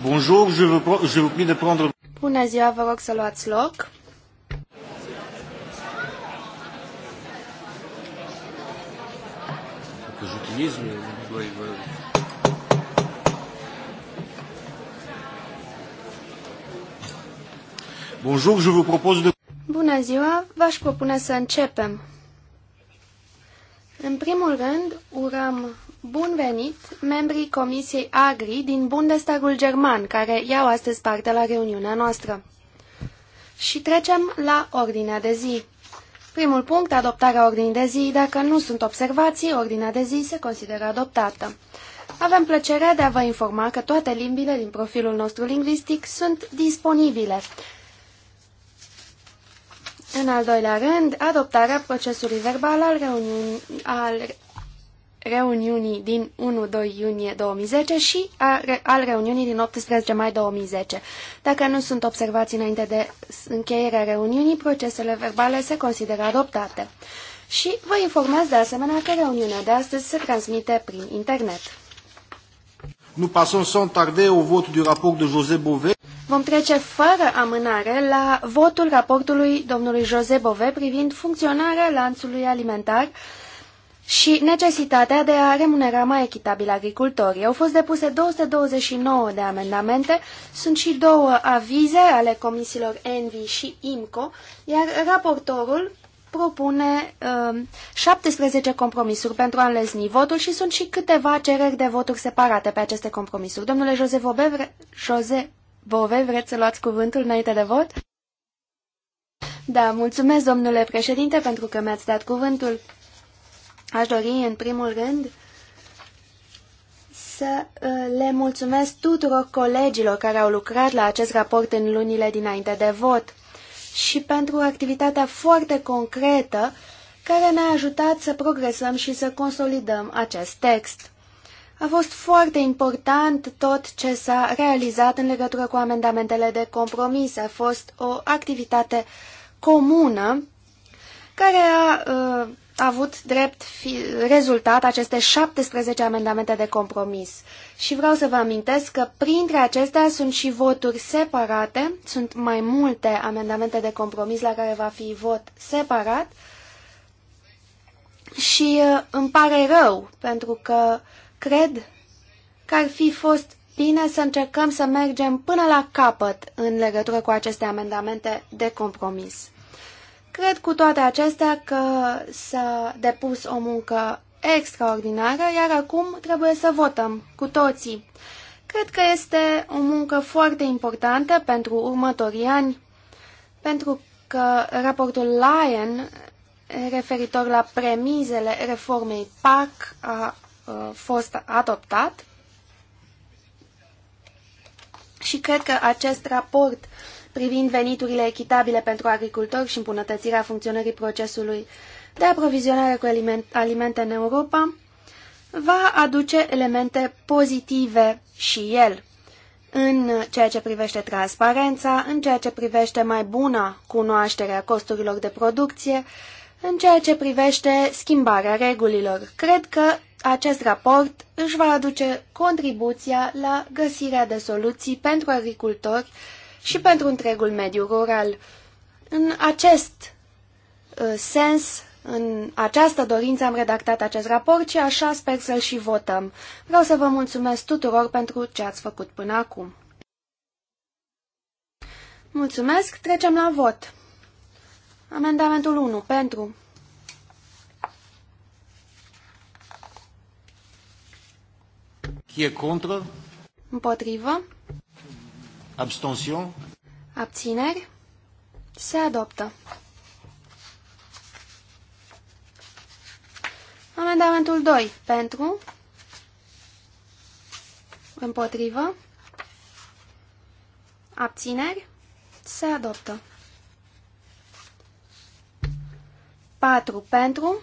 Bonjour, je vous, je vous prie de prendre... Bună ziua, vă rog să luați loc. Bonjour, je vous propose de... Bună ziua, v-aș propune să începem. În primul rând, urăm Bun venit membrii Comisiei Agri din Bundestagul German, care iau astăzi parte la reuniunea noastră. Și trecem la ordinea de zi. Primul punct, adoptarea ordinii de zi. Dacă nu sunt observații, ordinea de zi se consideră adoptată. Avem plăcerea de a vă informa că toate limbile din profilul nostru lingvistic sunt disponibile. În al doilea rând, adoptarea procesului verbal al, reuniunii, al reuniunii din 1-2 iunie 2010 și a, al reuniunii din 18 mai 2010. Dacă nu sunt observații înainte de încheierea reuniunii, procesele verbale se consideră adoptate. Și vă informez de asemenea că reuniunea de astăzi se transmite prin internet. Nu pasăm să tarde o vot du raport de José Bové. Vom trece fără amânare la votul raportului domnului José Bové privind funcționarea lanțului alimentar și necesitatea de a remunera mai echitabil agricultorii. Au fost depuse 229 de amendamente, sunt și două avize ale comisiilor ENVI și IMCO, iar raportorul propune uh, um, 17 compromisuri pentru a înlesni votul și sunt și câteva cereri de voturi separate pe aceste compromisuri. Domnule Jose Bove, vre... Jose Bove vreți să luați cuvântul înainte de vot? Da, mulțumesc, domnule președinte, pentru că mi-ați dat cuvântul. Aș dori, în primul rând, să uh, le mulțumesc tuturor colegilor care au lucrat la acest raport în lunile dinainte de vot și pentru activitatea foarte concretă care ne-a ajutat să progresăm și să consolidăm acest text. A fost foarte important tot ce s-a realizat în legătură cu amendamentele de compromis. A fost o activitate comună care a uh, avut drept rezultat aceste 17 amendamente de compromis. Și vreau să vă amintesc că printre acestea sunt și voturi separate, sunt mai multe amendamente de compromis la care va fi vot separat. Și uh, îmi pare rău, pentru că cred că ar fi fost bine să încercăm să mergem până la capăt în legătură cu aceste amendamente de compromis. Cred cu toate acestea că s-a depus o muncă extraordinară, iar acum trebuie să votăm cu toții. Cred că este o muncă foarte importantă pentru următorii ani, pentru că raportul Lyon referitor la premizele reformei PAC a, a fost adoptat și cred că acest raport uh, privind veniturile echitabile pentru agricultori și îmbunătățirea funcționării procesului de aprovizionare cu alimente în Europa, va aduce elemente pozitive și el în ceea ce privește transparența, în ceea ce privește mai bună cunoașterea costurilor de producție, în ceea ce privește schimbarea regulilor. Cred că acest raport își va aduce contribuția la găsirea de soluții pentru agricultori și pentru întregul mediu rural. În acest uh, sens, în această dorință am redactat acest raport și așa sper să-l și votăm. Vreau să vă mulțumesc tuturor pentru ce ați făcut până acum. Mulțumesc, trecem la vot. Amendamentul 1 pentru. Chi e contră? Împotrivă. Abstention. Abțineri. Se adoptă. Amendamentul 2. Pentru. Împotrivă. Abțineri. Se adoptă. 4. Pentru.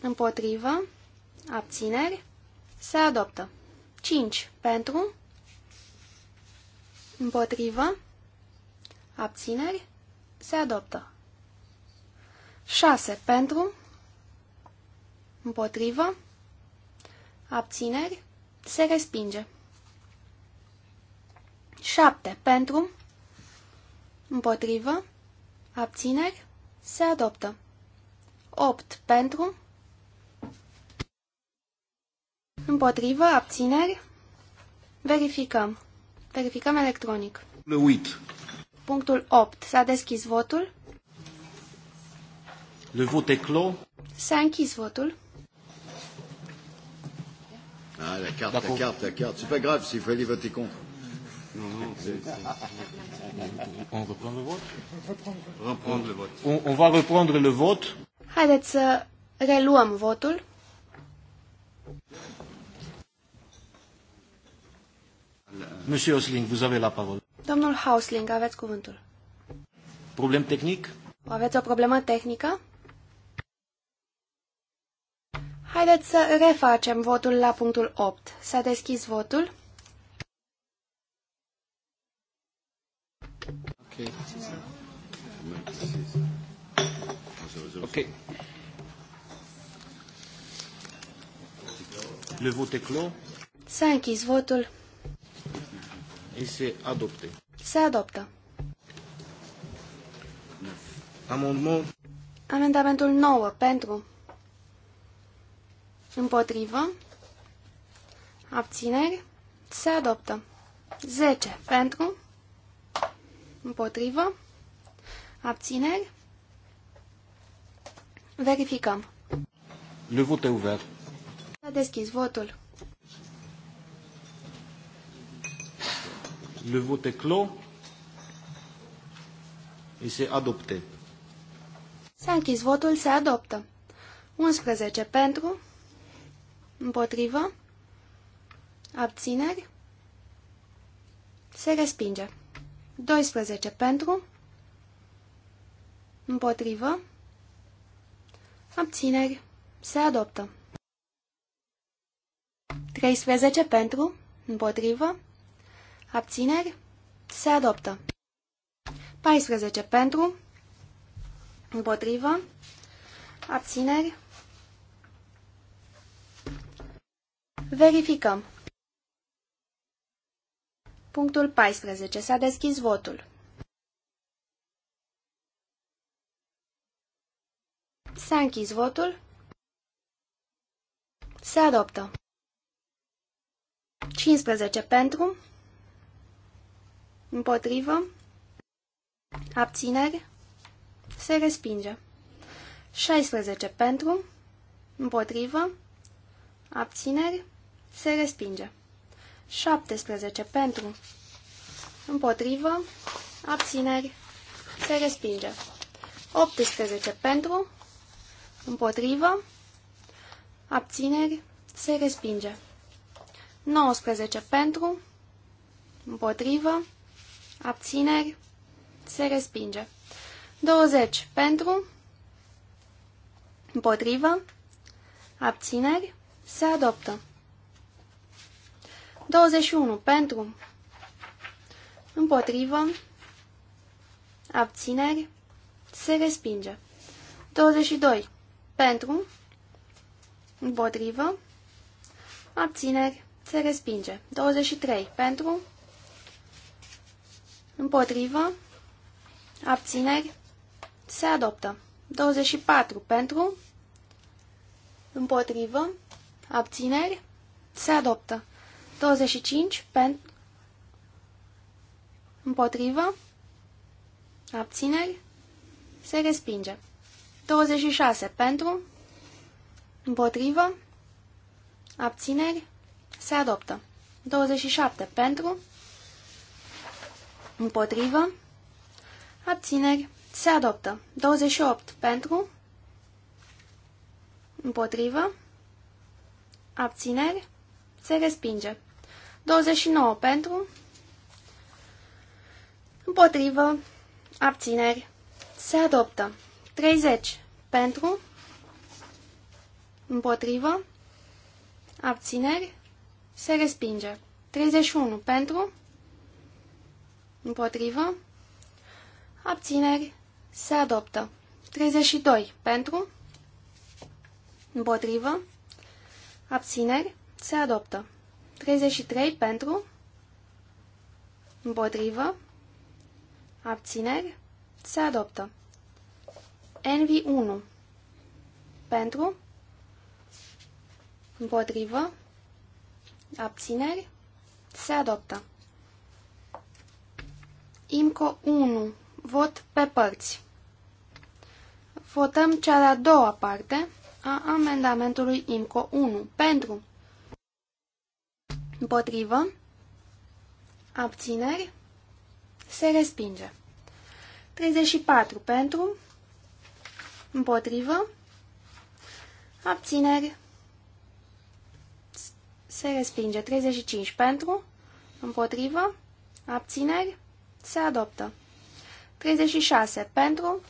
Împotrivă. Abțineri. Se adoptă. 5. Pentru. Împotrivă. Abțineri. Se adoptă. 6. Pentru. Împotrivă. Abțineri. Se respinge. 7. Pentru. Împotrivă. Abțineri. Se adoptă. 8. Pentru. Împotrivă. Abțineri. Verificăm. Verificăm electronic. Le uit. Punctul 8. S-a deschis votul. Le vot est clos. S-a închis votul. Ah, la carte, la carte, la carte. C'est pas grave s'il fallait voter contre. Non, non, c est, On reprend le vote Reprendre le vote. On, on va reprendre le vote. Haideți să reluăm votul. Monsieur Osling, vous avez la parole. Domnul Hausling, aveți cuvântul. Problem tehnic? Aveți o problemă tehnică? Haideți să refacem votul la punctul 8. S-a deschis votul. Ok. okay. Le vot est clos. S-a închis votul și se adopte. Se adoptă. Amendment. Amendamentul 9 pentru. Împotrivă. Abțineri. Se adoptă. 10 pentru. Împotrivă. Abțineri. Verificăm. Le vot est ouvert. S-a deschis votul. Le vote est clos. Et c'est adopté. S-a închis votul, se adoptă. 11 pentru, împotrivă, abțineri, se respinge. 12 pentru, împotrivă, abțineri, se adoptă. 13 pentru, împotrivă, Abțineri? Se adoptă. 14 pentru, împotrivă, abțineri. Verificăm. Punctul 14. S-a deschis votul. S-a închis votul. Se adoptă. 15 pentru, Împotrivă. Abțineri. Se respinge. 16 pentru. Împotrivă. Abțineri. Se respinge. 17 pentru. Împotrivă. Abțineri. Se respinge. 18 pentru. Împotrivă. Abțineri. Se respinge. 19 pentru. Împotrivă abțineri, se respinge. 20 pentru, împotrivă, abțineri, se adoptă. 21 pentru, împotrivă, abțineri, se respinge. 22 pentru, împotrivă, abțineri, se respinge. 23 pentru, Împotrivă. Abțineri. Se adoptă. 24 pentru. Împotrivă. Abțineri. Se adoptă. 25 pentru. Împotrivă. Abțineri. Se respinge. 26 pentru. Împotrivă. Abțineri. Se adoptă. 27 pentru. Împotrivă. Abțineri. Se adoptă. 28 pentru. Împotrivă. Abțineri. Se respinge. 29 pentru. Împotrivă. Abțineri. Se adoptă. 30 pentru. Împotrivă. Abțineri. Se respinge. 31 pentru. Împotrivă. Abțineri. Se adoptă. 32. Pentru. Împotrivă. Abțineri. Se adoptă. 33. Pentru. Împotrivă. Abțineri. Se adoptă. nv 1. Pentru. Împotrivă. Abțineri. Se adoptă. IMCO 1. Vot pe părți. Votăm cea de-a doua parte a amendamentului IMCO 1. Pentru. Împotrivă. Abțineri. Se respinge. 34 pentru. Împotrivă. Abțineri. Se respinge. 35 pentru. Împotrivă. Abțineri. Se adoptă. 36. Pentru,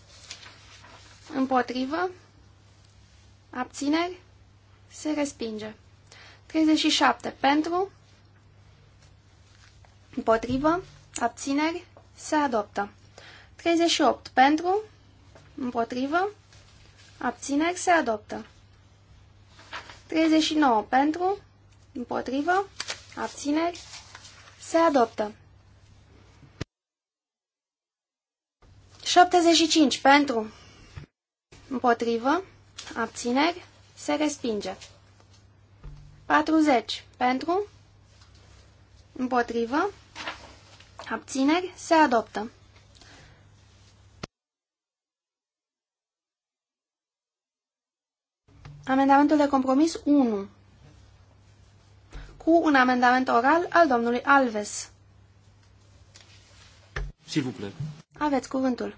împotrivă, abțineri, se respinge. 37. Pentru, împotrivă, abțineri, se adoptă. 38. Pentru, împotrivă, abțineri, se adoptă. 39. Pentru, împotrivă, abțineri, se adoptă. 75 pentru, împotrivă, abțineri, se respinge. 40 pentru, împotrivă, abțineri, se adoptă. Amendamentul de compromis 1 cu un amendament oral al domnului Alves. S'il vous plaît. Aveți cuvântul.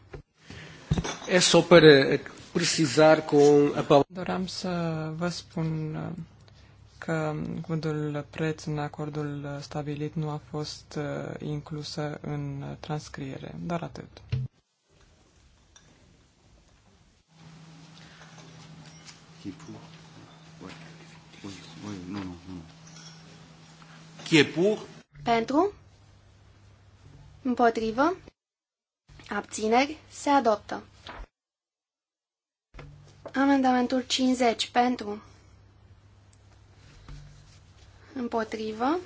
E só para cu com Doream să vă spun uh, că cuvântul preț în acordul stabilit nu a fost uh, inclusă în uh, transcriere, dar atât. Pentru? Împotrivă? Abțineri se adoptă. Amendamentul 50 pentru împotrivă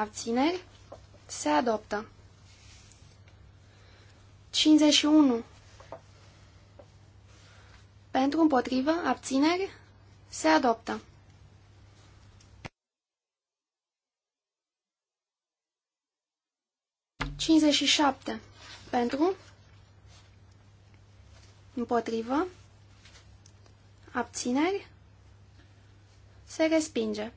abțineri se adoptă. 51 pentru împotrivă abțineri se adoptă. 57 și pentru? Împotrivă? Abțineri? Se respinge.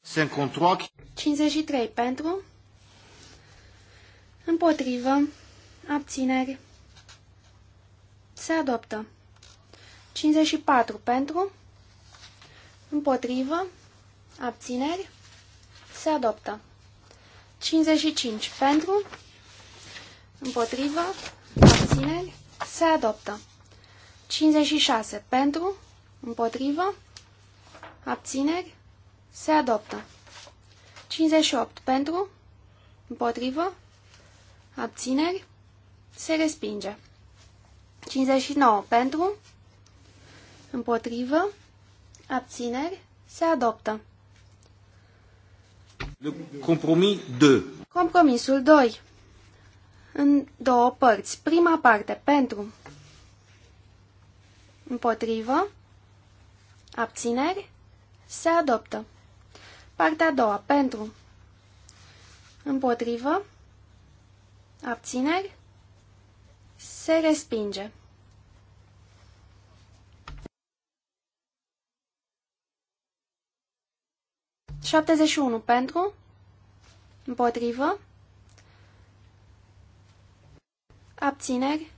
Se încontroc. 53 pentru. Împotrivă. Abțineri. Se adoptă. 54 pentru. Împotrivă. Abțineri. Se adoptă. 55 pentru. Împotrivă. Abțineri. Se adoptă. 56 pentru. Împotrivă. Abțineri. Se adoptă. 58 pentru. Împotrivă. Abțineri. Se respinge. 59 pentru. Împotrivă. Abțineri? Se adoptă. Compromis 2. Compromisul 2. În două părți. Prima parte, pentru. Împotrivă. Abțineri? Se adoptă. Partea a doua, pentru. Împotrivă. Abțineri? Se respinge. 71 pentru, împotrivă, abțineri,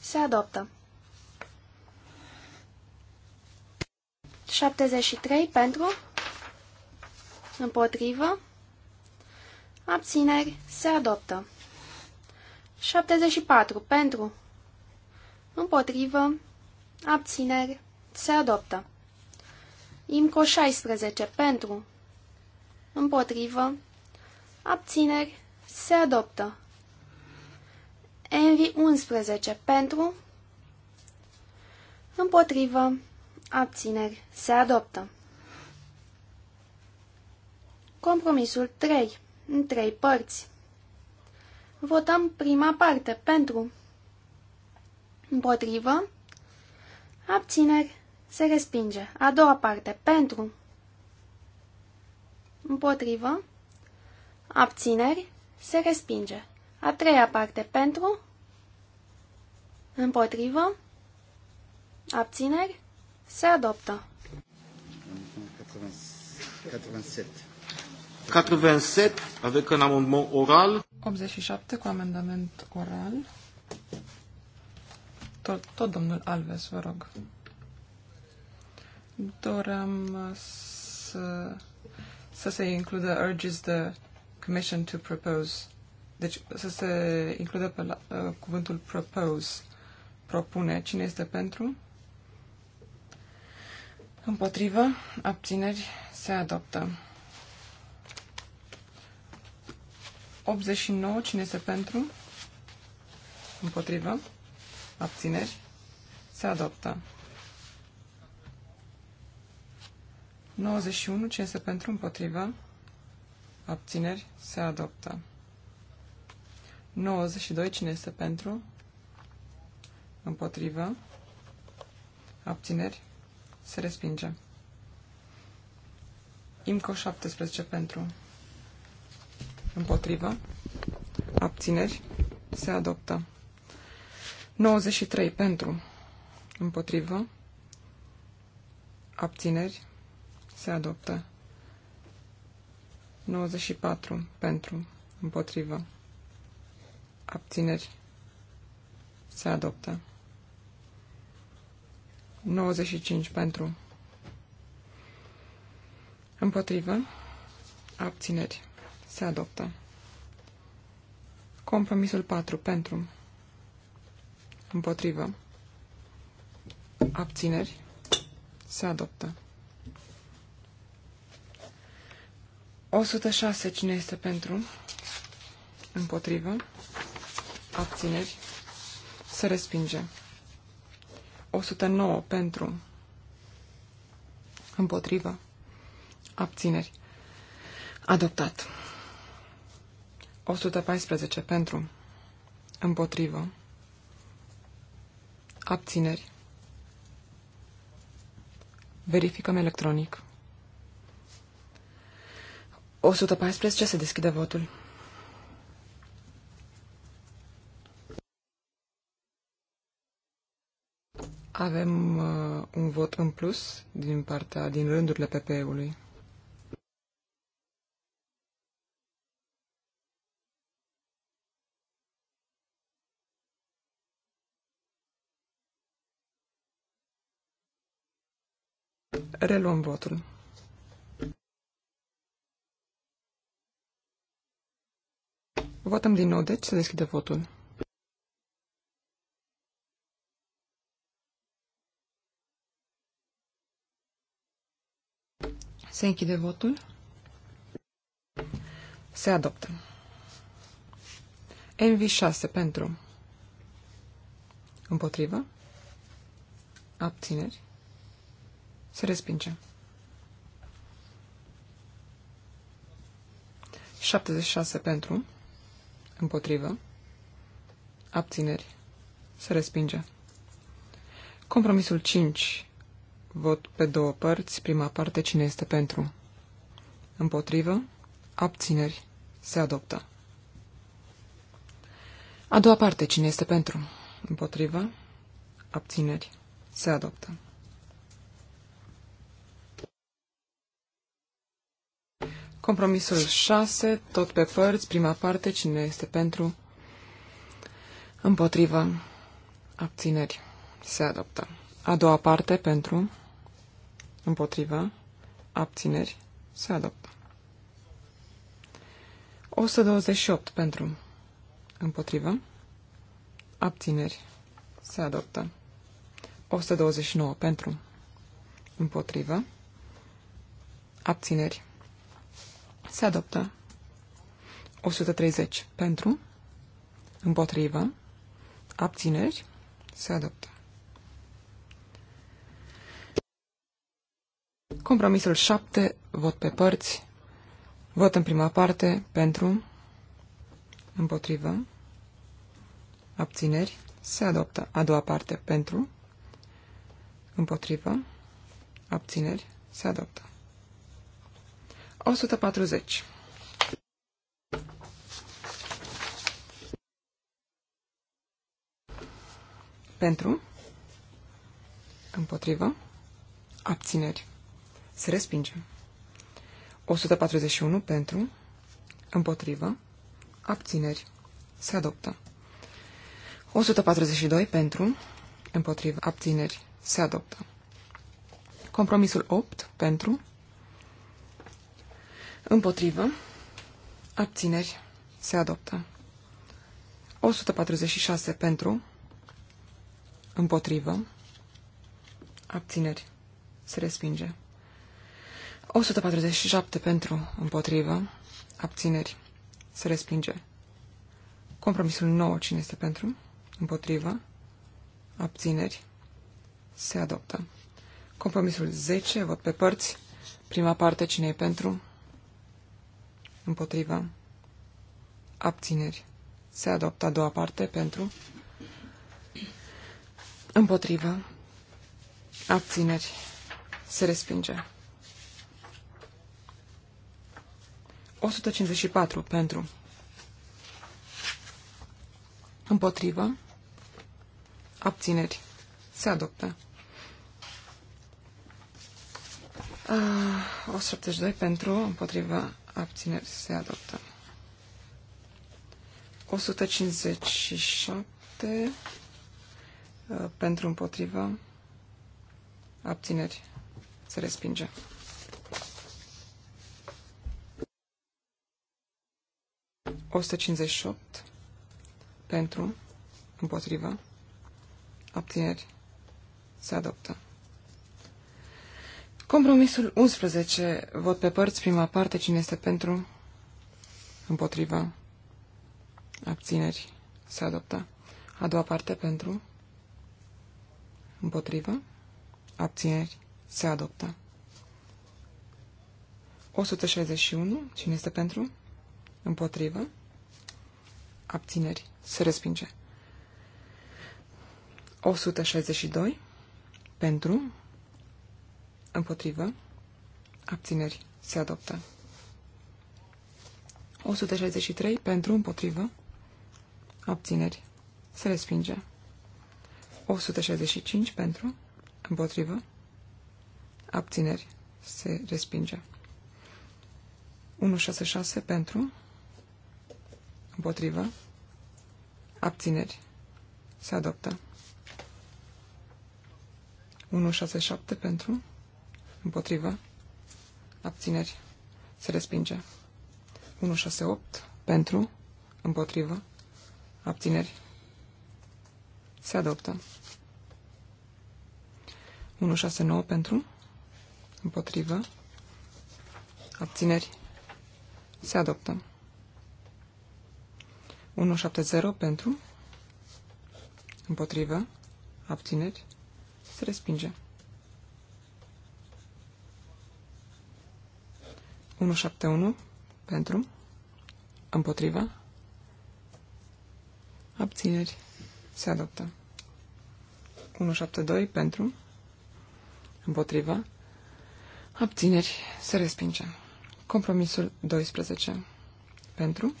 se adoptă. 73 pentru, împotrivă, abțineri, se adoptă. 74 pentru, împotrivă, abțineri, se adoptă. IMCO 16 pentru, împotrivă, abțineri, se adoptă. Envi 11 pentru, împotrivă, abțineri, se adoptă. Compromisul 3, în 3 părți. Votăm prima parte pentru, împotrivă, abțineri, se respinge. A doua parte. Pentru. Împotrivă. Abțineri. Se respinge. A treia parte. Pentru. Împotrivă. Abțineri. Se adoptă. 87. 87 avec un amendement oral. 87 cu amendament oral. Tot, tot domnul Alves, vă rog. Doream uh, să, să se includă urges the Commission to propose. Deci să se includă pe la, uh, cuvântul propose, propune. Cine este pentru? Împotrivă, abțineri, se adoptă. 89, cine este pentru? Împotrivă, abțineri, se adoptă. 91. cine este pentru? Împotrivă. Abțineri. Se adoptă. 92. Cine este pentru? Împotrivă. Abțineri. Se respinge. IMCO 17 pentru. Împotrivă. Abțineri. Se adoptă. 93 pentru. Împotrivă. Abțineri se adoptă. 94 pentru, împotrivă, abțineri, se adoptă. 95 pentru, împotrivă, abțineri, se adoptă. Compromisul 4 pentru, împotrivă, abțineri, se adoptă. 106. Cine este pentru? Împotrivă. Abțineri. Se respinge. 109. Pentru. Împotrivă. Abțineri. Adoptat. 114. Pentru. Împotrivă. Abțineri. Verificăm electronic. 114 se deschide votul. Avem uh, un vot în plus din partea, din rândurile PPE-ului. Reluăm votul. Votăm din nou, deci să deschide votul. Se închide votul. Se adoptă. NV6 pentru. Împotrivă. Abțineri. Se respinge. 76 pentru. Împotrivă. Abțineri. Se respinge. Compromisul 5. Vot pe două părți. Prima parte. Cine este pentru? Împotrivă. Abțineri. Se adoptă. A doua parte. Cine este pentru? Împotrivă. Abțineri. Se adoptă. Compromisul 6, tot pe părți, prima parte, cine este pentru, împotriva, abțineri, se adoptă. A doua parte, pentru, împotriva, abțineri, se adoptă. 128 pentru, împotriva, abțineri, se adoptă. 129 pentru, împotriva, abțineri, se adoptă. 130 pentru, împotrivă, abțineri, se adoptă. Compromisul 7, vot pe părți, vot în prima parte, pentru, împotrivă, abțineri, se adoptă. A doua parte, pentru, împotrivă, abțineri, se adoptă. 140. Pentru, împotrivă, abțineri, se respinge. 141 pentru, împotrivă, abțineri, se adoptă. 142 pentru, împotrivă, abțineri, se adoptă. Compromisul 8 pentru, Împotrivă. Abțineri. Se adoptă. 146 pentru. Împotrivă. Abțineri. Se respinge. 147 pentru. Împotrivă. Abțineri. Se respinge. Compromisul 9. Cine este pentru? Împotrivă. Abțineri. Se adoptă. Compromisul 10. Vot pe părți. Prima parte. Cine e pentru? Împotrivă. Abțineri. Se adoptă a doua parte pentru. Împotrivă. Abțineri. Se respinge. 154 pentru. Împotrivă. Abțineri. Se adoptă. Uh, ah, 172 pentru, împotriva abțineri se adoptă. 157 uh, pentru împotriva abțineri se respinge. O pentru împotriva abțineri se adoptă. Compromisul 11, vot pe părți, prima parte, cine este pentru, împotriva, abțineri, se adoptă. A doua parte, pentru, împotriva, abțineri, se adoptă. 161, cine este pentru, împotriva, abțineri, se respinge. 162, pentru, Împotrivă. Abțineri. Se adoptă. 163 pentru împotrivă. Abțineri. Se respinge. 165 pentru împotrivă. Abțineri. Se respinge. 166 pentru împotrivă. Abțineri. Se adoptă. 167 pentru Împotrivă. Abțineri. Se respinge. 168. Pentru. Împotrivă. Abțineri. Se adoptă. 169 pentru. Împotrivă. Abțineri. Se adoptă. 170 pentru. Împotrivă. Abțineri. Se respinge. 171 pentru, împotriva, abțineri, se adoptă. 172 pentru, împotriva, abțineri, se respinge. Compromisul 12 pentru,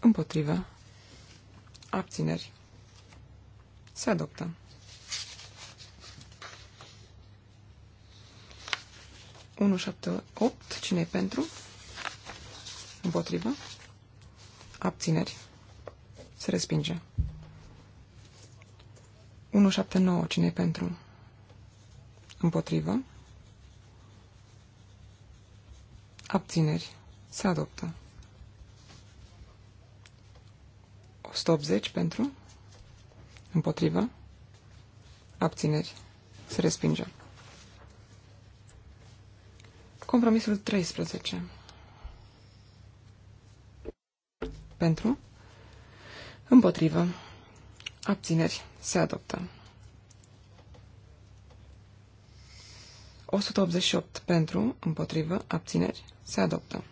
împotriva, abțineri, se adoptă. 178. cine e pentru? Împotrivă. Abțineri. Se respinge. 179. cine e pentru? Împotrivă. Abțineri. Se adoptă. 180 pentru? Împotrivă. Abțineri. Se respinge. Compromisul 13. Pentru? Împotrivă. Abțineri. Se adoptă. 188 pentru, împotrivă, abțineri, se adoptă.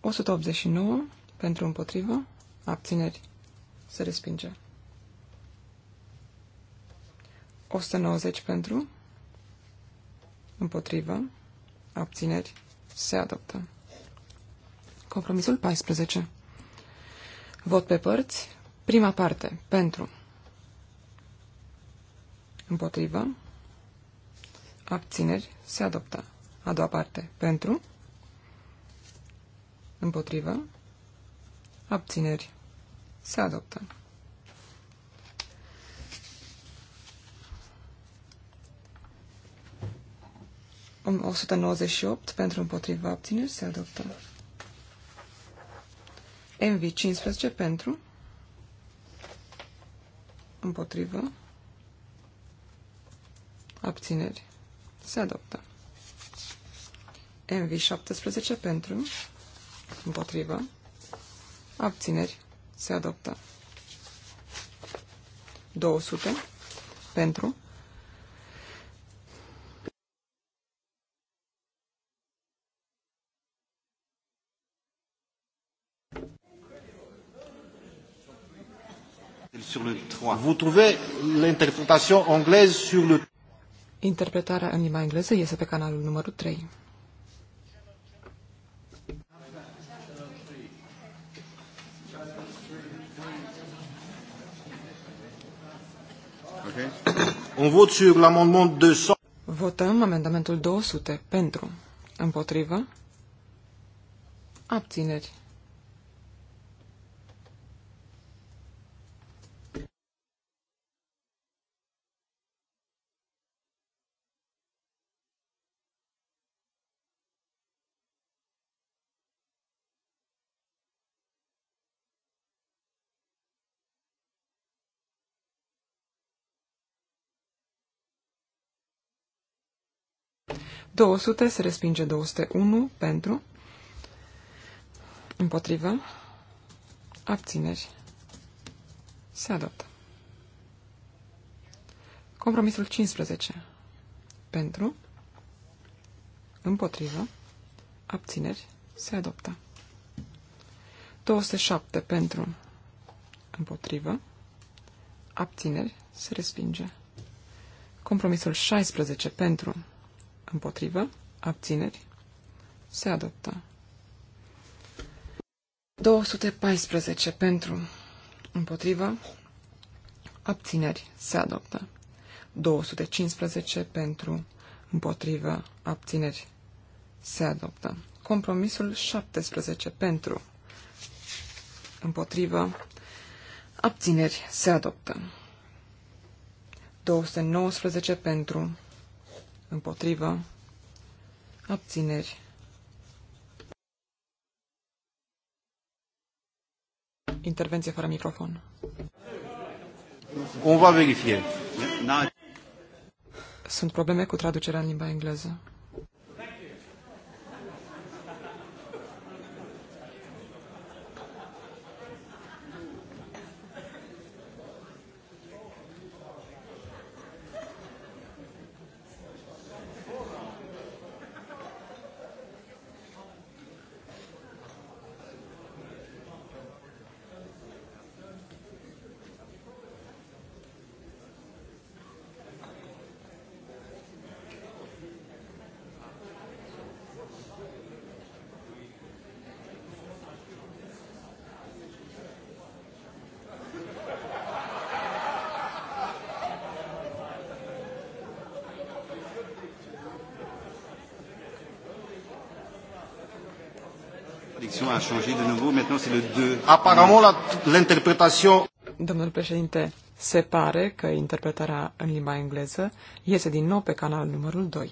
189 pentru, împotrivă, abțineri, se respinge. 190 pentru, Împotrivă. Abțineri. Se adoptă. Compromisul 14. Vot pe părți. Prima parte. Pentru. Împotrivă. Abțineri. Se adoptă. A doua parte. Pentru. Împotrivă. Abțineri. Se adoptă. 198 pentru împotriva abțineri se adoptă. MV 15 pentru împotrivă abțineri se adoptă. MV 17 pentru împotrivă abțineri se adoptă. 200 pentru Vous trouvez l'interprétation anglaise sur le... Interpretarea în limba engleză este pe canalul numărul 3. Okay. On vote sur l'amendement 200. Votăm amendamentul 200 pentru, împotrivă, abțineri. 200 se respinge 201 pentru, împotrivă, abțineri, se adoptă. Compromisul 15 pentru, împotrivă, abțineri, se adoptă. 207 pentru, împotrivă, abțineri, se respinge. Compromisul 16 pentru, Împotrivă. Abțineri. Se adoptă. 214 pentru. Împotrivă. Abțineri. Se adoptă. 215 pentru. Împotrivă. Abțineri. Se adoptă. Compromisul 17 pentru. Împotrivă. Abțineri. Se adoptă. 219 pentru Împotrivă. Abțineri. Intervenție fără microfon. Cum va verifica? Sunt probleme cu traducerea în limba engleză. changé de nouveau. Maintenant, c'est le 2. Apparemment, l'interprétation... Domnul președinte, se pare că interpretarea în limba engleză iese din nou pe canalul numărul 2.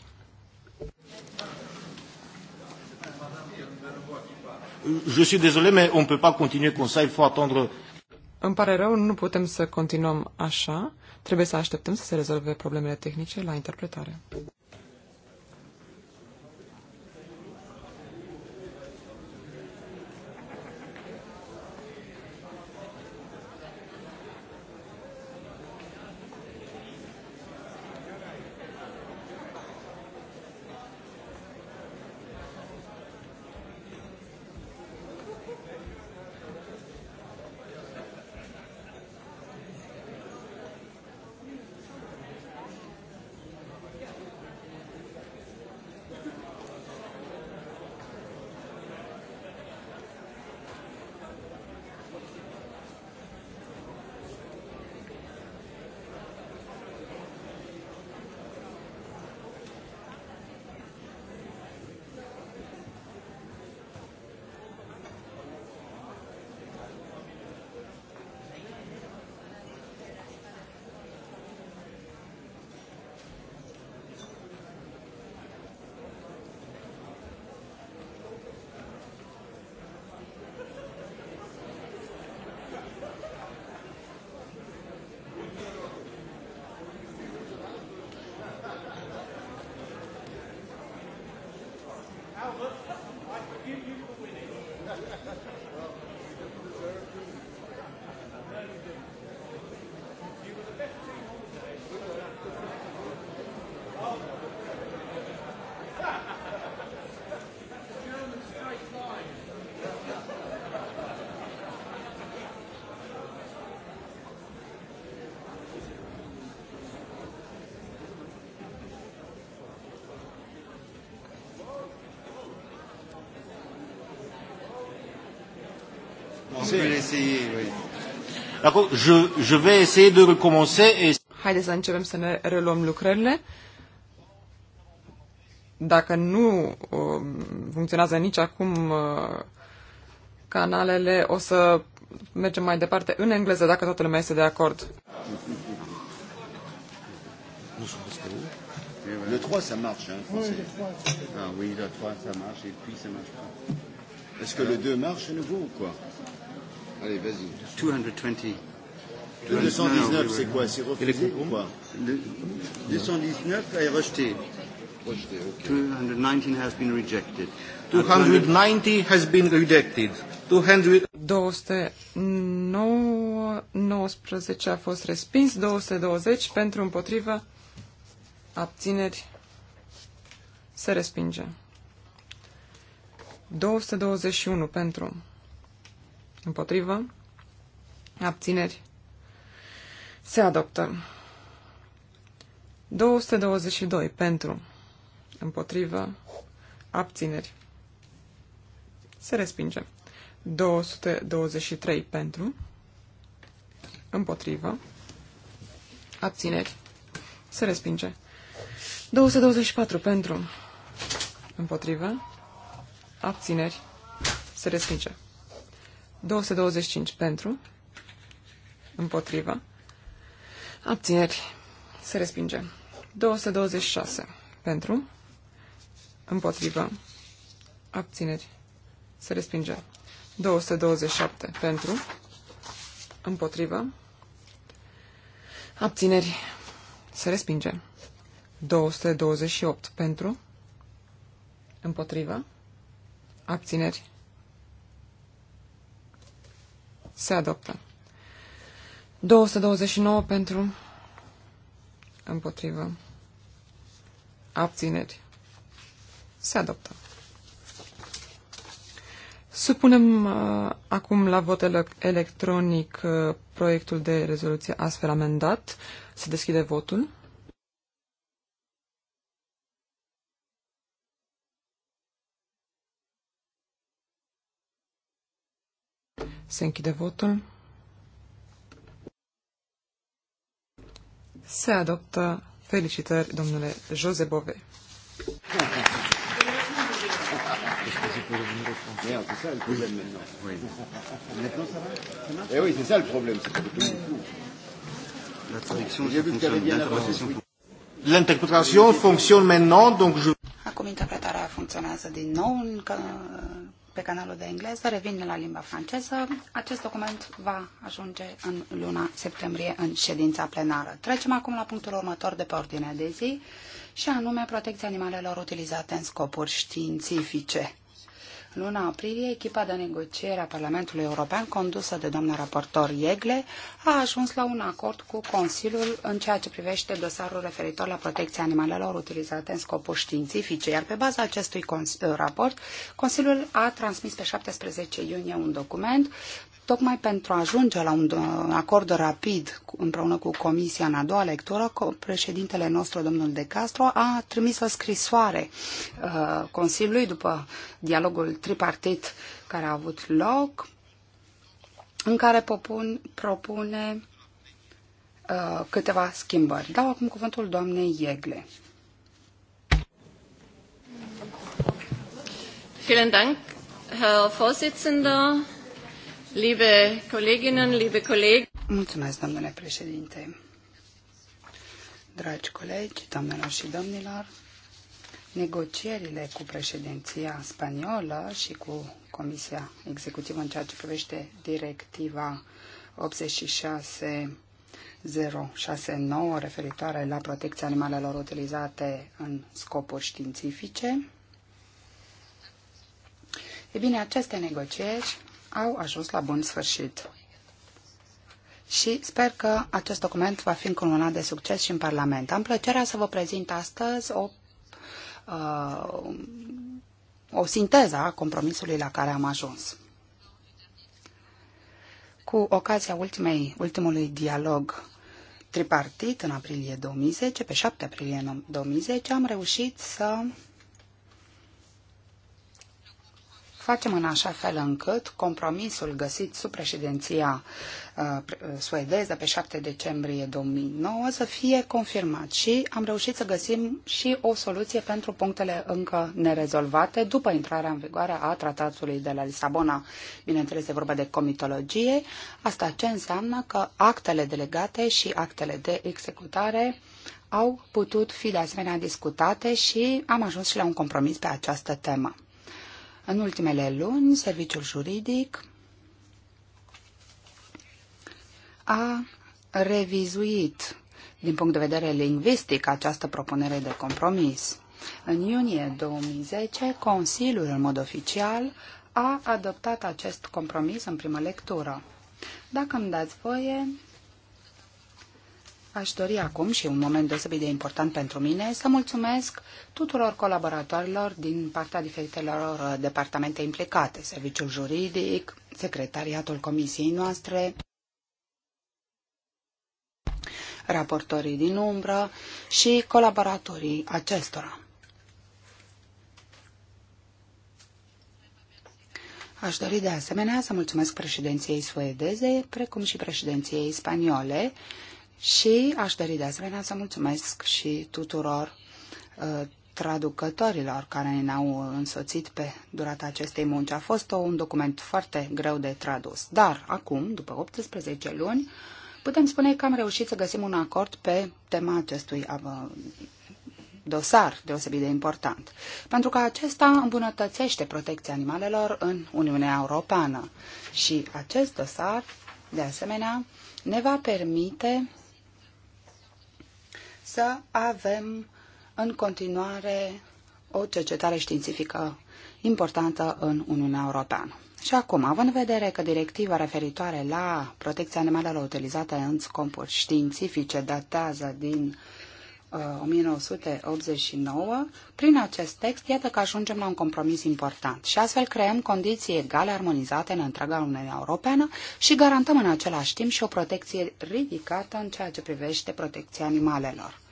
Je suis désolé, mais on peut pas continuer comme ça, il faut attendre... Îmi pare rău, nu putem să continuăm așa. Trebuie să așteptăm să se rezolve problemele tehnice la interpretare. essayer, oui. je, je vais essayer de recommencer et... Haideți să începem să ne reluăm lucrările. Dacă nu uh, funcționează nici acum uh, canalele, o să mergem mai departe în engleză, dacă toată lumea este de acord. Le 3, ça marche, hein, français. Oui, le 3. Ah oui, le 3, ça marche, et puis ça marche pas. Ah. Est-ce que le 2 marche à nouveau ou quoi Allez, vas-y. 220. 219, c'est quoi C'est refusé ou quoi 219 est rejeté. Rejeté, ok. 219 has been rejected. 290 has been rejected. 219 a fost respins, 220 pentru împotrivă, abțineri, se respinge. 221 pentru Împotrivă. Abțineri. Se adoptă. 222 pentru. Împotrivă. Abțineri. Se respinge. 223 pentru. Împotrivă. Abțineri. Se respinge. 224 pentru. Împotrivă. Abțineri. Se respinge. 225 pentru, împotrivă, abțineri, se respinge. 226 pentru, împotrivă, abțineri, se respinge. 227 pentru, împotrivă, abțineri, se respinge. 228 pentru, împotrivă, abțineri, se adoptă. 229 pentru împotrivă abțineri. Se adoptă. Supunem uh, acum la vot electronic uh, proiectul de rezoluție astfel amendat. Se deschide votul. Se închide votul. Se adoptă. Felicitări, domnule Jose Bove. Eh oui, c'est ça le problème, L'interprétation fonctionne maintenant, donc je... Acum interpretarea funcționează din nou, încă pe canalul de engleză, revine la limba franceză. Acest document va ajunge în luna septembrie în ședința plenară. Trecem acum la punctul următor de pe ordinea de zi și anume protecția animalelor utilizate în scopuri științifice luna aprilie, echipa de negociere a Parlamentului European, condusă de doamna raportor Iegle, a ajuns la un acord cu Consiliul în ceea ce privește dosarul referitor la protecția animalelor utilizate în scopuri științifice, iar pe baza acestui raport, Consiliul a transmis pe 17 iunie un document Tocmai pentru a ajunge la un uh, acord rapid împreună cu Comisia în a doua lectură, președintele nostru, domnul De Castro, a trimis o scrisoare uh, Consiliului după dialogul tripartit care a avut loc, în care propune uh, câteva schimbări. Dau acum cuvântul doamnei Iegle. Vielen Dank, Herr Vorsitzender. Liebe Kolleginnen, liebe Kollegen. Mulțumesc, domnule președinte. Dragi colegi, doamnelor și domnilor, negocierile cu președinția spaniolă și cu Comisia Executivă în ceea ce privește directiva 86 069 referitoare la protecția animalelor utilizate în scopuri științifice. E bine, aceste negocieri au ajuns la bun sfârșit. Și sper că acest document va fi încununat de succes și în Parlament. Am plăcerea să vă prezint astăzi o, uh, o sinteză a compromisului la care am ajuns. Cu ocazia ultimei, ultimului dialog tripartit în aprilie 2010, pe 7 aprilie 2010, am reușit să facem în așa fel încât compromisul găsit sub președinția uh, uh, suedeză pe 7 decembrie 2009 să fie confirmat și am reușit să găsim și o soluție pentru punctele încă nerezolvate după intrarea în vigoare a tratatului de la Lisabona. Bineînțeles, e vorba de comitologie. Asta ce înseamnă că actele delegate și actele de executare au putut fi de asemenea discutate și am ajuns și la un compromis pe această temă. În ultimele luni, serviciul juridic a revizuit din punct de vedere lingvistic această propunere de compromis. În iunie 2010, Consiliul, în mod oficial, a adoptat acest compromis în primă lectură. Dacă îmi dați voie, Aș dori acum, și un moment deosebit de important pentru mine, să mulțumesc tuturor colaboratorilor din partea diferitelor uh, departamente implicate, serviciul juridic, secretariatul comisiei noastre, raportorii din umbră și colaboratorii acestora. Aș dori de asemenea să mulțumesc președinției suedeze, precum și președinției spaniole, și aș dori de asemenea să mulțumesc și tuturor uh, traducătorilor care ne-au însoțit pe durata acestei munci. A fost un document foarte greu de tradus, dar acum, după 18 luni, putem spune că am reușit să găsim un acord pe tema acestui uh, dosar deosebit de important, pentru că acesta îmbunătățește protecția animalelor în Uniunea Europeană și acest dosar, de asemenea, ne va permite să avem în continuare o cercetare științifică importantă în Uniunea Europeană. Și acum, având în vedere că directiva referitoare la protecția animalelor utilizate în scopuri științifice datează din uh, 1989, prin acest text, iată că ajungem la un compromis important și astfel creăm condiții egale armonizate în întreaga Uniunea Europeană și garantăm în același timp și o protecție ridicată în ceea ce privește protecția animalelor.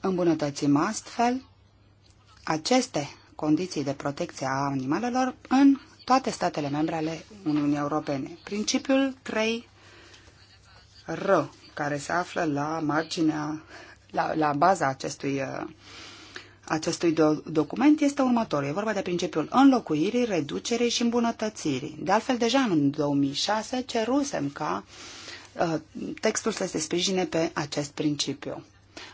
Îmbunătățim astfel aceste condiții de protecție a animalelor în toate statele membre ale Uniunii Europene. Principiul 3 R, care se află la marginea, la, la baza acestui, uh, acestui do, document, este următorul. E vorba de principiul înlocuirii, reducerii și îmbunătățirii. De altfel, deja în 2006 cerusem ca uh, textul să se sprijine pe acest principiu.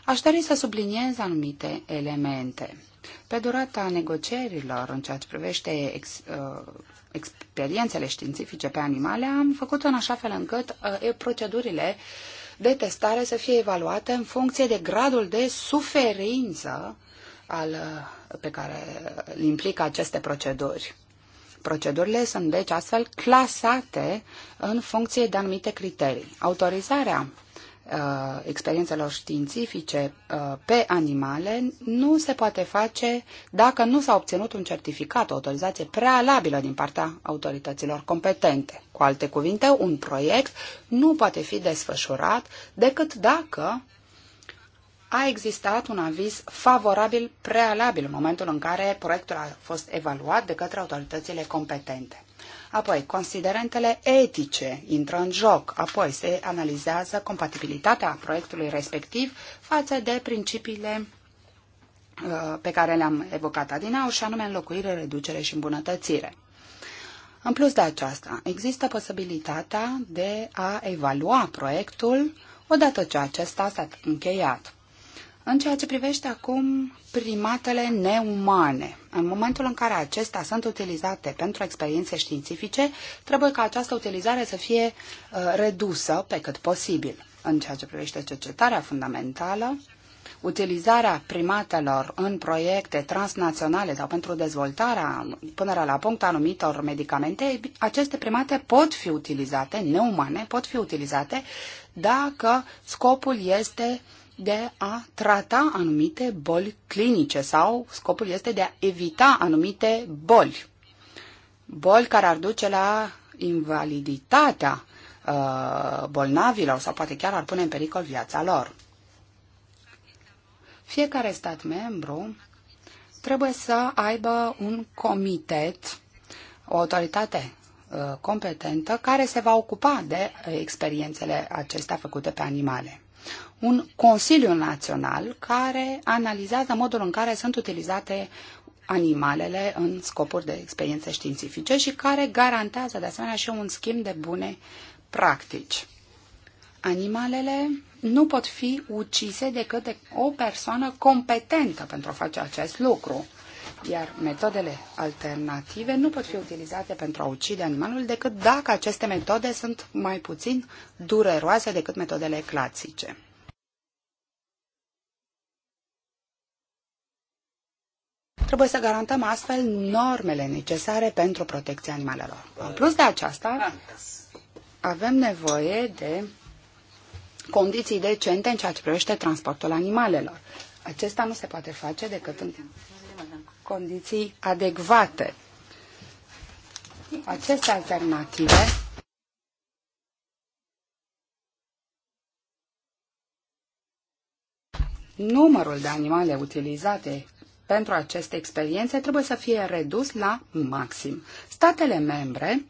Aș dori să subliniez anumite elemente. Pe durata negocierilor în ceea ce privește ex, uh, experiențele științifice pe animale, am făcut în așa fel încât uh, procedurile de testare să fie evaluate în funcție de gradul de suferință al, uh, pe care îl implică aceste proceduri. Procedurile sunt deci astfel clasate în funcție de anumite criterii. Autorizarea Uh, experiențelor științifice uh, pe animale nu se poate face dacă nu s-a obținut un certificat, o autorizație prealabilă din partea autorităților competente. Cu alte cuvinte, un proiect nu poate fi desfășurat decât dacă a existat un aviz favorabil prealabil în momentul în care proiectul a fost evaluat de către autoritățile competente. Apoi, considerentele etice intră în joc. Apoi, se analizează compatibilitatea proiectului respectiv față de principiile uh, pe care le-am evocat adinau, și anume înlocuire, reducere și îmbunătățire. În plus de aceasta, există posibilitatea de a evalua proiectul odată ce acesta s-a încheiat. În ceea ce privește acum primatele neumane, în momentul în care acestea sunt utilizate pentru experiențe științifice, trebuie ca această utilizare să fie uh, redusă pe cât posibil. În ceea ce privește cercetarea fundamentală, utilizarea primatelor în proiecte transnaționale sau pentru dezvoltarea, punerea la punct anumitor medicamente, aceste primate pot fi utilizate, neumane, pot fi utilizate dacă scopul este uh, de a trata anumite boli clinice sau scopul este de a evita anumite boli. Boli care ar duce la invaliditatea uh, bolnavilor sau poate chiar ar pune în pericol viața lor. Fiecare stat membru trebuie să aibă un comitet, o autoritate uh, competentă care se va ocupa de experiențele acestea făcute pe animale un Consiliu Național care analizează modul în care sunt utilizate animalele în scopuri de experiențe științifice și care garantează de asemenea și un schimb de bune practici. Animalele nu pot fi ucise decât de o persoană competentă pentru a face acest lucru, iar metodele alternative nu pot fi utilizate pentru a ucide animalul decât dacă aceste metode sunt mai puțin dureroase decât metodele clasice. Trebuie să garantăm astfel normele necesare pentru protecția animalelor. În plus de aceasta, avem nevoie de condiții decente în ceea ce privește transportul animalelor. Acesta nu se poate face decât în condiții adecvate. Aceste alternative numărul de animale utilizate pentru aceste experiențe trebuie să fie redus la maxim. Statele membre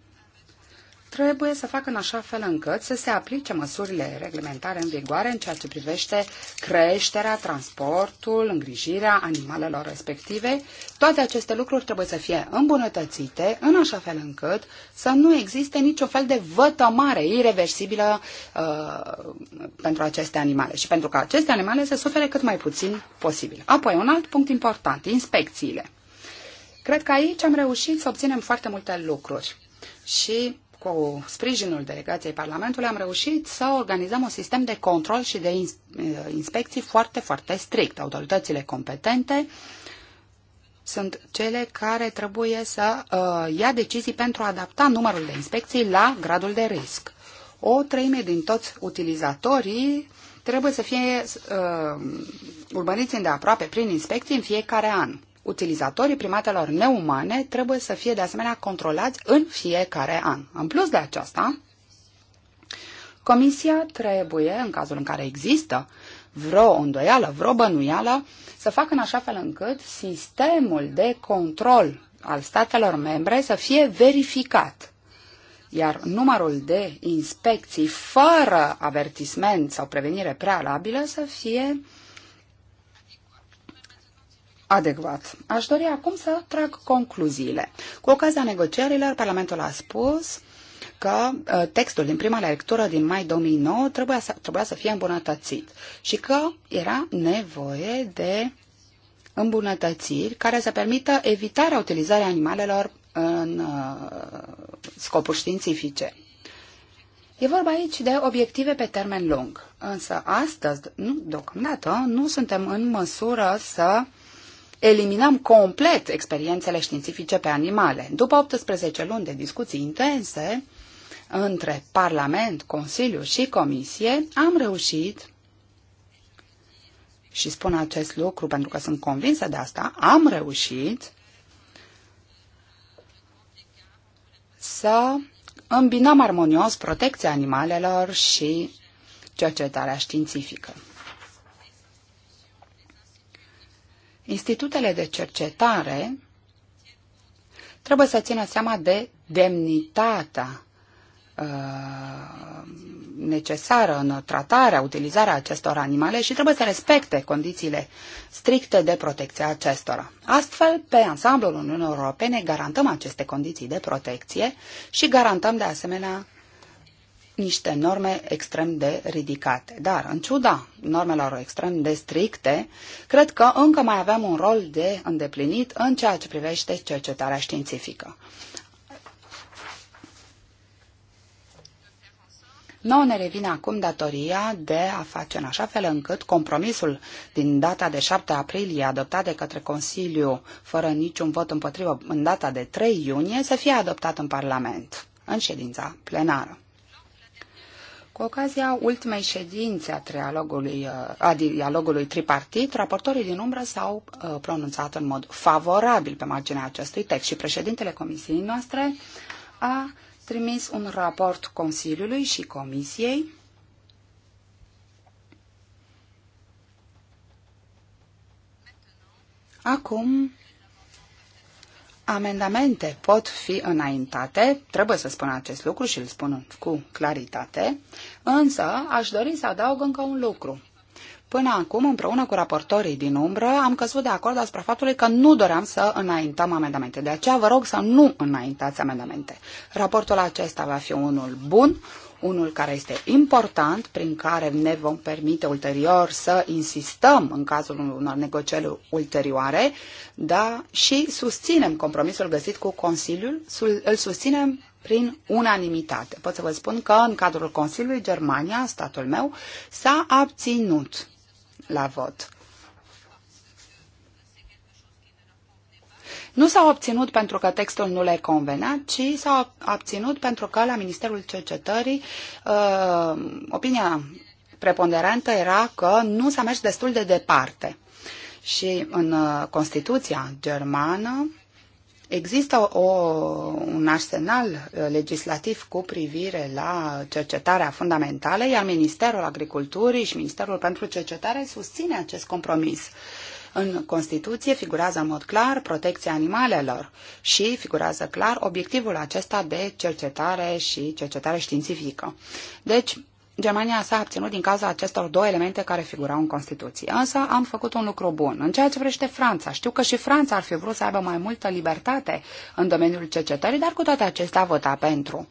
trebuie să facă în așa fel încât să se aplice măsurile reglementare în vigoare în ceea ce privește creșterea, transportul, îngrijirea animalelor respective. Toate aceste lucruri trebuie să fie îmbunătățite în așa fel încât să nu existe niciun fel de vătămare irreversibilă uh, pentru aceste animale și pentru că aceste animale să sufere cât mai puțin posibil. Apoi, un alt punct important, inspecțiile. Cred că aici am reușit să obținem foarte multe lucruri și cu sprijinul delegației Parlamentului, am reușit să organizăm un sistem de control și de eh, inspecții foarte, foarte strict. Autoritățile competente sunt cele care trebuie să uh, ia decizii pentru a adapta numărul de inspecții la gradul de risc. O treime din toți utilizatorii trebuie să fie uh, urmăriți îndeaproape prin inspecții în fiecare an utilizatorii primatelor neumane trebuie să fie de asemenea controlați în fiecare an. În plus de aceasta, Comisia trebuie, în cazul în care există vreo îndoială, vreo bănuială, să facă în așa fel încât sistemul de control al statelor membre să fie verificat. Iar numărul de inspecții fără avertisment sau prevenire prealabilă să fie uh, adecvat. Aș dori acum să trag concluziile. Cu ocazia negocierilor, Parlamentul a spus că uh, textul din prima lectură din mai 2009 trebuia să, trebuia să fie îmbunătățit și că era nevoie de îmbunătățiri care să permită evitarea utilizării animalelor în uh, scopuri științifice. E vorba aici de obiective pe termen lung, însă astăzi, nu, deocamdată, nu suntem în măsură să uh, eliminăm complet experiențele științifice pe animale. După 18 luni de discuții intense între Parlament, Consiliu și Comisie, am reușit și spun acest lucru pentru că sunt convinsă de asta, am reușit să îmbinăm armonios protecția animalelor și cercetarea științifică. Institutele de cercetare trebuie să țină seama de demnitatea uh, necesară în tratarea, utilizarea acestor animale și trebuie să respecte condițiile stricte de protecție acestora. Astfel, pe ansamblul Uniunii Europene garantăm aceste condiții de protecție și garantăm de asemenea niște norme extrem de ridicate. Dar, în ciuda normelor extrem de stricte, cred că încă mai avem un rol de îndeplinit în ceea ce privește cercetarea științifică. Noi ne revine acum datoria de a face în așa fel încât compromisul din data de 7 aprilie adoptat de către Consiliu fără niciun vot împotrivă în data de 3 iunie să fie adoptat în Parlament, în ședința plenară. Cu ocazia ultimei ședințe a, trialogului, uh, a dialogului tripartit, raportorii din umbră s-au uh, pronunțat în mod favorabil pe marginea acestui text și președintele comisiei noastre a trimis un raport Consiliului și Comisiei Acum amendamente pot fi înaintate, trebuie să spun acest lucru și îl spun cu claritate, însă aș dori să adaug încă un lucru. Până acum, împreună cu raportorii din umbră, am căzut de acord asupra faptului că nu doream să înaintăm amendamente. De aceea vă rog să nu înaintați amendamente. Raportul acesta va fi unul bun, unul care este important, prin care ne vom permite ulterior să insistăm în cazul unor negocieri ulterioare, dar și susținem compromisul găsit cu Consiliul, îl susținem prin unanimitate. Pot să vă spun că în cadrul Consiliului Germania, statul meu, s-a abținut la vot. nu s-au obținut pentru că textul nu le convenea, ci s-au obținut pentru că la Ministerul Cercetării uh, opinia preponderentă era că nu s-a mers destul de departe. Și în uh, Constituția germană există o, un arsenal uh, legislativ cu privire la cercetarea fundamentală, iar Ministerul Agriculturii și Ministerul pentru Cercetare susține acest compromis. Uh, în Constituție figurează în mod clar protecția animalelor și figurează clar obiectivul acesta de cercetare și cercetare științifică. Deci, Germania s-a abținut din cauza acestor două elemente care figurau în Constituție. Însă am făcut un lucru bun. În ceea ce vrește Franța, știu că și Franța ar fi vrut să aibă mai multă libertate în domeniul cercetării, dar cu toate acestea a votat pentru.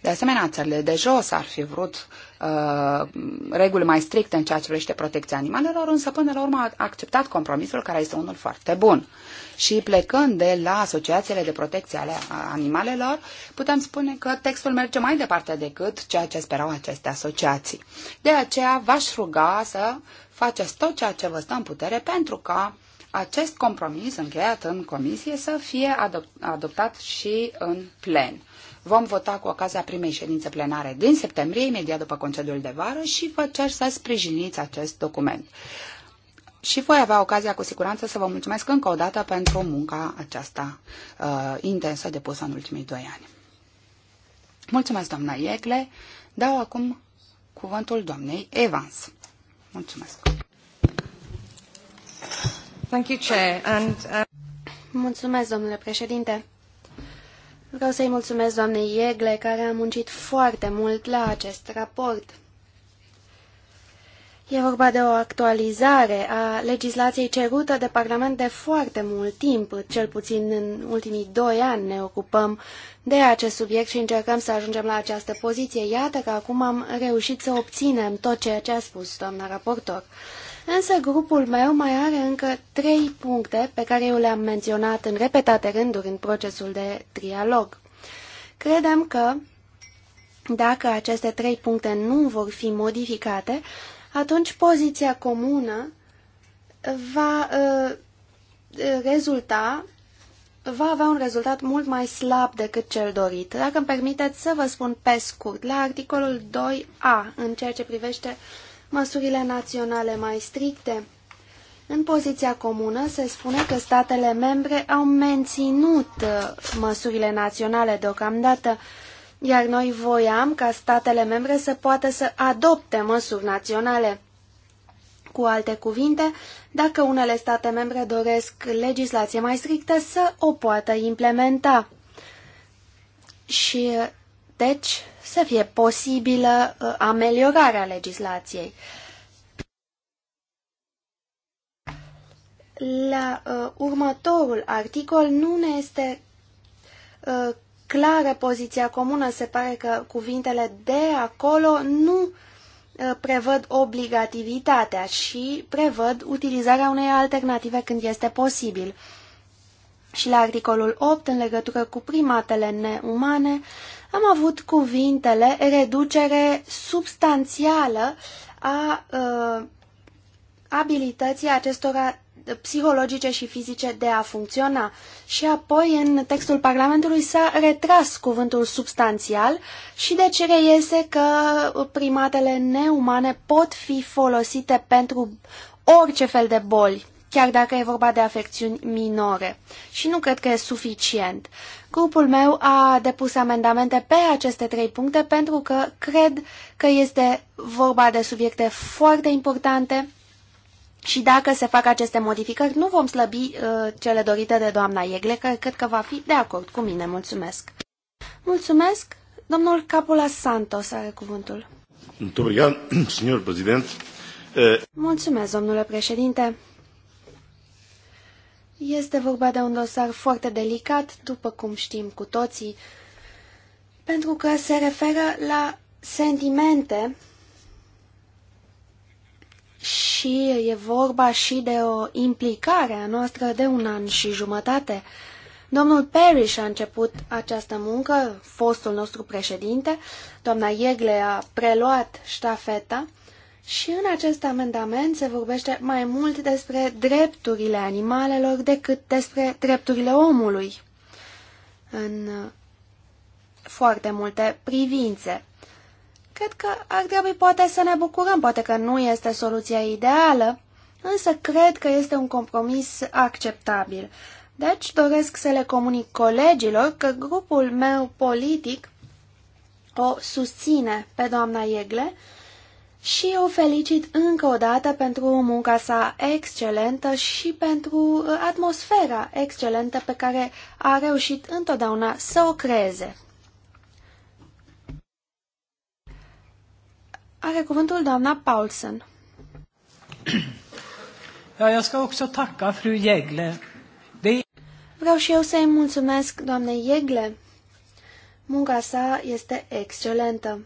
De asemenea, țările de jos ar fi vrut uh, reguli mai stricte în ceea ce vrește protecția animalelor, însă până la urmă a acceptat compromisul care este unul foarte bun și plecând de la asociațiile de protecție ale animalelor, putem spune că textul merge mai departe decât ceea ce sperau aceste asociații. De aceea v-aș ruga să faceți tot ceea ce vă stă în putere pentru ca acest compromis încheiat în comisie să fie adoptat și în plen. Vom vota cu ocazia primei ședințe plenare din septembrie, imediat după concediul de vară și vă cer să sprijiniți acest document și voi avea ocazia cu siguranță să vă mulțumesc încă o dată pentru munca aceasta uh, intensă depusă în ultimii doi ani. Mulțumesc, doamna Iegle. Dau acum cuvântul doamnei Evans. Mulțumesc. Thank you, Chair. And, uh... Mulțumesc, domnule președinte. Vreau să-i mulțumesc doamnei Iegle, care a muncit foarte mult la acest raport. E vorba de o actualizare a legislației cerută de Parlament de foarte mult timp, cel puțin în ultimii doi ani ne ocupăm de acest subiect și încercăm să ajungem la această poziție. Iată că acum am reușit să obținem tot ceea ce a spus doamna raportor. Însă grupul meu mai are încă trei puncte pe care eu le-am menționat în repetate rânduri în procesul de trialog. Credem că dacă aceste trei puncte nu vor fi modificate, atunci poziția comună va uh, rezulta va avea un rezultat mult mai slab decât cel dorit. Dacă îmi permiteți să vă spun pe scurt, la articolul 2a, în ceea ce privește măsurile naționale mai stricte, în poziția comună se spune că statele membre au menținut ă, măsurile naționale deocamdată, iar noi voiam ca statele membre să poată să adopte măsuri naționale. Cu alte cuvinte, dacă unele state membre doresc legislație mai strictă, să o poată implementa. Și, deci, să fie posibilă uh, ameliorarea legislației. La uh, următorul articol nu ne este uh, clară poziția comună. Se pare că cuvintele de acolo nu uh, prevăd obligativitatea și prevăd utilizarea unei alternative când este posibil. Și la articolul 8, în legătură cu primatele neumane, am avut cuvintele reducere substanțială a uh, abilității acestora psihologice și fizice de a funcționa. Și apoi, în textul Parlamentului s-a retras cuvântul substanțial și deci reiese că primatele neumane pot fi folosite pentru orice fel de boli chiar dacă e vorba de afecțiuni minore. Și nu cred că e suficient. Grupul meu a depus amendamente pe aceste trei puncte pentru că cred că este vorba de subiecte foarte importante și dacă se fac aceste modificări, nu vom slăbi uh, cele dorite de doamna Iegle, care cred că va fi de acord cu mine. Mulțumesc! Mulțumesc! Domnul Capula Santos are cuvântul. Mulțumesc, domnule președinte! Este vorba de un dosar foarte delicat, după cum știm cu toții, pentru că se referă la sentimente și e vorba și de o implicare a noastră de un an și jumătate. Domnul Parrish a început această muncă, fostul nostru președinte, doamna Iegle a preluat ștafeta și în acest amendament se vorbește mai mult despre drepturile animalelor decât despre drepturile omului în foarte multe privințe. Cred că ar trebui poate să ne bucurăm, poate că nu este soluția ideală, însă cred că este un compromis acceptabil. Deci doresc să le comunic colegilor că grupul meu politic o susține pe doamna Iegle și o felicit încă o dată pentru munca sa excelentă și pentru uh, atmosfera excelentă pe care a reușit întotdeauna să o creeze. Are cuvântul doamna Paulsen. Ja, jag ska också tacka fru Jägle. De... Vreau și eu să-i mulțumesc doamnei Jägle. Munca sa este excelentă.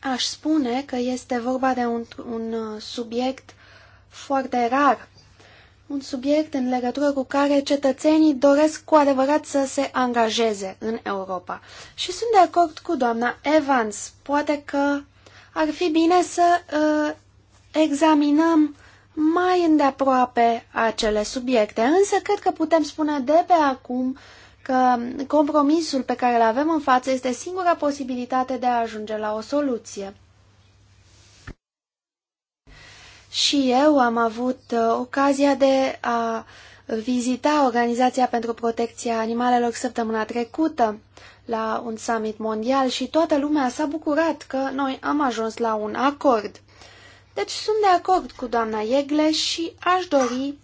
Aș spune că este vorba de un, un uh, subiect foarte rar un subiect în legătură cu care cetățenii doresc cu adevărat să se angajeze în Europa. Și sunt de acord cu doamna Evans. Poate că ar fi bine să uh, examinăm mai îndeaproape acele subiecte, însă cred că putem spune de pe acum că compromisul pe care îl avem în față este singura posibilitate de a ajunge la o soluție. Și eu am avut uh, ocazia de a vizita Organizația pentru Protecția Animalelor săptămâna trecută la un summit mondial și toată lumea s-a bucurat că noi am ajuns la un acord. Deci sunt de acord cu doamna Iegle și aș dori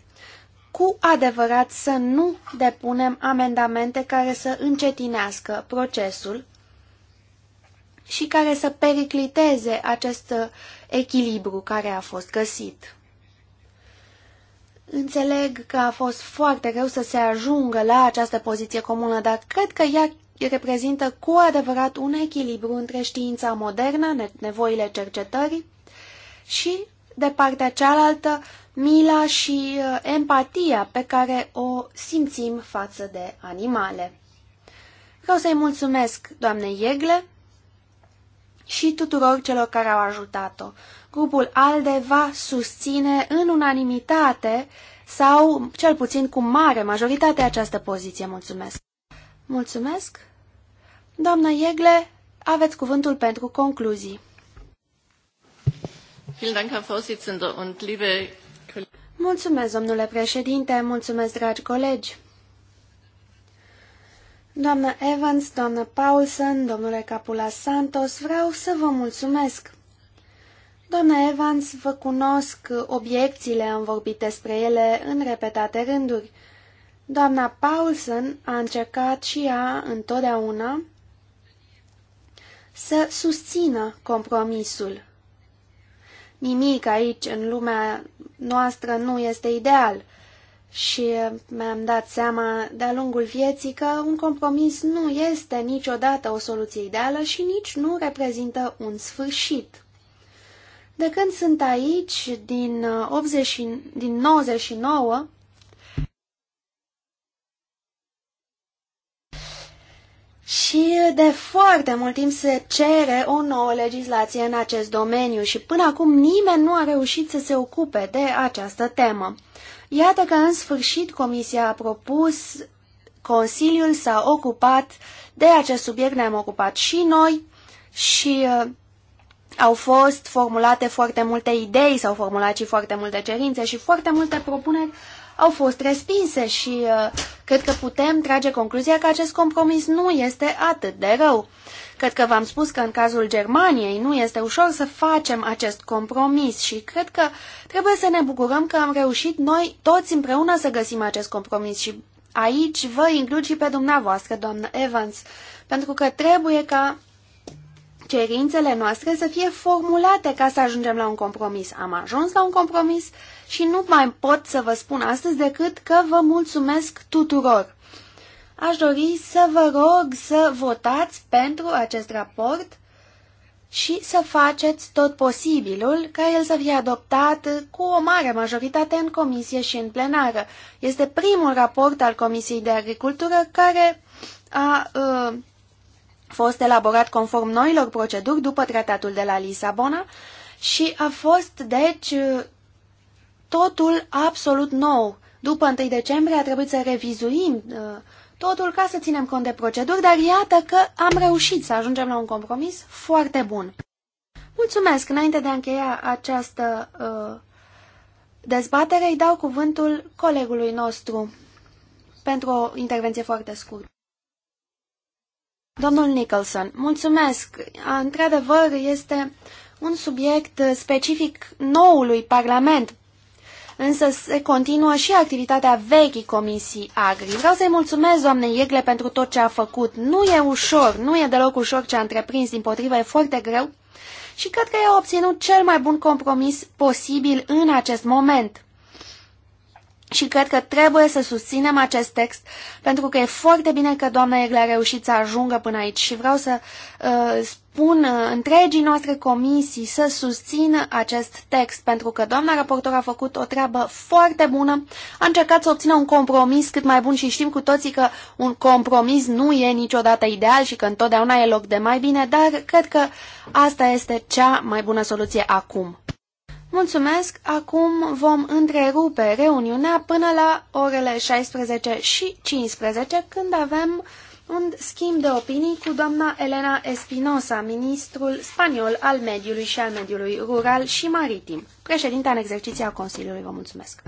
cu adevărat să nu depunem amendamente care să încetinească procesul și care să pericliteze acest echilibru care a fost găsit. Înțeleg că a fost foarte greu să se ajungă la această poziție comună, dar cred că ea reprezintă cu adevărat un echilibru între știința modernă, nevoile cercetării și, de partea cealaltă, mila și uh, empatia pe care o simțim față de animale. Vreau să-i mulțumesc doamne Iegle și tuturor celor care au ajutat-o. Grupul ALDE va susține în unanimitate sau cel puțin cu mare majoritate această poziție. Mulțumesc! Mulțumesc! Doamna Iegle, aveți cuvântul pentru concluzii. Mulțumesc, domnule președinte, mulțumesc, dragi colegi. Doamna Evans, doamna Paulsen, domnule Capula Santos, vreau să vă mulțumesc. Doamna Evans, vă cunosc obiecțiile, am vorbit despre ele în repetate rânduri. Doamna Paulsen a încercat și ea întotdeauna să susțină compromisul. Nimic aici, în lumea noastră, nu este ideal – și mi-am dat seama de-a lungul vieții că un compromis nu este niciodată o soluție ideală și nici nu reprezintă un sfârșit. De când sunt aici, din, 80, uh, din 99, Și de foarte mult timp se cere o nouă legislație în acest domeniu și până acum nimeni nu a reușit să se ocupe de această temă. Iată că în sfârșit Comisia a propus, Consiliul s-a ocupat de acest subiect, ne-am ocupat și noi și uh, au fost formulate foarte multe idei, s-au formulat și foarte multe cerințe și foarte multe propuneri au fost respinse și uh, cred că putem trage concluzia că acest compromis nu este atât de rău. Cred că v-am spus că în cazul Germaniei nu este ușor să facem acest compromis și cred că trebuie să ne bucurăm că am reușit noi toți împreună să găsim acest compromis și aici vă includ și pe dumneavoastră, doamnă Evans, pentru că trebuie ca cerințele noastre să fie formulate ca să ajungem la un compromis. Am ajuns la un compromis și nu mai pot să vă spun astăzi decât că vă mulțumesc tuturor. Aș dori să vă rog să votați pentru acest raport și să faceți tot posibilul ca el să fie adoptat cu o mare majoritate în comisie și în plenară. Este primul raport al Comisiei de Agricultură care a uh, fost elaborat conform noilor proceduri după tratatul de la Lisabona și a fost, deci, totul absolut nou. După 1 decembrie a trebuit să revizuim uh, totul ca să ținem cont de proceduri, dar iată că am reușit să ajungem la un compromis foarte bun. Mulțumesc! Înainte de a încheia această uh, dezbatere, îi dau cuvântul colegului nostru pentru o intervenție foarte scurtă. Domnul Nicholson, mulțumesc. Într-adevăr, este un subiect uh, specific noului Parlament, însă se continuă și activitatea vechii comisii agri. Vreau să-i mulțumesc doamne Iegle pentru tot ce a făcut. Nu e ușor, nu e deloc ușor ce a întreprins, din potrivă e foarte greu și cred că i-a obținut cel mai bun compromis posibil în acest moment. Și cred că trebuie să susținem acest text, pentru că e foarte bine că doamna Egle a reușit să ajungă până aici și vreau să uh, spun uh, întregii noastre comisii să susțină acest text, pentru că doamna raportor a făcut o treabă foarte bună, a încercat să obțină un compromis cât mai bun și știm cu toții că un compromis nu e niciodată ideal și că întotdeauna e loc de mai bine, dar cred că asta este cea mai bună soluție acum. Mulțumesc! Acum vom întrerupe reuniunea până la orele 16 și 15, când avem un schimb de opinii cu doamna Elena Espinosa, ministrul spaniol al mediului și al mediului rural și maritim, președinta în exerciție a Consiliului. Vă mulțumesc!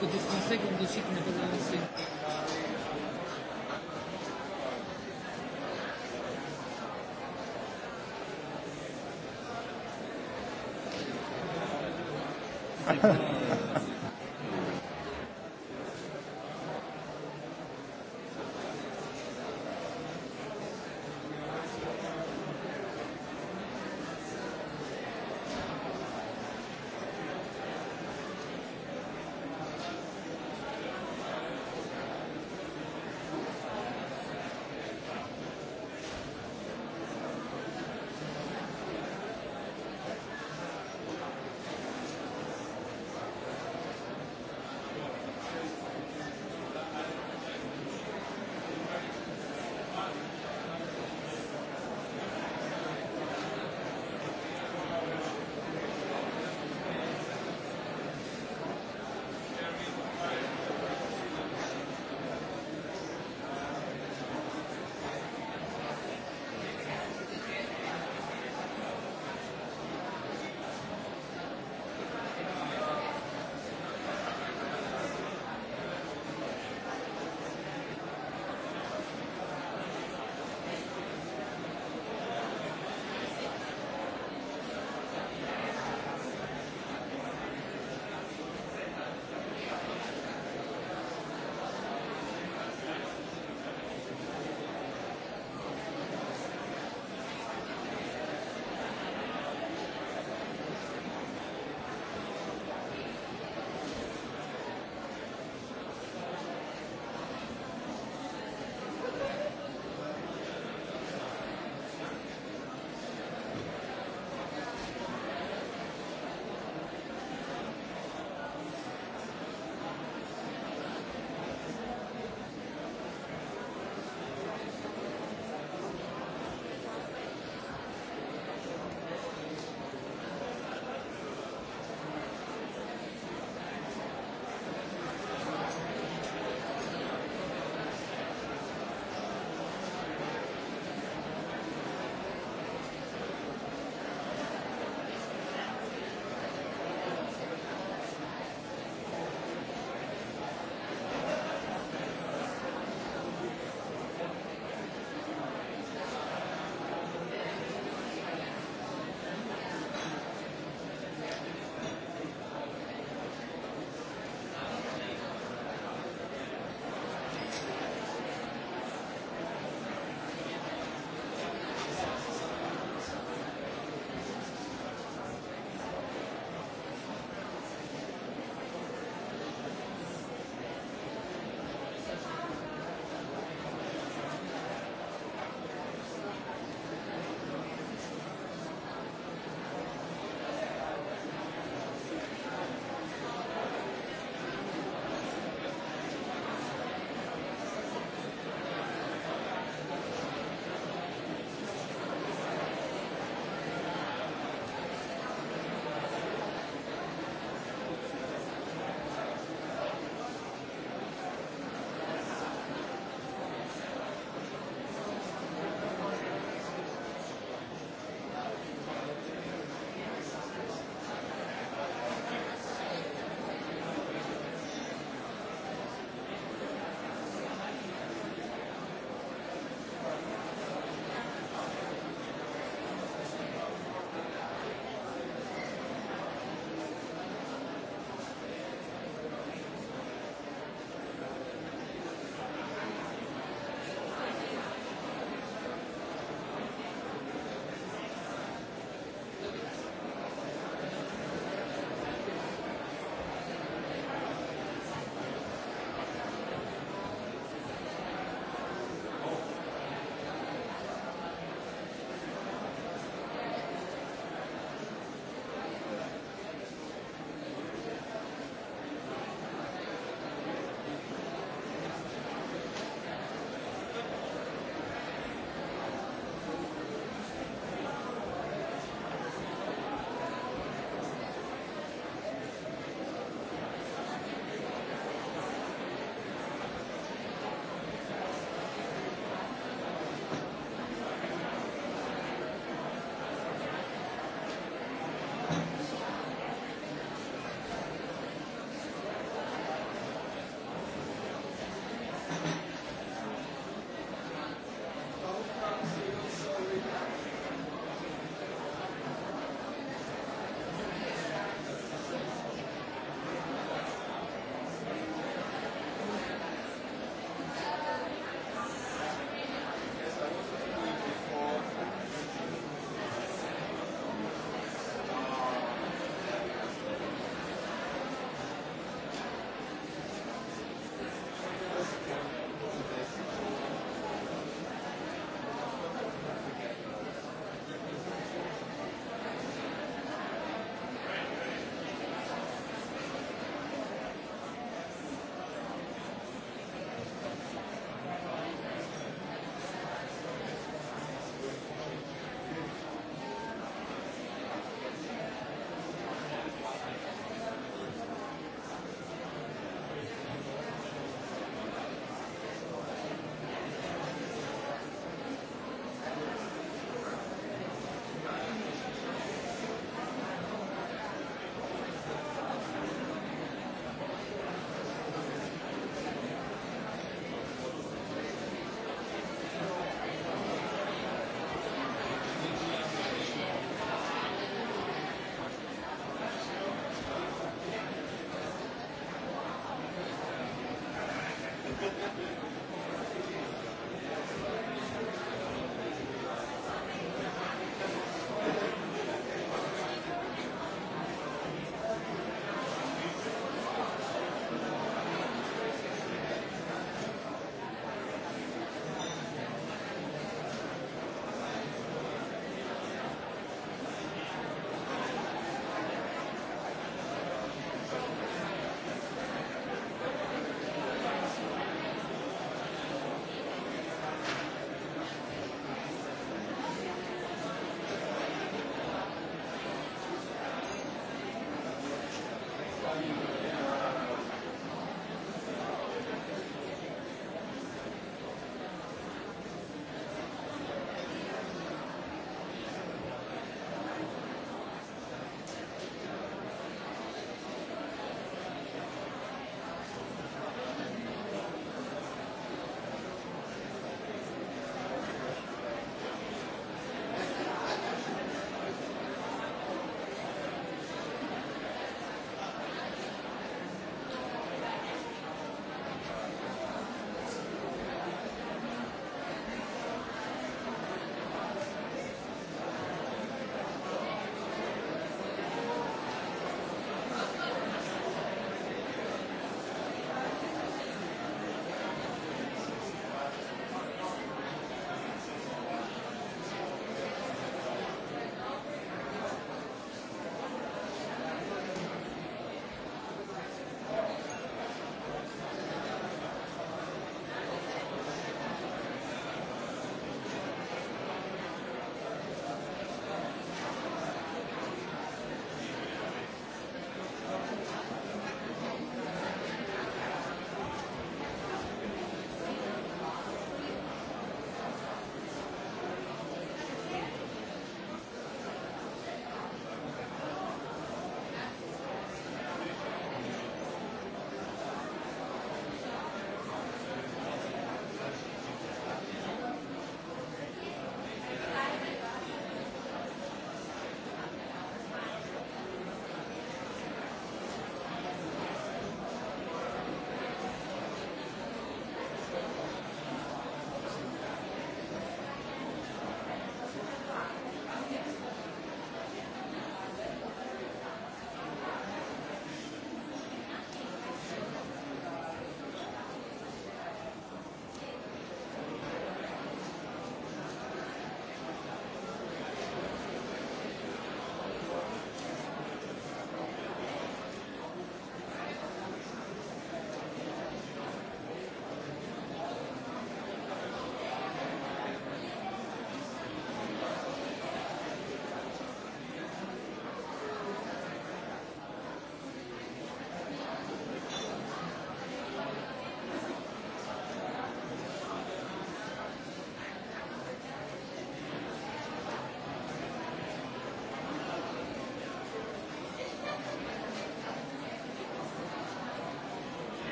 faut défoncer comme des chics ne pas avancer. Thank you.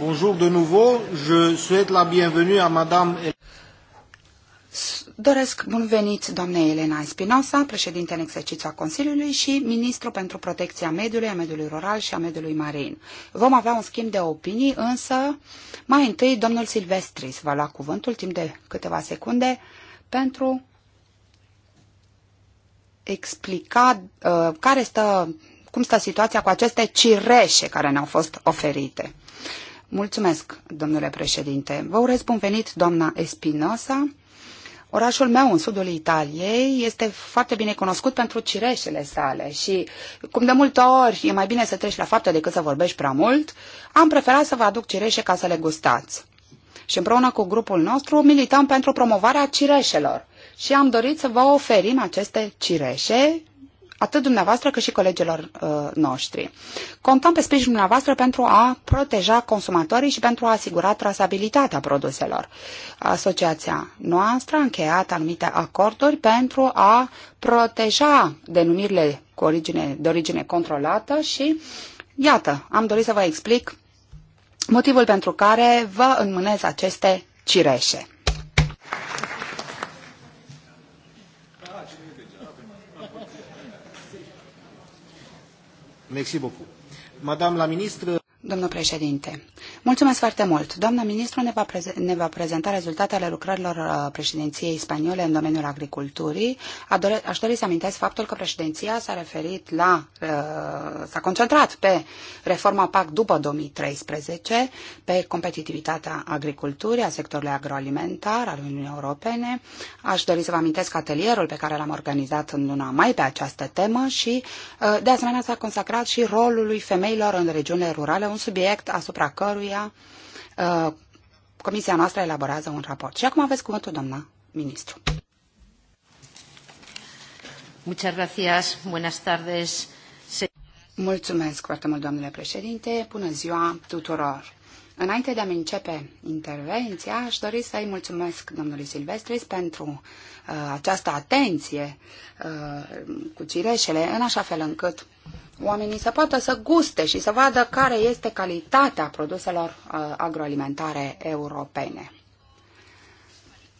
Bonjour de nouveau. Je souhaite la bienvenue à Madame. Doresc bun venit doamnei Elena Espinosa, președinte în exercițiu a Consiliului și ministru pentru protecția mediului, a mediului rural și a mediului marin. Vom avea un schimb de opinii, însă mai întâi domnul se va lua cuvântul timp de câteva secunde pentru explica uh, care stă, cum stă situația cu aceste cireșe care ne-au fost oferite. Mulțumesc, domnule președinte. Vă urez bun venit, doamna Espinosa. Orașul meu, în sudul Italiei, este foarte bine cunoscut pentru cireșele sale și, cum de multe ori e mai bine să treci la fapte decât să vorbești prea mult, am preferat să vă aduc cireșe ca să le gustați. Și împreună cu grupul nostru milităm pentru promovarea cireșelor și am dorit să vă oferim aceste cireșe atât dumneavoastră cât și colegilor uh, noștri. Contăm pe sprijinul dumneavoastră pentru a proteja consumatorii și pentru a asigura trasabilitatea produselor. Asociația noastră a încheiat anumite acorduri pentru a proteja denumirile cu origine, de origine controlată și, iată, am dorit să vă explic motivul pentru care vă înmânez aceste cireșe. Merci beaucoup. Madame la ministre, Domnul președinte, mulțumesc foarte mult. Doamna ministru ne va, ne va prezenta rezultatele lucrărilor uh, președinției spaniole în domeniul agriculturii. Adore- aș dori să amintesc faptul că președinția s-a referit la, uh, s-a concentrat pe reforma PAC după 2013, pe competitivitatea agriculturii, a sectorului agroalimentar al Uniunii Europene. Aș dori să vă amintesc atelierul pe care l-am organizat în luna mai pe această temă și, uh, de asemenea, s-a consacrat și rolului femeilor în regiunile rurale un subiect asupra căruia uh, comisia noastră elaborează un raport. Și acum aveți cuvântul, doamna ministru. Muchas gracias. Buenas tardes. Mulțumesc foarte mult, domnule președinte. Bună ziua tuturor. Înainte de a-mi începe intervenția, aș dori să-i mulțumesc domnului Silvestris pentru uh, această atenție uh, cu cireșele, în așa fel încât oamenii să poată să guste și să vadă care este calitatea produselor uh, agroalimentare europene.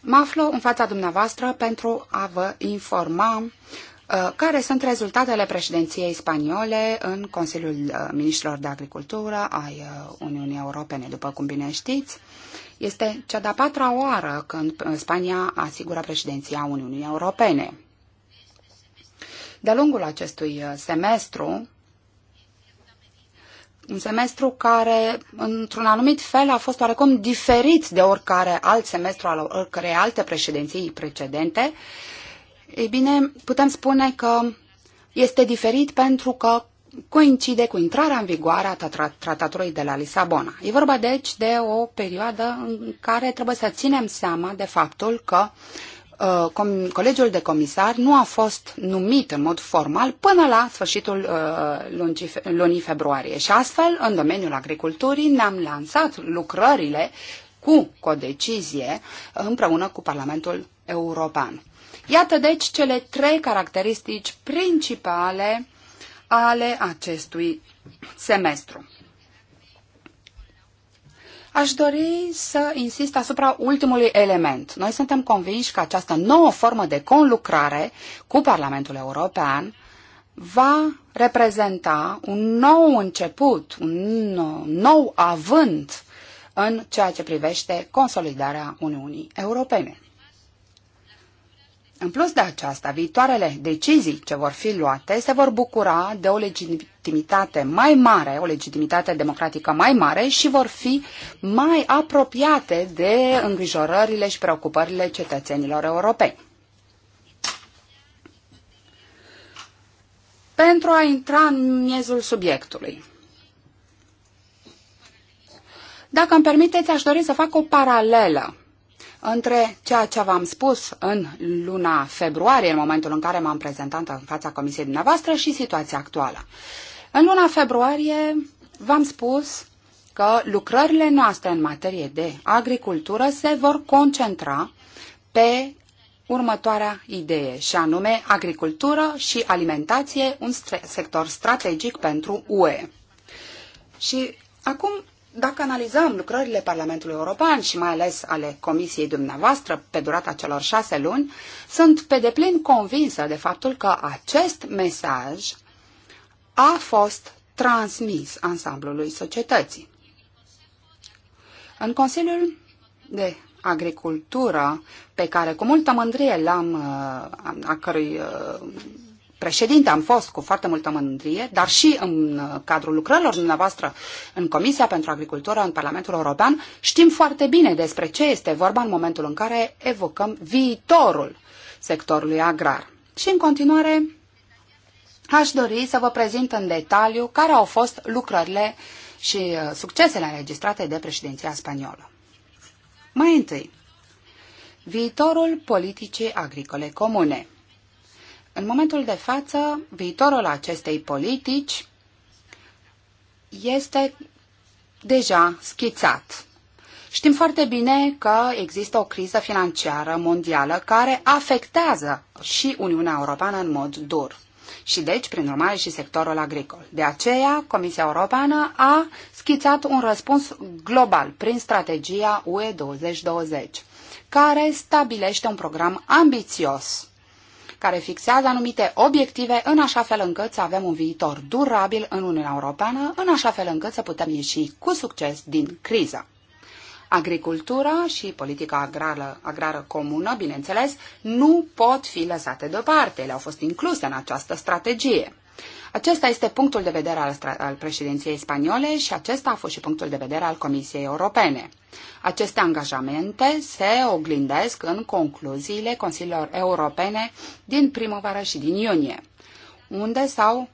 Mă aflu în fața dumneavoastră pentru a vă informa uh, care sunt rezultatele președinției spaniole în Consiliul uh, Ministrilor de Agricultură ai Uniunii Europene, după cum bine știți. Este cea de-a patra oară când Spania asigură președinția Uniunii Europene. De-a lungul acestui uh, semestru, un semestru care, într-un anumit fel, a fost oarecum diferit de oricare alt semestru al oricărei alte președinții precedente, ei bine, putem spune că este diferit pentru că coincide cu intrarea în vigoare a tratatului de la Lisabona. E vorba, deci, de o perioadă în care trebuie să ținem seama de faptul că Uh, colegiul de comisar nu a fost numit în mod formal până la sfârșitul uh, lunii, lunii februarie. Și astfel, în domeniul agriculturii, ne-am lansat lucrările cu codecizie împreună cu Parlamentul European. Iată deci cele trei caracteristici principale ale acestui semestru. Aș dori să insist asupra ultimului element. Noi suntem convinși că această nouă formă de conlucrare cu Parlamentul European va reprezenta un nou început, un nou avânt în ceea ce privește consolidarea Uniunii Europene. În plus de aceasta, viitoarele decizii ce vor fi luate se vor bucura de o legitimitate mai mare, o legitimitate democratică mai mare și vor fi mai apropiate de îngrijorările și preocupările cetățenilor europeni. Pentru a intra în miezul subiectului. Dacă îmi permiteți, aș dori să fac o paralelă între ceea ce v-am spus în luna februarie, în momentul în care m-am prezentat în fața comisiei dumneavoastră, și situația actuală. În luna februarie v-am spus că lucrările noastre în materie de agricultură se vor concentra pe următoarea idee, și anume agricultură și alimentație, un sector strategic pentru UE. Și acum dacă analizăm lucrările Parlamentului European și mai ales ale Comisiei dumneavoastră pe durata celor șase luni, sunt pe deplin convinsă de faptul că acest mesaj a fost transmis ansamblului societății. În Consiliul de Agricultură, pe care cu multă mândrie l-am, uh, a cărui uh, președinte am fost cu foarte multă mândrie, dar și în uh, cadrul lucrărilor dumneavoastră în Comisia pentru Agricultură în Parlamentul European, știm foarte bine despre ce este vorba în momentul în care evocăm viitorul sectorului agrar. Și în continuare aș dori să vă prezint în detaliu care au fost lucrările și uh, succesele înregistrate de președinția spaniolă. Mai întâi, viitorul politicii agricole comune – în momentul de față, viitorul acestei politici este deja schițat. Știm foarte bine că există o criză financiară mondială care afectează și Uniunea Europeană în mod dur și deci, prin urmare, și sectorul agricol. De aceea, Comisia Europeană a schițat un răspuns global prin strategia UE 2020, care stabilește un program ambițios care fixează anumite obiective în așa fel încât să avem un viitor durabil în Uniunea Europeană, în așa fel încât să putem ieși cu succes din criză. Agricultura și politica agrară, agrară comună, bineînțeles, nu pot fi lăsate deoparte, ele au fost incluse în această strategie. Acesta este punctul de vedere al, al președinției spaniole și acesta a fost și punctul de vedere al Comisiei Europene. Aceste angajamente se oglindesc în concluziile Consiliilor Europene din primăvară și din iunie, unde s-au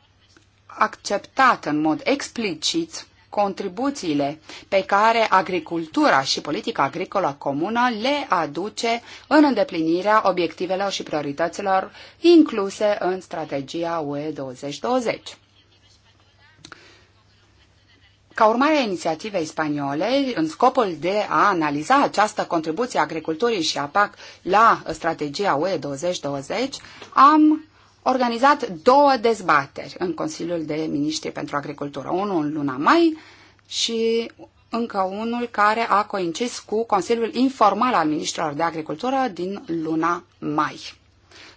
acceptat în mod explicit contribuțiile pe care agricultura și politica agricolă comună le aduce în îndeplinirea obiectivelor și priorităților incluse în strategia UE 2020. Ca urmare a inițiativei spaniole, în scopul de a analiza această contribuție a agriculturii și a PAC la strategia UE 2020, am organizat două dezbateri în Consiliul de Ministri pentru Agricultură. Unul în luna mai și încă unul care a coincis cu Consiliul Informal al Ministrilor de Agricultură din luna mai.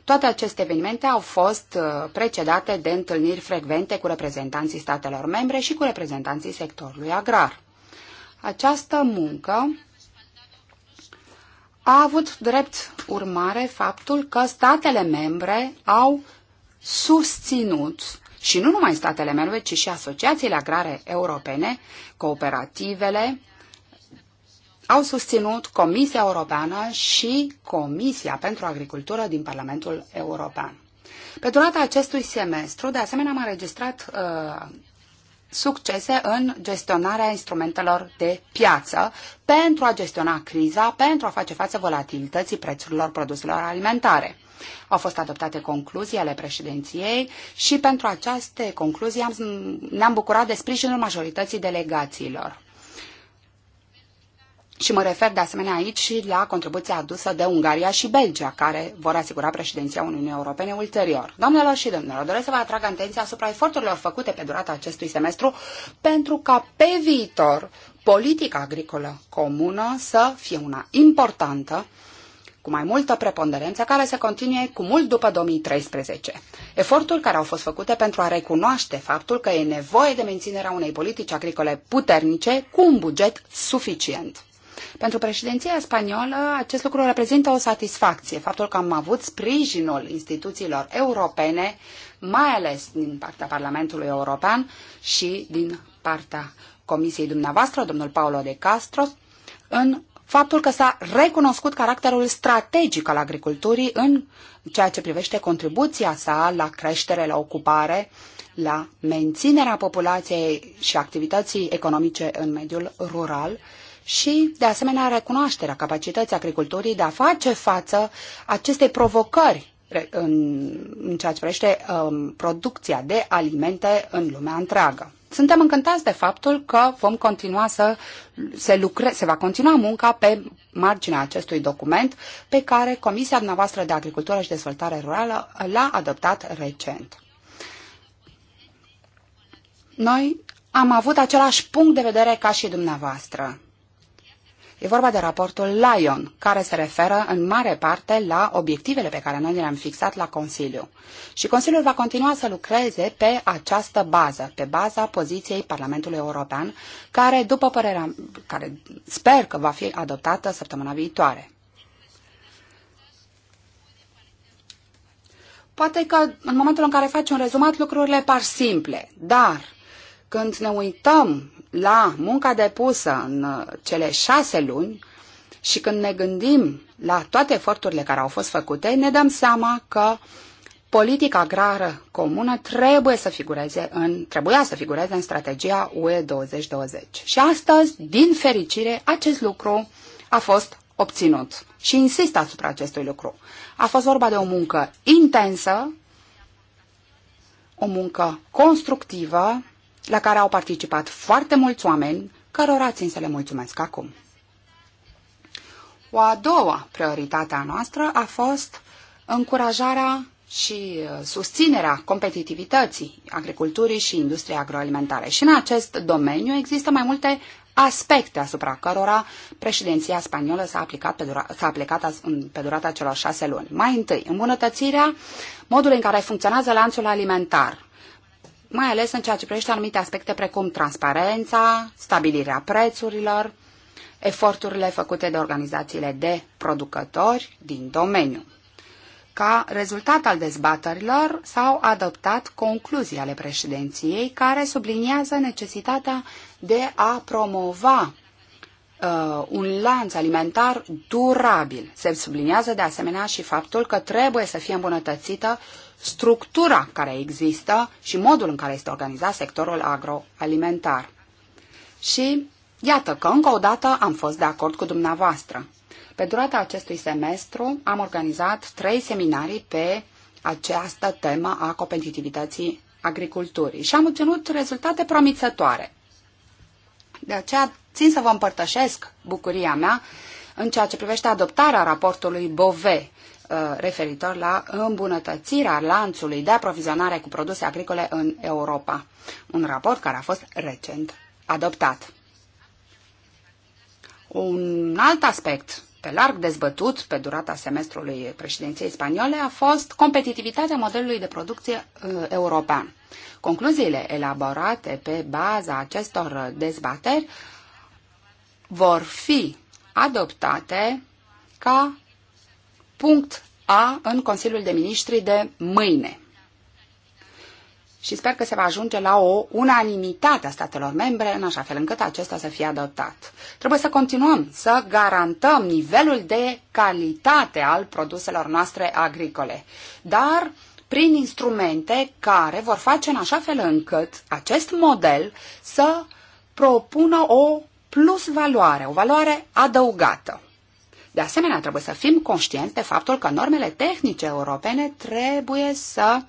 Toate aceste evenimente au fost uh, precedate de întâlniri frecvente cu reprezentanții statelor membre și cu reprezentanții sectorului agrar. Această muncă a avut drept urmare faptul că statele membre au susținut și nu numai statele membre, ci și asociațiile agrare europene, cooperativele, au susținut Comisia Europeană și Comisia pentru Agricultură din Parlamentul European. Pe durata acestui semestru, de asemenea, am înregistrat uh, succese în gestionarea instrumentelor de piață pentru a gestiona criza, pentru a face față volatilității prețurilor produselor alimentare. Au fost adoptate concluzii ale președinției și pentru aceste concluzii am, ne-am bucurat de sprijinul majorității delegațiilor. Și mă refer de asemenea aici și la contribuția adusă de Ungaria și Belgia, care vor asigura președinția Uniunii Europene ulterior. Doamnelor și domnilor, doresc să vă atrag atenția asupra eforturilor făcute pe durata acestui semestru pentru ca pe viitor politica agricolă comună să fie una importantă cu mai multă preponderență, care se continue cu mult după 2013. Efortul care au fost făcute pentru a recunoaște faptul că e nevoie de menținerea unei politici agricole puternice cu un buget suficient. Pentru președinția spaniolă, acest lucru reprezintă o satisfacție, faptul că am avut sprijinul instituțiilor europene, mai ales din partea Parlamentului European și din partea Comisiei dumneavoastră, domnul Paolo de Castro, în faptul că s-a recunoscut caracterul strategic al agriculturii în ceea ce privește contribuția sa la creștere, la ocupare, la menținerea populației și activității economice în mediul rural și, de asemenea, recunoașterea capacității agriculturii de a face față acestei provocări în, ceea ce privește um, producția de alimente în lumea întreagă. Suntem încântați de faptul că vom continua să se lucre, se va continua munca pe marginea acestui document pe care Comisia dumneavoastră de Agricultură și Dezvoltare Rurală l-a adoptat recent. Noi am avut același punct de vedere ca și dumneavoastră. E vorba de raportul Lyon, care se referă în mare parte la obiectivele pe care noi le-am fixat la Consiliu. Și Consiliul va continua să lucreze pe această bază, pe baza poziției Parlamentului European, care, după părerea, care sper că va fi adoptată săptămâna viitoare. Poate că în momentul în care faci un rezumat lucrurile par simple, dar când ne uităm la munca depusă în uh, cele șase luni și când ne gândim la toate eforturile care au fost făcute, ne dăm seama că politica agrară comună trebuie să figureze în, trebuia să figureze în strategia UE 2020. Și astăzi, din fericire, acest lucru a fost obținut. Și insist asupra acestui lucru. A fost vorba de o muncă intensă, o muncă constructivă, la care au participat foarte mulți oameni, cărora țin să le mulțumesc acum. O a doua prioritate a noastră a fost încurajarea și uh, susținerea competitivității agriculturii și industriei agroalimentare. Și în acest domeniu există mai multe aspecte asupra cărora președinția spaniolă s-a aplicat, pe, dura, s-a aplicat pe durata celor șase luni. Mai întâi, îmbunătățirea modului în care funcționează lanțul alimentar, mai ales în ceea ce privește anumite aspecte precum transparența, stabilirea prețurilor, eforturile făcute de organizațiile de producători din domeniu. Ca rezultat al dezbaterilor s-au adoptat concluzii ale președinției care subliniază necesitatea de a promova uh, un lanț alimentar durabil. Se subliniază de asemenea și faptul că trebuie să fie îmbunătățită structura care există și modul în care este organizat sectorul agroalimentar. Și iată că încă o dată am fost de acord cu dumneavoastră. Pe durata acestui semestru am organizat trei seminarii pe această temă a competitivității agriculturii și am obținut rezultate promițătoare. De aceea țin să vă împărtășesc bucuria mea în ceea ce privește adoptarea raportului BOVE Uh, referitor la îmbunătățirea lanțului de aprovizionare cu produse agricole în Europa, un raport care a fost recent adoptat. Un alt aspect pe larg dezbătut pe durata semestrului președinției spaniole a fost competitivitatea modelului de producție uh, european. Concluziile elaborate pe baza acestor dezbateri vor fi adoptate ca punct A în Consiliul de Ministri de mâine. Și sper că se va ajunge la o unanimitate a statelor membre, în așa fel încât acesta să fie adoptat. Trebuie să continuăm să garantăm nivelul de calitate al produselor noastre agricole, dar prin instrumente care vor face în așa fel încât acest model să propună o plus valoare, o valoare adăugată. De asemenea, trebuie să fim conștienți de faptul că normele tehnice europene trebuie să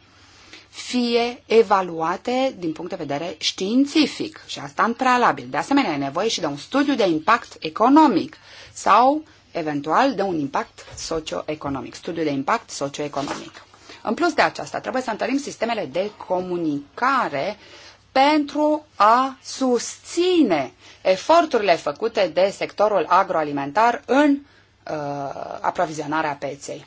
fie evaluate din punct de vedere științific și asta în prealabil. De asemenea, e nevoie și de un studiu de impact economic sau eventual de un impact socioeconomic, studiu de impact socioeconomic. În plus de aceasta, trebuie să întărim sistemele de comunicare pentru a susține eforturile făcute de sectorul agroalimentar în uh, uh, aprovizionarea peței.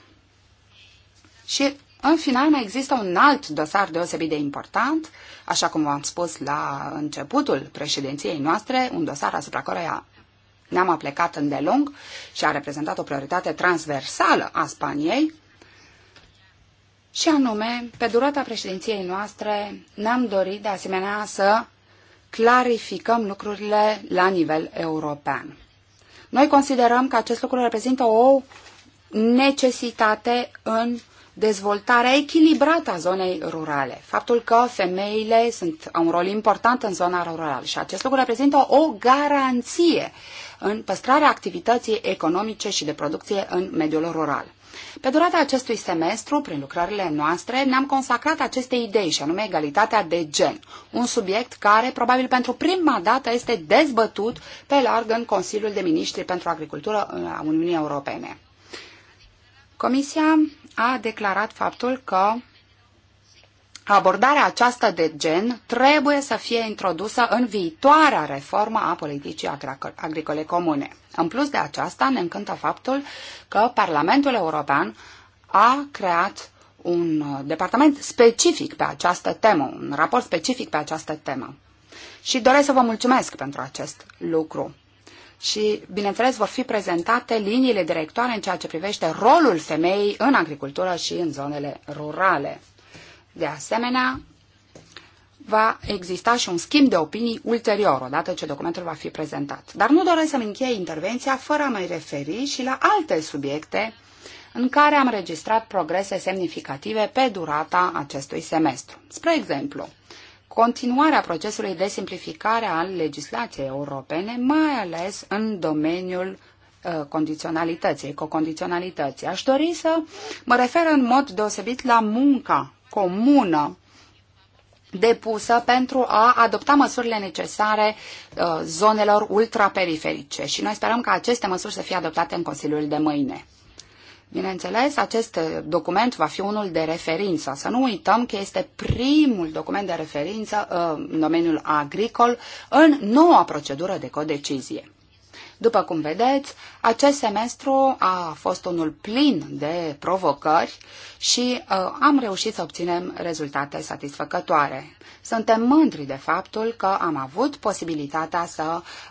Și, în final, mai există un alt dosar deosebit de important, așa cum v-am spus la începutul președinției noastre, un dosar asupra căruia ne-am aplecat îndelung și a reprezentat o prioritate transversală a Spaniei, și anume, pe durata președinției noastre, ne-am dorit de asemenea să clarificăm lucrurile la nivel european. Noi considerăm că acest lucru reprezintă o necesitate în dezvoltarea echilibrată a zonei rurale. Faptul că femeile sunt, au un rol important în zona rurală și acest lucru reprezintă o garanție în păstrarea activității economice și de producție în mediul rural. Pe durata acestui semestru, prin lucrările noastre, ne-am consacrat aceste idei, și anume egalitatea de gen, un subiect care, probabil pentru prima dată, este dezbătut pe larg în Consiliul de Ministri pentru Agricultură a Uniunii Europene. Comisia a declarat faptul că abordarea aceasta de gen trebuie să fie introdusă în viitoarea reformă a politicii agricole comune. În plus de aceasta, ne încântă faptul că Parlamentul European a creat un uh, departament specific pe această temă, un raport specific pe această temă. Și doresc să vă mulțumesc pentru acest lucru. Și, bineînțeles, vor fi prezentate liniile directoare în ceea ce privește rolul femeii în agricultură și în zonele rurale. De asemenea, va exista și un schimb de opinii ulterior, odată ce documentul va fi prezentat. Dar nu doresc să-mi încheie intervenția fără a mai referi și la alte subiecte în care am registrat progrese semnificative pe durata acestui semestru. Spre exemplu, continuarea procesului de simplificare al legislației europene, mai ales în domeniul uh, condiționalității, ecocondiționalității. Aș dori să mă refer în mod deosebit la munca comună depusă pentru a adopta măsurile necesare uh, zonelor ultraperiferice și noi sperăm ca aceste măsuri să fie adoptate în Consiliul de mâine. Bineînțeles, acest uh, document va fi unul de referință. Să nu uităm că este primul document de referință uh, în domeniul agricol în noua procedură de codecizie. După cum vedeți, acest semestru a fost unul plin de provocări și uh, am reușit să obținem rezultate satisfăcătoare. Suntem mândri de faptul că am avut posibilitatea să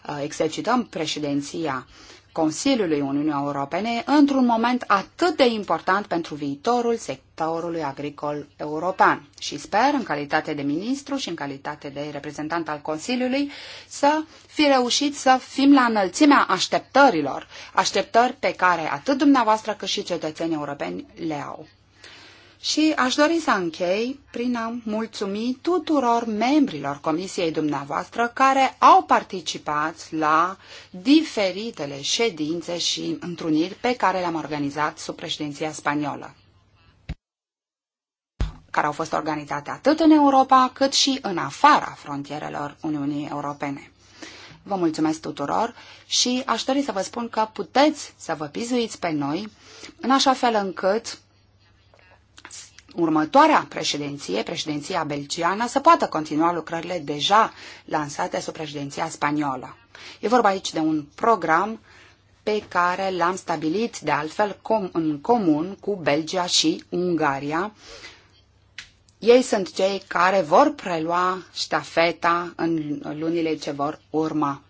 uh, exercităm președinția Consiliului Uniunii Europene într-un moment atât de important pentru viitorul sectorului agricol european. Și sper, în calitate de ministru și în calitate de reprezentant al Consiliului, să fi reușit să fim la înălțimea așteptărilor, așteptări pe care atât dumneavoastră cât și cetățenii europeni le au. Și aș dori să închei prin a mulțumi tuturor membrilor comisiei dumneavoastră care au participat la diferitele ședințe și întruniri pe care le-am organizat sub președinția spaniolă care au fost organizate atât în Europa cât și în afara frontierelor Uniunii Europene. Vă mulțumesc tuturor și aș dori să vă spun că puteți să vă pizuiți pe noi în așa fel încât următoarea președinție, președinția belgiană, să poată continua lucrările deja lansate sub președinția spaniolă. E vorba aici de un program pe care l-am stabilit de altfel com- în comun cu Belgia și Ungaria. Ei sunt cei care vor prelua ștafeta în lunile ce vor urma.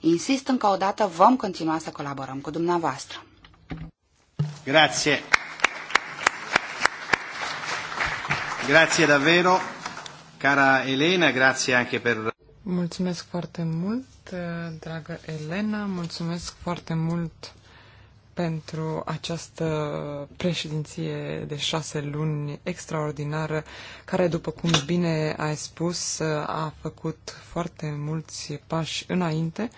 Insist încă o dată, vom continua să colaborăm cu dumneavoastră. Grazie. Grazie davvero, cara Elena, grazie anche per... Mulțumesc foarte mult, dragă Elena, mulțumesc foarte mult pentru această președinție de șase luni extraordinară, care, după cum bine ai spus, a făcut foarte mulți pași înainte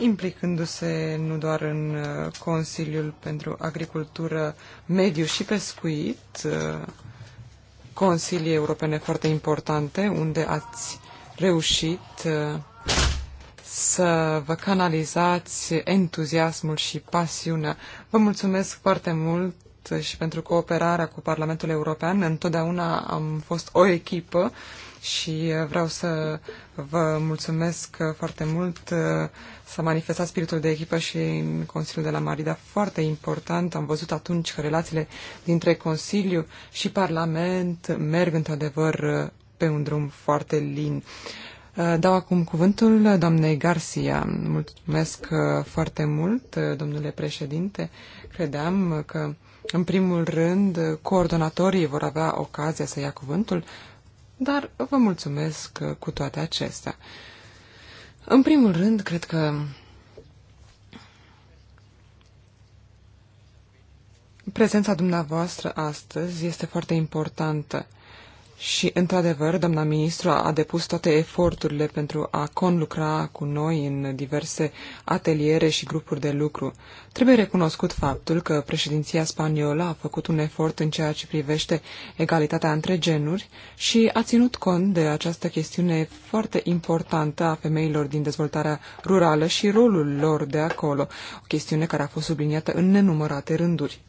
implicându-se nu doar în uh, Consiliul pentru Agricultură, Mediu și Pescuit, uh, consilii europene foarte importante, unde ați reușit uh, să vă canalizați entuziasmul și pasiunea. Vă mulțumesc foarte mult și pentru cooperarea cu Parlamentul European. Întotdeauna am fost o echipă și uh, vreau să vă mulțumesc uh, foarte mult uh, să manifestat spiritul de echipă și în Consiliul de la Marida foarte important. Am văzut atunci că relațiile dintre Consiliu și Parlament merg într-adevăr pe un drum foarte lin. Dau acum cuvântul doamnei Garcia. Mulțumesc foarte mult, domnule președinte. Credeam că, în primul rând, coordonatorii vor avea ocazia să ia cuvântul, dar vă mulțumesc cu toate acestea. În primul rând, cred că prezența dumneavoastră astăzi este foarte importantă. Și, într-adevăr, doamna ministru a depus toate eforturile pentru a conlucra cu noi în diverse ateliere și grupuri de lucru. Trebuie recunoscut faptul că președinția spaniolă a făcut un efort în ceea ce privește egalitatea între genuri și a ținut cont de această chestiune foarte importantă a femeilor din dezvoltarea rurală și rolul lor de acolo, o chestiune care a fost subliniată în nenumărate rânduri.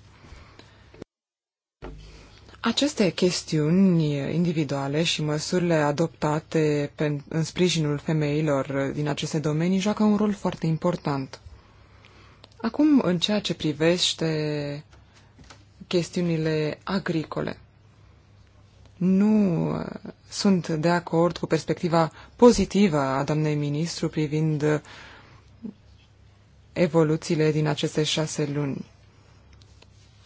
Aceste chestiuni individuale și măsurile adoptate în sprijinul femeilor din aceste domenii joacă un rol foarte important. Acum, în ceea ce privește chestiunile agricole, nu sunt de acord cu perspectiva pozitivă a doamnei ministru privind evoluțiile din aceste șase luni.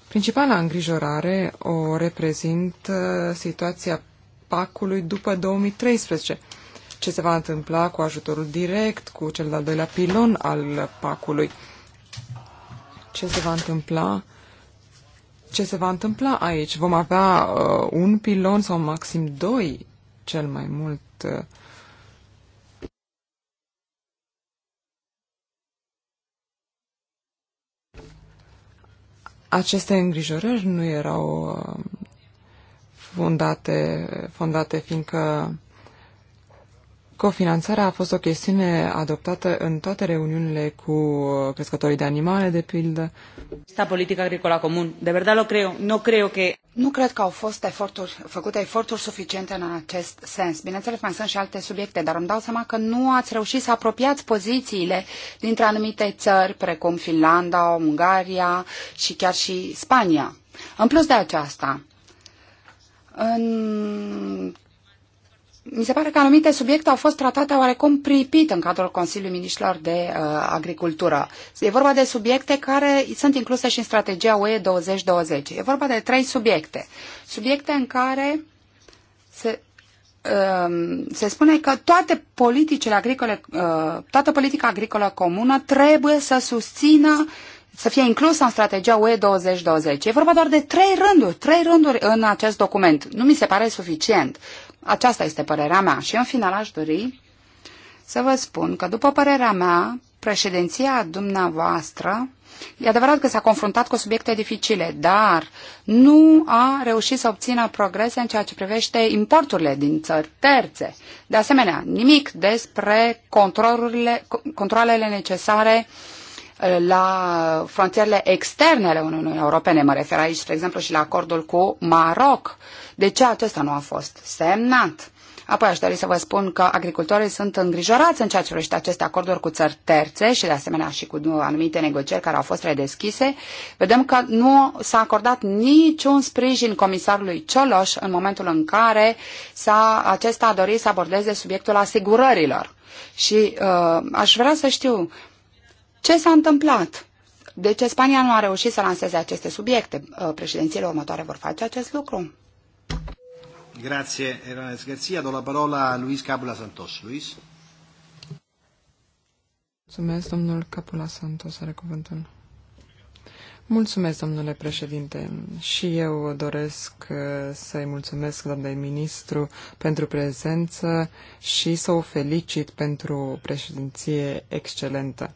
Principala îngrijorare o reprezintă uh, situația pacului după 2013. Ce se va întâmpla cu ajutorul direct, cu cel de-al doilea pilon al pacului? Ce se va întâmpla? Ce se va întâmpla aici? Vom avea uh, un pilon sau maxim doi, cel mai mult, uh, Aceste îngrijorări nu erau uh, fondate, fondate fiindcă Cofinanțarea a fost o chestiune adoptată în toate reuniunile cu crescătorii de animale, de pildă. Esta politică agricolă comun, de verdad lo creo, no creo que... Nu cred că au fost eforturi, făcute eforturi suficiente în acest sens. Bineînțeles, mai sunt și alte subiecte, dar îmi dau seama că nu ați reușit să apropiați pozițiile dintre anumite țări, precum Finlanda, Ungaria și chiar și Spania. În plus de aceasta, în mi se pare că anumite subiecte au fost tratate oarecum pripit în cadrul Consiliului Ministrilor de uh, Agricultură. E vorba de subiecte care sunt incluse și în strategia UE 2020. E vorba de trei subiecte. Subiecte în care se, uh, se spune că toate politicile agricole, uh, toată politica agricolă comună trebuie să susțină să fie inclusă în strategia UE 2020. E vorba doar de trei rânduri, trei rânduri în acest document. Nu mi se pare suficient. Aceasta este părerea mea. Și în final aș dori să vă spun că, după părerea mea, președinția dumneavoastră E adevărat că s-a confruntat cu subiecte dificile, dar nu a reușit să obțină progrese în ceea ce privește importurile din țări terțe. De asemenea, nimic despre controlurile, controlele necesare uh, la frontierele externe ale Uniunii Europene. Mă refer aici, spre exemplu, și la acordul cu Maroc. De ce acesta nu a fost semnat? Apoi aș dori să vă spun că agricultorii sunt îngrijorați în ceea ce privește aceste acorduri cu țări terțe și de asemenea și cu anumite negocieri care au fost redeschise. Vedem că nu s-a acordat niciun sprijin comisarului Cioloș în momentul în care s-a, acesta a dorit să abordeze subiectul asigurărilor. Și uh, aș vrea să știu ce s-a întâmplat? De deci ce Spania nu a reușit să lanseze aceste subiecte? Uh, președințiile următoare vor face acest lucru? Grazie, Ernest Garcia. Do la parola a Luis Capula Santos. Luis? Mulțumesc, domnul Capula Santos are cuvântul. Mulțumesc, domnule președinte. Și eu doresc uh, să-i mulțumesc, doamnei ministru, pentru prezență și să o felicit pentru o președinție excelentă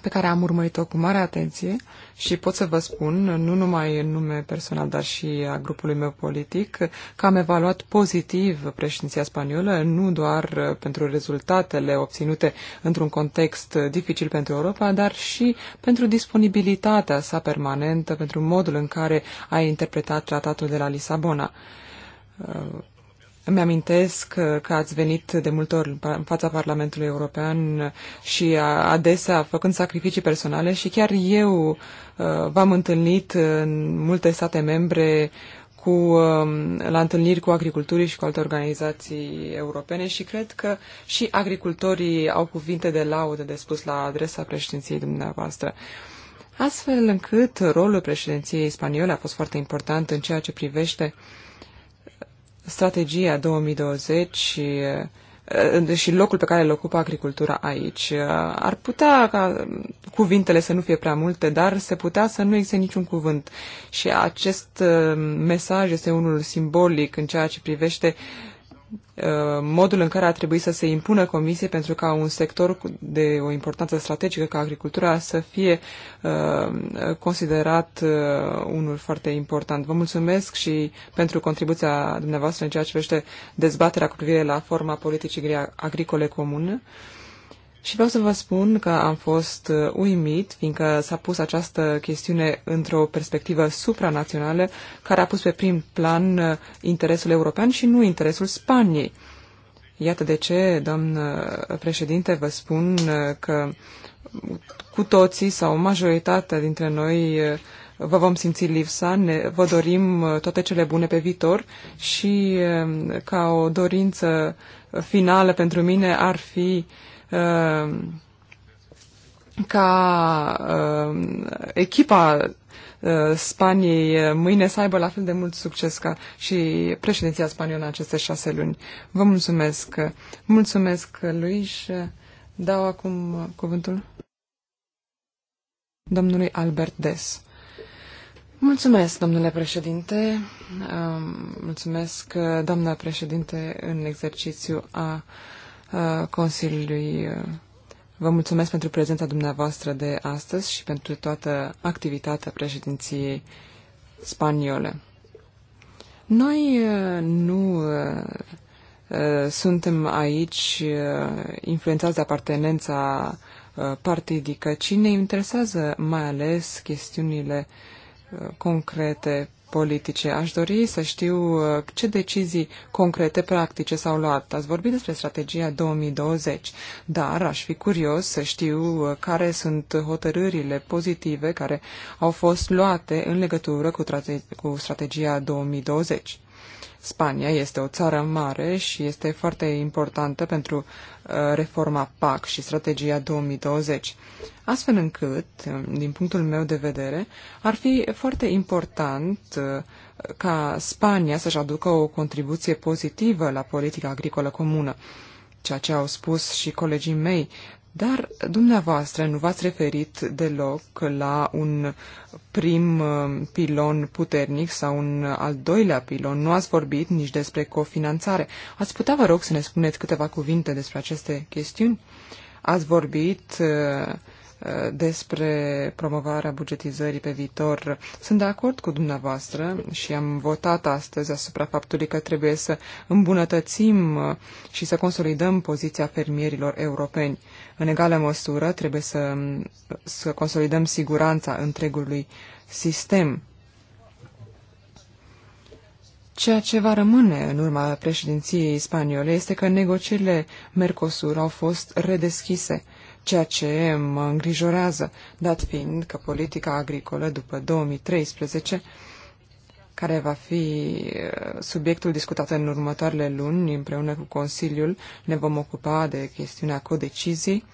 pe care am urmărit-o cu mare atenție și pot să vă spun, nu numai în nume personal, dar și a grupului meu politic, că am evaluat pozitiv președinția spaniolă, nu doar pentru rezultatele obținute într-un context dificil pentru Europa, dar și pentru disponibilitatea sa permanentă, pentru modul în care a interpretat tratatul de la Lisabona îmi amintesc că ați venit de multe ori în fața Parlamentului European și adesea făcând sacrificii personale și chiar eu uh, v-am întâlnit în multe state membre cu, um, la întâlniri cu agricultorii și cu alte organizații europene și cred că și agricultorii au cuvinte de laudă de spus la adresa președinției dumneavoastră. Astfel încât rolul președinției spaniole a fost foarte important în ceea ce privește uh, strategia 2020 și, eh, și locul pe care îl ocupă agricultura aici. Ar putea ca cuvintele să nu fie prea multe, dar se putea să nu existe niciun cuvânt. Și acest eh, mesaj este unul simbolic în ceea ce privește uh, Uh, modul în care a trebuit să se impună comisie pentru ca un sector de o importanță strategică ca agricultura să fie uh, considerat uh, unul foarte important. Vă mulțumesc și pentru contribuția dumneavoastră în ceea ce privește dezbaterea cu privire la forma politicii agricole comune. Și vreau să vă spun că am fost uh, uimit, fiindcă s-a pus această chestiune într-o perspectivă supranațională, care a pus pe prim plan uh, interesul european și nu interesul Spaniei. Iată de ce, doamnă președinte, vă spun uh, că cu toții sau majoritatea dintre noi vă vom simți lipsa, ne, vă dorim toate cele bune pe viitor și ca o dorință finală pentru mine ar fi uh, Um, ca um, echipa uh, Spaniei uh, mâine să aibă la fel de mult succes ca și președinția spaniolă în aceste șase luni. Vă mulțumesc. Mulțumesc, Luis. Dau acum cuvântul domnului Albert Des. Mulțumesc, domnule președinte. Um, mulțumesc, doamna președinte, în exercițiu a Uh, Consiliului. Uh, vă mulțumesc pentru prezența dumneavoastră de astăzi și pentru toată activitatea președinției spaniole. Noi uh, nu suntem aici influențați de apartenența partidică, ci ne interesează mai ales chestiunile concrete politice. Aș dori să știu uh, ce decizii concrete, practice s-au luat. Ați vorbit despre strategia 2020, dar aș fi curios să știu uh, care sunt hotărârile pozitive care au fost luate în legătură cu, cu strategia 2020. Spania este o țară mare și este foarte importantă pentru uh, reforma PAC și strategia 2020. Astfel încât, um, din punctul meu de vedere, ar fi foarte important uh, ca Spania să-și aducă o contribuție pozitivă la politica agricolă comună ceea ce au spus și colegii mei dar dumneavoastră nu v-ați referit deloc la un prim uh, pilon puternic sau un al doilea pilon. Nu ați vorbit nici despre cofinanțare. Ați putea, vă rog, să ne spuneți câteva cuvinte despre aceste chestiuni? Ați vorbit uh, Uh, despre promovarea bugetizării pe viitor. Sunt de acord cu dumneavoastră și am votat astăzi asupra faptului că trebuie să îmbunătățim uh, și să consolidăm poziția fermierilor europeni. În egală măsură trebuie să, să consolidăm siguranța întregului sistem. Ceea ce va rămâne în urma președinției spaniole este că negocierile Mercosur au fost redeschise ceea ce mă îngrijorează, dat fiind că politica agricolă după 2013 care va fi uh, subiectul discutat în următoarele luni împreună cu Consiliul. Ne vom ocupa de chestiunea codecizii.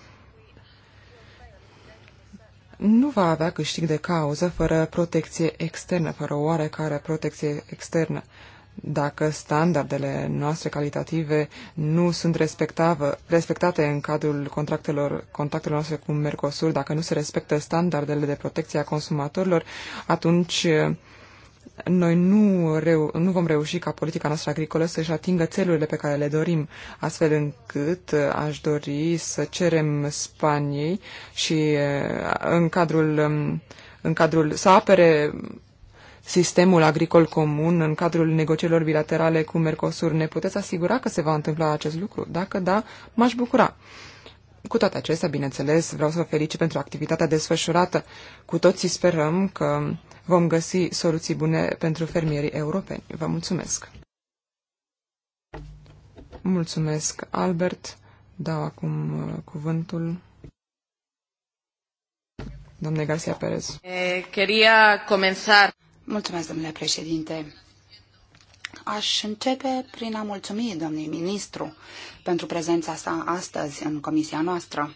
Nu va avea câștig de cauză fără protecție externă, fără oarecare protecție externă dacă standardele noastre calitative nu sunt respectate în cadrul contractelor, contactelor noastre cu Mercosur, dacă nu se respectă standardele de protecție a consumatorilor, atunci noi nu, reu- nu vom reuși ca politica noastră agricolă să-și atingă țelurile pe care le dorim, astfel încât aș dori să cerem Spaniei și în cadrul, în cadrul să apere sistemul agricol comun în cadrul negocierilor bilaterale cu Mercosur. Ne puteți asigura că se va întâmpla acest lucru? Dacă da, m-aș bucura. Cu toate acestea, bineînțeles, vreau să vă felicit pentru activitatea desfășurată. Cu toții sperăm că vom găsi soluții bune pentru fermierii europeni. Vă mulțumesc! Mulțumesc, Albert. Dau acum uh, cuvântul. Doamne Garcia Perez. Eh, quería comenzar. Mulțumesc, domnule președinte. Aș începe prin a mulțumi domnului ministru pentru prezența sa astăzi în comisia noastră.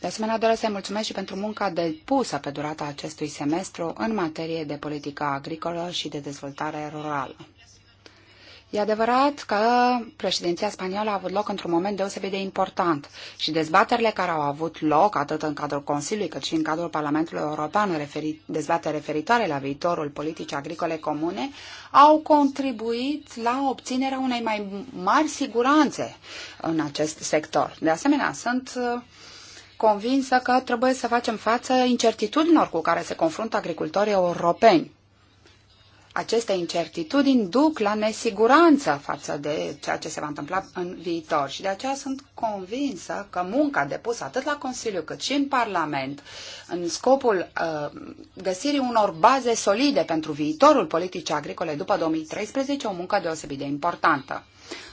De asemenea, doresc să-i mulțumesc și pentru munca depusă pe durata acestui semestru în materie de politică agricolă și de dezvoltare rurală. E adevărat că președinția spaniolă a avut loc într-un moment deosebit de important și dezbaterile care au avut loc atât în cadrul Consiliului cât și în cadrul Parlamentului European, referi, dezbatere referitoare la viitorul politicii agricole comune, au contribuit la obținerea unei mai mari siguranțe în acest sector. De asemenea, sunt uh, convinsă că trebuie să facem față incertitudinilor cu care se confruntă agricultorii europeni aceste incertitudini duc la nesiguranță față de ceea ce se va întâmpla în viitor și de aceea sunt convinsă că munca depusă atât la Consiliu cât și în Parlament în scopul uh, găsirii unor baze solide pentru viitorul politicii agricole după 2013 o muncă deosebit de importantă.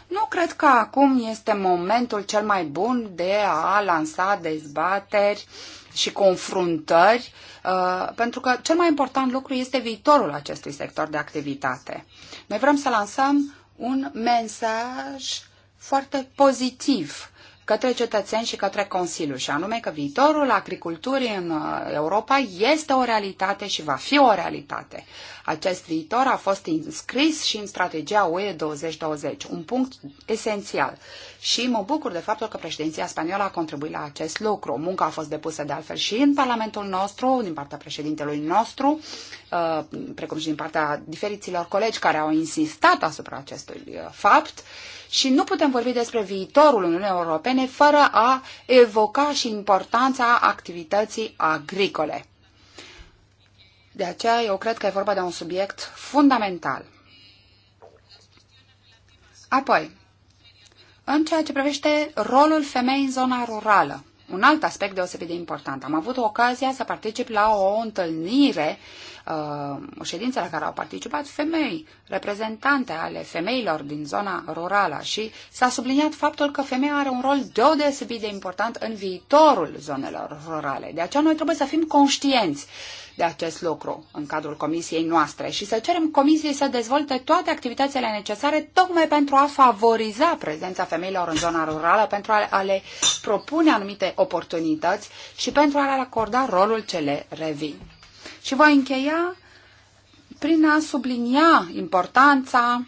Nu cred că acum este momentul cel mai bun de a lansa dezbateri și confruntări, uh, pentru că cel mai important lucru este viitorul acestui sector de activitate. Noi vrem să lansăm un mesaj foarte pozitiv către cetățeni și către Consiliu, și anume că viitorul agriculturii în uh, Europa este o realitate și va fi o realitate. Acest viitor a fost înscris și în strategia UE 2020, un punct esențial. Și mă bucur de faptul că președinția spaniolă a contribuit la acest lucru. Munca a fost depusă de altfel și în Parlamentul nostru, din partea președintelui nostru, uh, precum și din partea diferiților colegi care au insistat asupra acestui uh, fapt și nu putem vorbi despre viitorul Uniunii Europene fără a evoca și importanța activității agricole. De aceea eu cred că e vorba de un subiect fundamental. Apoi, în ceea ce privește rolul femei în zona rurală, un alt aspect deosebit de important. Am avut ocazia să particip la o întâlnire, uh, o ședință la care au participat femei, reprezentante ale femeilor din zona rurală și s-a subliniat faptul că femeia are un rol deosebit de important în viitorul zonelor rurale. De aceea noi trebuie să fim conștienți de acest lucru în cadrul comisiei noastre și să cerem comisiei să dezvolte toate activitățile necesare tocmai pentru a favoriza prezența femeilor în zona rurală, pentru a le propune anumite oportunități și pentru a le acorda rolul ce le revin. Și voi încheia prin a sublinia importanța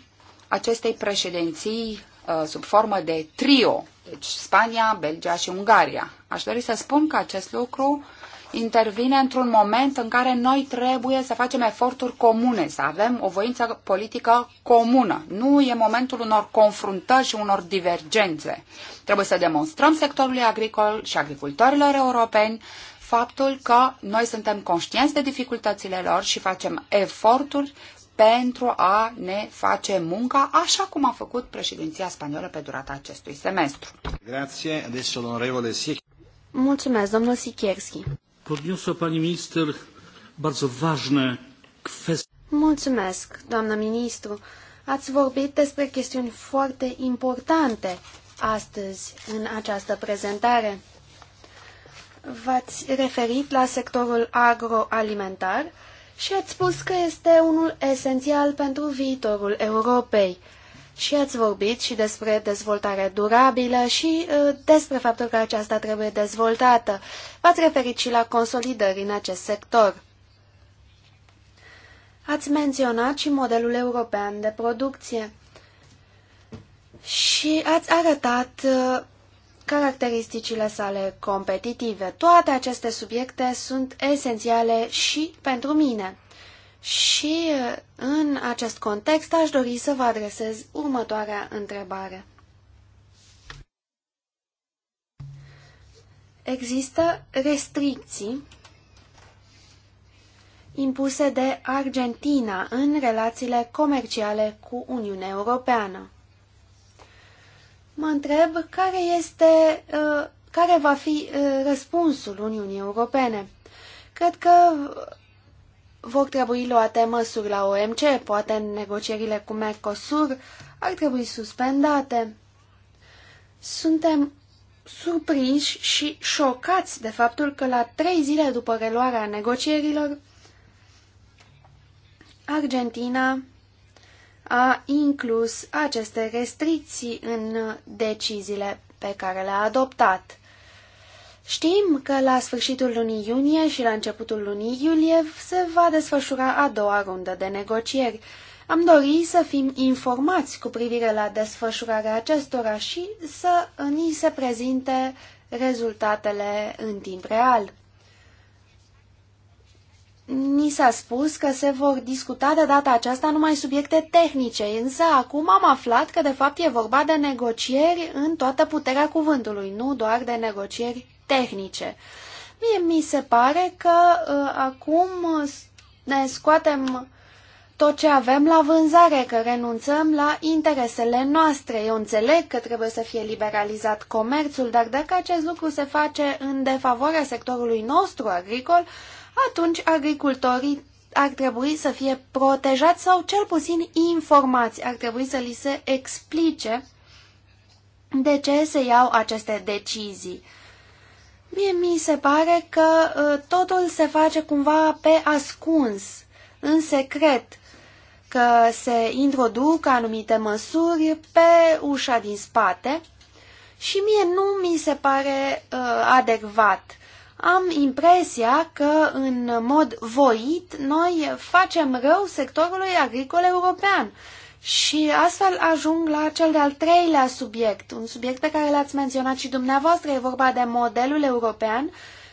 acestei președinții uh, sub formă de trio, deci Spania, Belgia și Ungaria. Aș dori să spun că acest lucru intervine într-un moment în care noi trebuie să facem eforturi comune, să avem o voință politică comună. Nu e momentul unor confruntări și unor divergențe. Trebuie să demonstrăm sectorului agricol și agricultorilor europeni faptul că noi suntem conștienți de dificultățile lor și facem eforturi pentru a ne face munca așa cum a făcut președinția spaniolă pe durata acestui semestru. Grazie. Adesso Mulțumesc, domnul Sikierski. Podniosła pani minister bardzo ważne kwestie. Mulțumesc, doamnă ministru. Ați vorbit despre chestiuni foarte importante astăzi în această prezentare. V-ați referit la sectorul agroalimentar și ați spus că este unul esențial pentru viitorul Europei și ați vorbit și despre dezvoltare durabilă și uh, despre faptul că aceasta trebuie dezvoltată. V-ați referit și la consolidări în acest sector. Ați menționat și modelul european de producție și ați arătat uh, caracteristicile sale competitive. Toate aceste subiecte sunt esențiale și pentru mine. Și uh, în acest context aș dori să vă adresez următoarea întrebare. Există restricții impuse de Argentina în relațiile comerciale cu Uniunea Europeană. Mă întreb care, este, uh, care va fi uh, răspunsul Uniunii Europene. Cred că vor trebui luate măsuri la OMC, poate în negocierile cu Mercosur ar trebui suspendate. Suntem surprinși și șocați de faptul că la trei zile după reluarea negocierilor, Argentina a inclus aceste restricții în deciziile pe care le-a adoptat. Știm că la sfârșitul lunii iunie și la începutul lunii iulie se va desfășura a doua rundă de negocieri. Am dorit să fim informați cu privire la desfășurarea acestora și să ni se prezinte rezultatele în timp real. Ni s-a spus că se vor discuta de data aceasta numai subiecte tehnice, însă acum am aflat că de fapt e vorba de negocieri în toată puterea cuvântului, nu doar de negocieri tehnice. Mie mi se pare că uh, acum ne scoatem tot ce avem la vânzare, că renunțăm la interesele noastre. Eu înțeleg că trebuie să fie liberalizat comerțul, dar dacă acest lucru se face în defavoarea sectorului nostru agricol, atunci agricultorii ar trebui să fie protejați sau cel puțin informați. Ar trebui să li se explice de ce se iau aceste decizii. Mie mi se pare că ă, totul se face cumva pe ascuns, în secret, că se introduc anumite măsuri pe ușa din spate și mie nu mi se pare uh, adecvat. Am impresia că, în mod voit, noi facem rău sectorului agricol european și astfel ajung la cel de-al treilea subiect, un subiect pe care l-ați menționat și dumneavoastră, e vorba de modelul european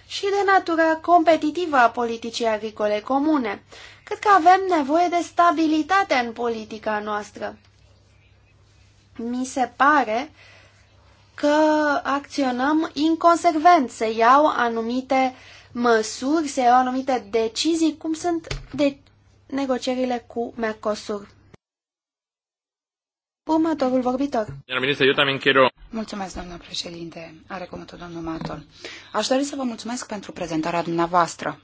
și de natura competitivă a politicii agricole comune. Cred că avem nevoie de stabilitate în politica noastră. Mi se pare că acționăm inconsecvent, se iau anumite măsuri, se iau anumite decizii, cum sunt de negocierile cu Mercosur. Următorul vorbitor. Doamna ministru, eu también quiero... Mulțumesc, doamna președinte. Are cuvântul domnul Marton. Aș dori să vă mulțumesc pentru prezentarea dumneavoastră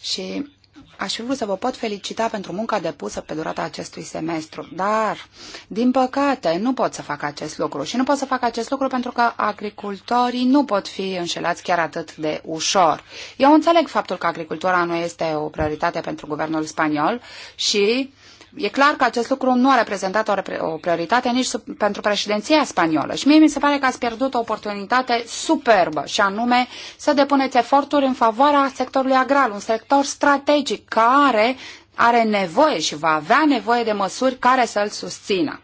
și aș fi vrut să vă pot felicita pentru munca depusă pe durata acestui semestru, dar, din păcate, nu pot să fac acest lucru și nu pot să fac acest lucru pentru că agricultorii nu pot fi înșelați chiar atât de ușor. Eu înțeleg faptul că agricultura nu este o prioritate pentru guvernul spaniol și E clar că acest lucru nu a reprezentat o, prioritate nici sub, pentru președinția spaniolă și mie mi se pare că ați pierdut o oportunitate superbă și anume să depuneți eforturi în favoarea sectorului agrar, un sector strategic care are nevoie și va avea nevoie de măsuri care să îl susțină.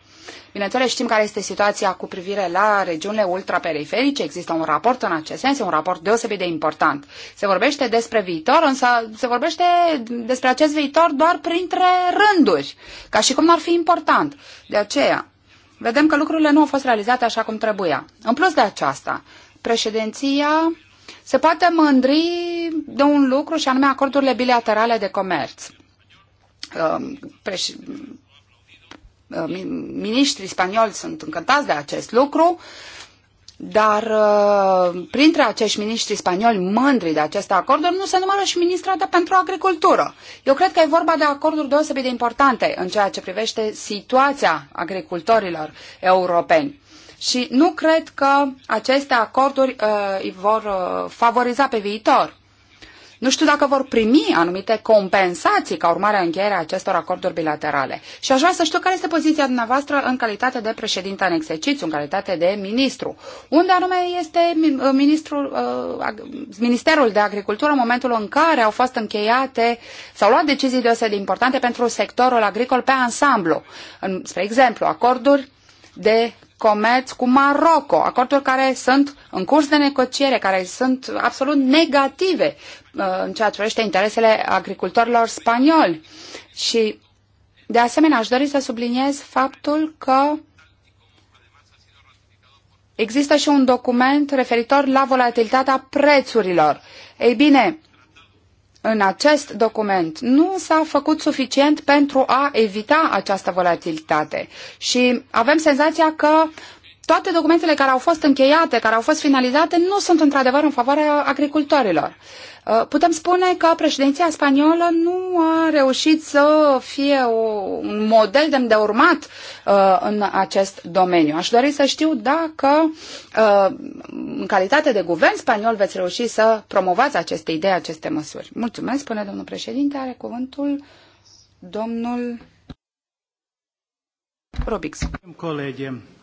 Bineînțeles, știm care este situația cu privire la regiunile ultraperiferice. Există un raport în acest sens, un raport deosebit de important. Se vorbește despre viitor, însă se vorbește despre acest viitor doar printre rânduri, ca și cum ar fi important. De aceea, vedem că lucrurile nu au fost realizate așa cum trebuia. În plus de aceasta, președinția se poate mândri de un lucru și anume acordurile bilaterale de comerț. Ehm, Uh, miniștrii spanioli sunt încântați de acest lucru, dar uh, printre acești miniștri spanioli mândri de aceste acorduri nu se numără și ministra de pentru agricultură. Eu cred că e vorba de acorduri deosebit de importante în ceea ce privește situația agricultorilor europeni. Și nu cred că aceste acorduri uh, îi vor uh, favoriza pe viitor. Nu știu dacă vor primi anumite compensații ca urmare a încheierea acestor acorduri bilaterale. Și aș vrea să știu care este poziția dumneavoastră în calitate de președinte în exercițiu, în calitate de ministru. Unde anume este uh, ministrul, uh, Ministerul de Agricultură în momentul în care au fost încheiate, sau luat decizii deosebit de importante pentru sectorul agricol pe ansamblu. În, spre exemplu, acorduri de comerț cu Maroco, acorduri care sunt în curs de negociere, care sunt absolut negative Uh, în ceea ce privește interesele agricultorilor spanioli. Și de asemenea, aș dori să subliniez faptul că există și un document referitor la volatilitatea prețurilor. Ei bine, în acest document nu s-a făcut suficient pentru a evita această volatilitate și avem senzația că toate documentele care au fost încheiate, care au fost finalizate, nu sunt într-adevăr în favoarea agricultorilor. Uh, putem spune că președinția spaniolă nu a reușit să fie o, un model demn de urmat uh, în acest domeniu. Aș dori să știu dacă, uh, în calitate de guvern spaniol, veți reuși să promovați aceste idei, aceste măsuri. Mulțumesc, spune domnul președinte. Are cuvântul domnul Robix. Colegii.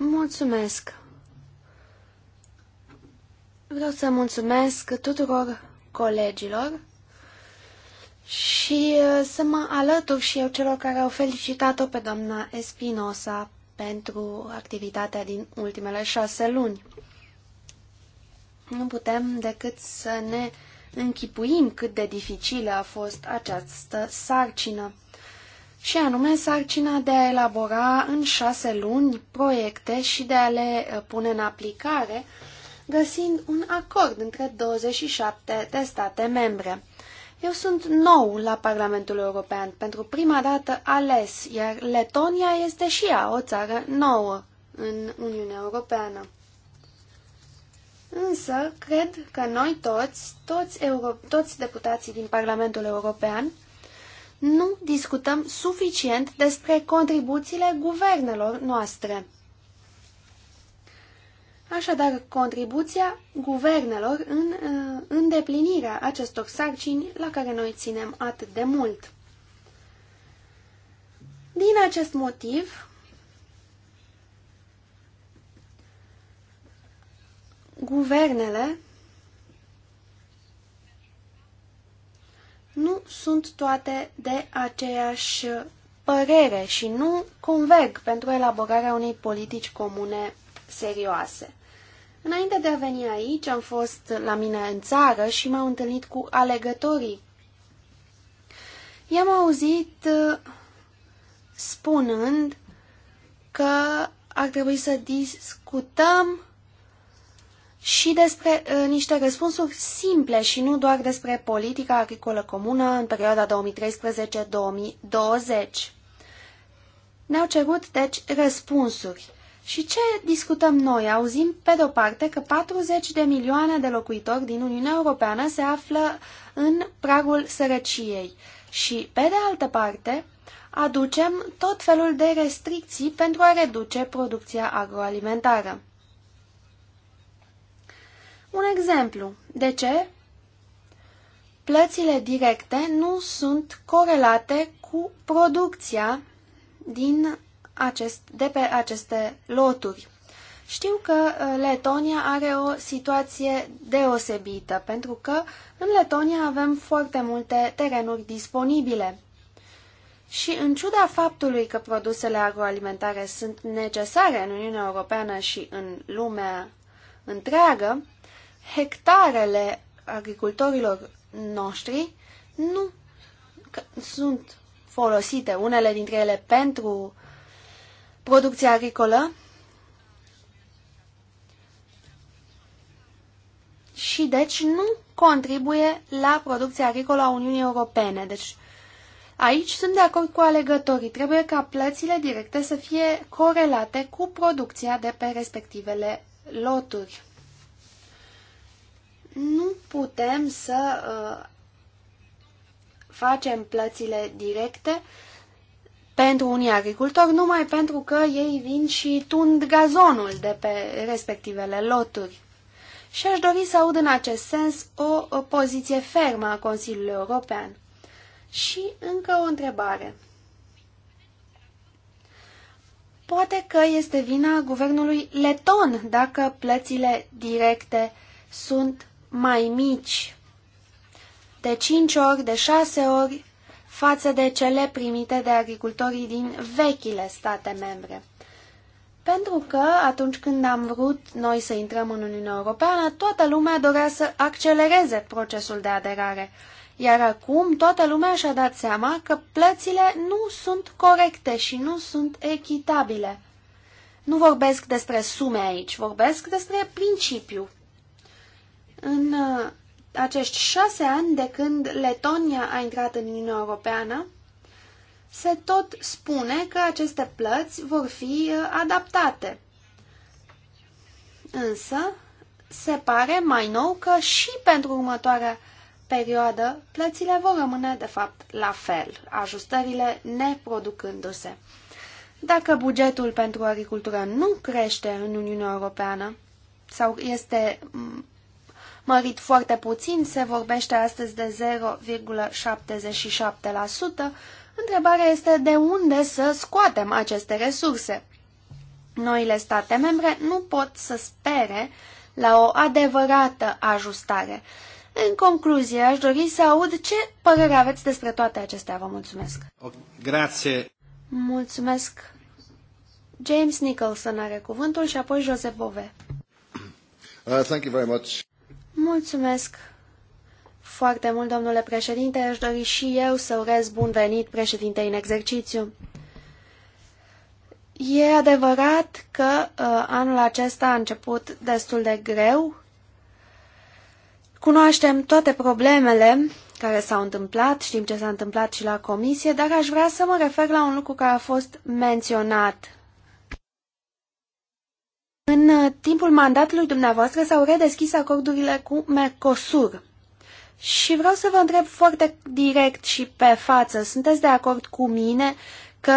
Mulțumesc! Vreau să mulțumesc tuturor colegilor și uh, să mă alătur și eu celor care au felicitat-o pe doamna Espinosa pentru activitatea din ultimele șase luni. Nu putem decât să ne închipuim cât de dificilă a fost această sarcină și anume sarcina de a elabora în șase luni proiecte și de a le eh, pune în aplicare, găsind un acord între 27 de state membre. Eu sunt nou la Parlamentul European, pentru prima dată ales, iar Letonia este și ea o țară nouă în Uniunea Europeană. Însă, cred că noi toți, toți, euro, toți deputații din Parlamentul European, nu discutăm suficient despre contribuțiile guvernelor noastre. Așadar, contribuția guvernelor în uh, îndeplinirea acestor sarcini la care noi ținem atât de mult. Din acest motiv, guvernele nu sunt toate de aceeași părere și nu converg pentru elaborarea unei politici comune serioase. Înainte de a veni aici, am fost la mine în țară și m-am întâlnit cu alegătorii. I-am auzit spunând că ar trebui să discutăm și despre uh, niște răspunsuri simple și nu doar despre politica agricolă comună în perioada 2013-2020. Ne-au cerut, deci, răspunsuri. Și ce discutăm noi? Auzim, pe de-o parte, că 40 de milioane de locuitori din Uniunea Europeană se află în pragul sărăciei. Și, pe de altă parte, aducem tot felul de restricții pentru a reduce producția agroalimentară. Un exemplu. De ce? Plățile directe nu sunt corelate cu producția din acest, de pe aceste loturi. Știu că uh, Letonia are o situație deosebită, pentru că în Letonia avem foarte multe terenuri disponibile. Și în ciuda faptului că produsele agroalimentare sunt necesare în Uniunea Europeană și în lumea întreagă, hectarele agricultorilor noștri nu sunt folosite, unele dintre ele pentru producția agricolă și deci nu contribuie la producția agricolă a Uniunii Europene. Deci aici sunt de acord cu alegătorii. Trebuie ca plățile directe să fie corelate cu producția de pe respectivele loturi nu putem să uh, facem plățile directe pentru unii agricultori numai pentru că ei vin și tund gazonul de pe respectivele loturi. Și aș dori să aud în acest sens o, o poziție fermă a Consiliului European. Și încă o întrebare. Poate că este vina guvernului leton dacă plățile directe sunt mai mici, de 5 ori, de 6 ori, față de cele primite de agricultorii din vechile state membre. Pentru că atunci când am vrut noi să intrăm în Uniunea Europeană, toată lumea dorea să accelereze procesul de aderare, iar acum toată lumea și-a dat seama că plățile nu sunt corecte și nu sunt echitabile. Nu vorbesc despre sume aici, vorbesc despre principiu. În uh, acești șase ani de când Letonia a intrat în Uniunea Europeană, se tot spune că aceste plăți vor fi uh, adaptate. Însă, se pare mai nou că și pentru următoarea perioadă plățile vor rămâne, de fapt, la fel, ajustările neproducându-se. Dacă bugetul pentru agricultură nu crește în Uniunea Europeană sau este mărit foarte puțin, se vorbește astăzi de 0,77%. Întrebarea este de unde să scoatem aceste resurse. Noile state membre nu pot să spere la o adevărată ajustare. În concluzie, aș dori să aud ce părere aveți despre toate acestea. Vă mulțumesc. Grație. Mulțumesc. James Nicholson are cuvântul și apoi Joseph Bove. Uh, thank you very much. Mulțumesc foarte mult, domnule președinte. Aș dori și eu să urez bun venit președintei în exercițiu. E adevărat că uh, anul acesta a început destul de greu. Cunoaștem toate problemele care s-au întâmplat, știm ce s-a întâmplat și la comisie, dar aș vrea să mă refer la un lucru care a fost menționat în uh, timpul mandatului dumneavoastră s-au redeschis acordurile cu Mercosur. Și vreau să vă întreb foarte direct și pe față, sunteți de acord cu mine că,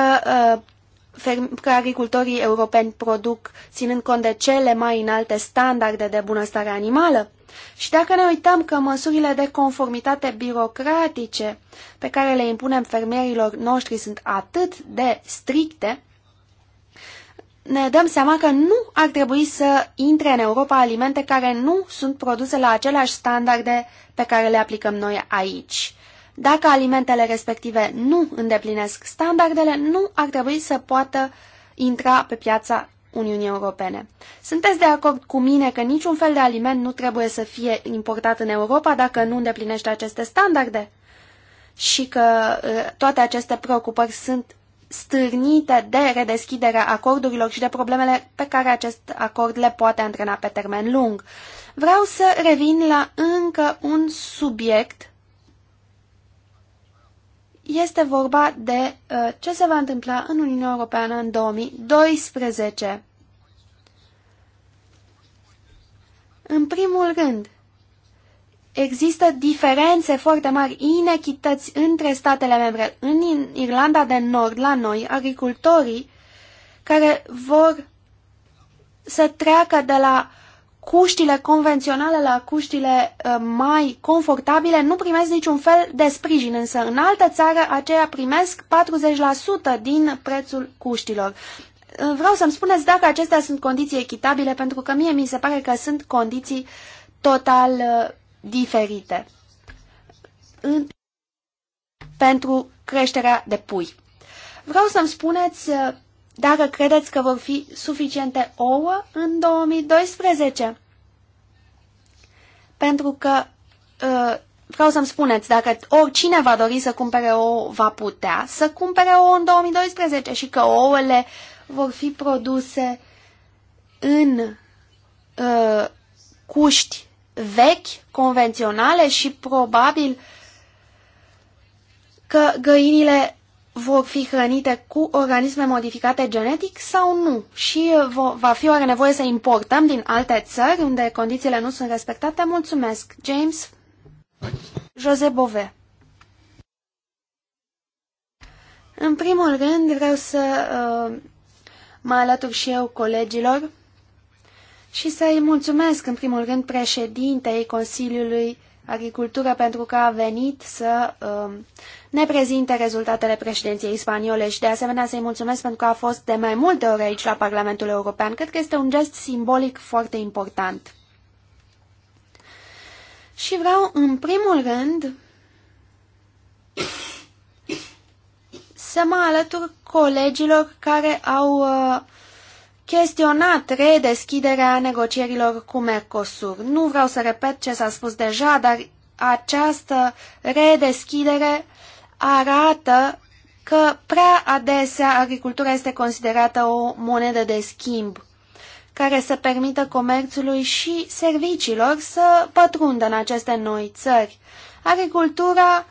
uh, că agricultorii europeni produc ținând cont de cele mai înalte standarde de bunăstare animală? Și dacă ne uităm că măsurile de conformitate birocratice pe care le impunem fermierilor noștri sunt atât de stricte, ne dăm seama că nu ar trebui să intre în Europa alimente care nu sunt produse la aceleași standarde pe care le aplicăm noi aici. Dacă alimentele respective nu îndeplinesc standardele, nu ar trebui să poată intra pe piața Uniunii Europene. Sunteți de acord cu mine că niciun fel de aliment nu trebuie să fie importat în Europa dacă nu îndeplinește aceste standarde? Și că uh, toate aceste preocupări sunt stârnite de redeschiderea acordurilor și de problemele pe care acest acord le poate antrena pe termen lung. Vreau să revin la încă un subiect. Este vorba de uh, ce se va întâmpla în Uniunea Europeană în 2012. În primul rând, Există diferențe foarte mari, inechități între statele membre. În Irlanda de Nord, la noi, agricultorii care vor să treacă de la cuștile convenționale la cuștile uh, mai confortabile nu primesc niciun fel de sprijin, însă în altă țară aceia primesc 40% din prețul cuștilor. Uh, vreau să-mi spuneți dacă acestea sunt condiții echitabile, pentru că mie mi se pare că sunt condiții total uh, diferite în, pentru creșterea de pui. Vreau să-mi spuneți uh, dacă credeți că vor fi suficiente ouă în 2012. Pentru că uh, vreau să-mi spuneți, dacă oricine va dori să cumpere ouă, va putea să cumpere ouă în 2012 și că ouăle vor fi produse în uh, cuști vechi, convenționale și probabil că găinile vor fi hrănite cu organisme modificate genetic sau nu? Și va fi oare nevoie să importăm din alte țări unde condițiile nu sunt respectate? Mulțumesc! James? José Bove. În primul rând vreau să uh, mă alătur și eu colegilor și să-i mulțumesc în primul rând președintei Consiliului Agricultură pentru că a venit să um, ne prezinte rezultatele președinției spaniole și de asemenea să-i mulțumesc pentru că a fost de mai multe ori aici la Parlamentul European. Cred că este un gest simbolic foarte important. Și vreau în primul rând să mă alătur colegilor care au uh, chestionat redeschiderea negocierilor cu Mercosur. Nu vreau să repet ce s-a spus deja, dar această redeschidere arată că prea adesea agricultura este considerată o monedă de schimb care să permită comerțului și serviciilor să pătrundă în aceste noi țări. Agricultura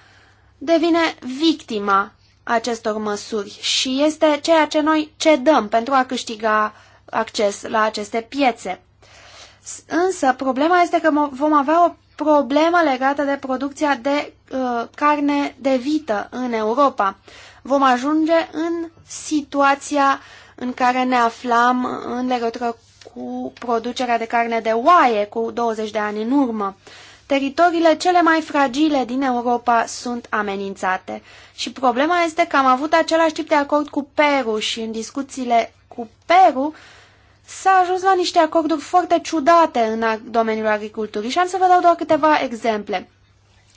devine victima acestor măsuri și este ceea ce noi cedăm pentru a câștiga acces la aceste piețe. Însă, problema este că vom avea o problemă legată de producția de uh, carne de vită în Europa. Vom ajunge în situația în care ne aflam în legătură cu producerea de carne de oaie cu 20 de ani în urmă. Teritoriile cele mai fragile din Europa sunt amenințate și problema este că am avut același tip de acord cu Peru și în discuțiile cu Peru uh, s-a ajuns la niște acorduri foarte ciudate în domeniul agriculturii și am să vă dau doar câteva exemple.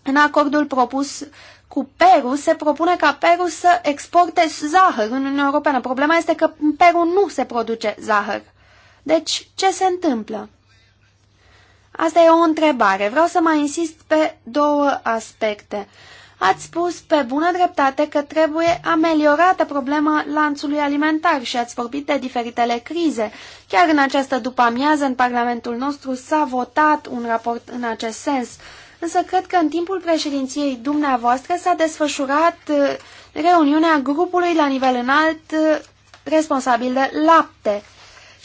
În acordul propus cu Peru se propune ca Peru să exporte zahăr în Uniunea Europeană. Problema este că în Peru nu se produce zahăr. Deci, ce se întâmplă? Asta e o întrebare. Vreau să mai insist pe două aspecte. Uh, Ați spus pe bună dreptate că trebuie ameliorată problema lanțului alimentar și ați vorbit de diferitele crize. Chiar în această după-amiază, în Parlamentul nostru s-a votat un raport în acest sens. Însă cred că în timpul președinției dumneavoastră s-a desfășurat uh, reuniunea grupului la nivel înalt uh, responsabil de lapte.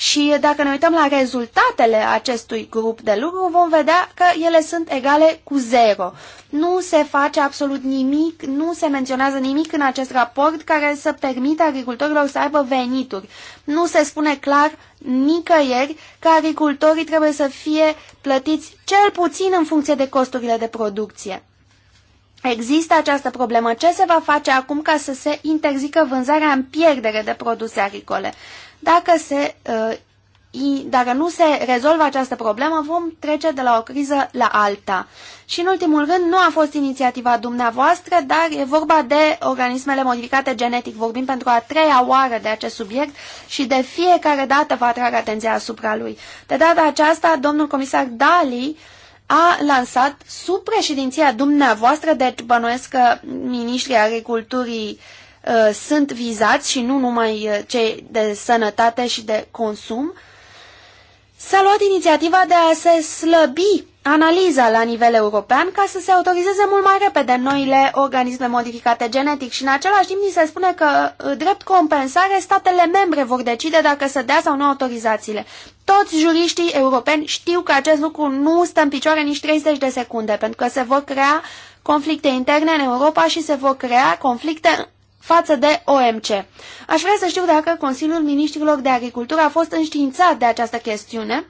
Și dacă ne uităm la rezultatele acestui grup de lucru, vom vedea că ele sunt egale cu zero. Nu se face absolut nimic, nu se menționează nimic în acest raport care să permită agricultorilor să aibă venituri. Nu se spune clar nicăieri că agricultorii trebuie să fie plătiți cel puțin în funcție de costurile de producție. Există această problemă. Ce se va face acum ca să se interzică vânzarea în pierdere de produse agricole? Dacă, se, uh, dacă nu se rezolvă această problemă, vom trece de la o criză la alta. Și în ultimul rând, nu a fost inițiativa dumneavoastră, dar e vorba de organismele modificate genetic. Vorbim pentru a treia oară de acest subiect și de fiecare dată vă atrag atenția asupra lui. De data aceasta, domnul comisar Dali a lansat sub președinția dumneavoastră, deci bănuiesc că ministrii agriculturii uh, sunt vizați și nu numai uh, cei de sănătate și de consum, s-a luat inițiativa de a se slăbi analiza la nivel european ca să se autorizeze mult mai repede noile organisme modificate genetic și în același timp ni se spune că uh, drept compensare statele membre vor decide dacă să dea sau nu autorizațiile. Toți juriștii europeni știu că acest lucru nu stă în picioare nici 30 de secunde pentru că se vor crea conflicte interne în Europa și se vor crea conflicte față de OMC. Aș vrea să știu dacă Consiliul Ministrilor de Agricultură a fost înștiințat de această chestiune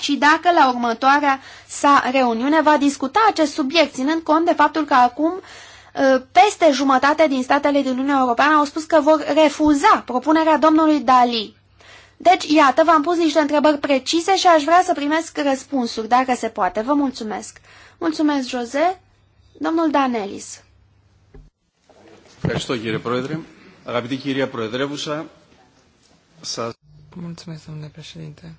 și dacă la următoarea sa reuniune va discuta acest subiect, ținând cont de faptul că acum ă, peste jumătate din statele din Uniunea Europeană au spus că vor refuza propunerea domnului Dali. Deci, iată, v-am pus niște întrebări precise și aș vrea să primesc răspunsuri, dacă se poate. Vă mulțumesc. Mulțumesc, Jose. Domnul Danelis. Mulțumesc, domnule președinte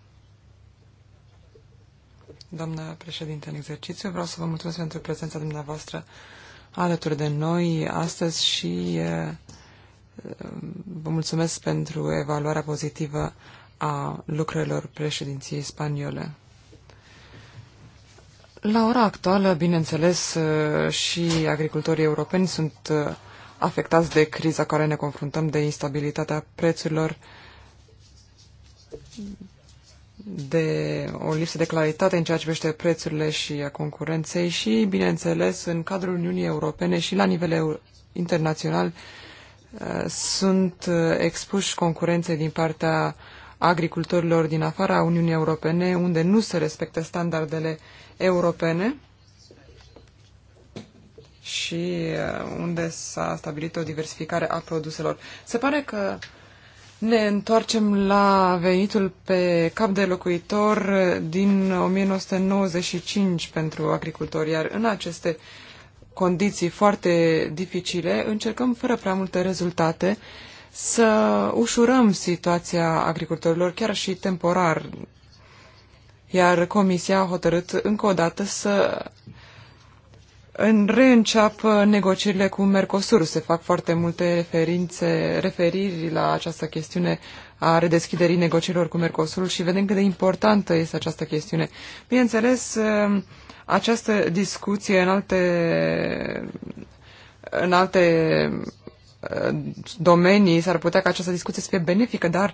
doamnă președinte în exercițiu. Vreau să vă mulțumesc pentru prezența dumneavoastră alături de noi astăzi și vă mulțumesc pentru evaluarea pozitivă a lucrărilor președinției spaniole. La ora actuală, bineînțeles, și agricultorii europeni sunt afectați de criza care ne confruntăm, de instabilitatea prețurilor, de o lipsă de claritate în ceea ce privește prețurile și a concurenței și, bineînțeles, în cadrul Uniunii Europene și la nivel internațional uh, sunt uh, expuși concurenței din partea agricultorilor din afara Uniunii Europene, unde nu se respectă standardele europene și uh, unde s-a stabilit o diversificare a produselor. Se pare că uh, ne întoarcem la venitul pe cap de locuitor din 1995 pentru agricultori, iar în aceste condiții foarte dificile încercăm fără prea multe rezultate să ușurăm situația agricultorilor, chiar și temporar. Iar Comisia a hotărât încă o dată să în reînceapă negocierile cu Mercosur. Se fac foarte multe referințe, referiri la această chestiune a redeschiderii negocierilor cu Mercosur și vedem cât de importantă este această chestiune. Bineînțeles, um, această discuție în alte, în alte uh, domenii s-ar putea ca această discuție să fie benefică, dar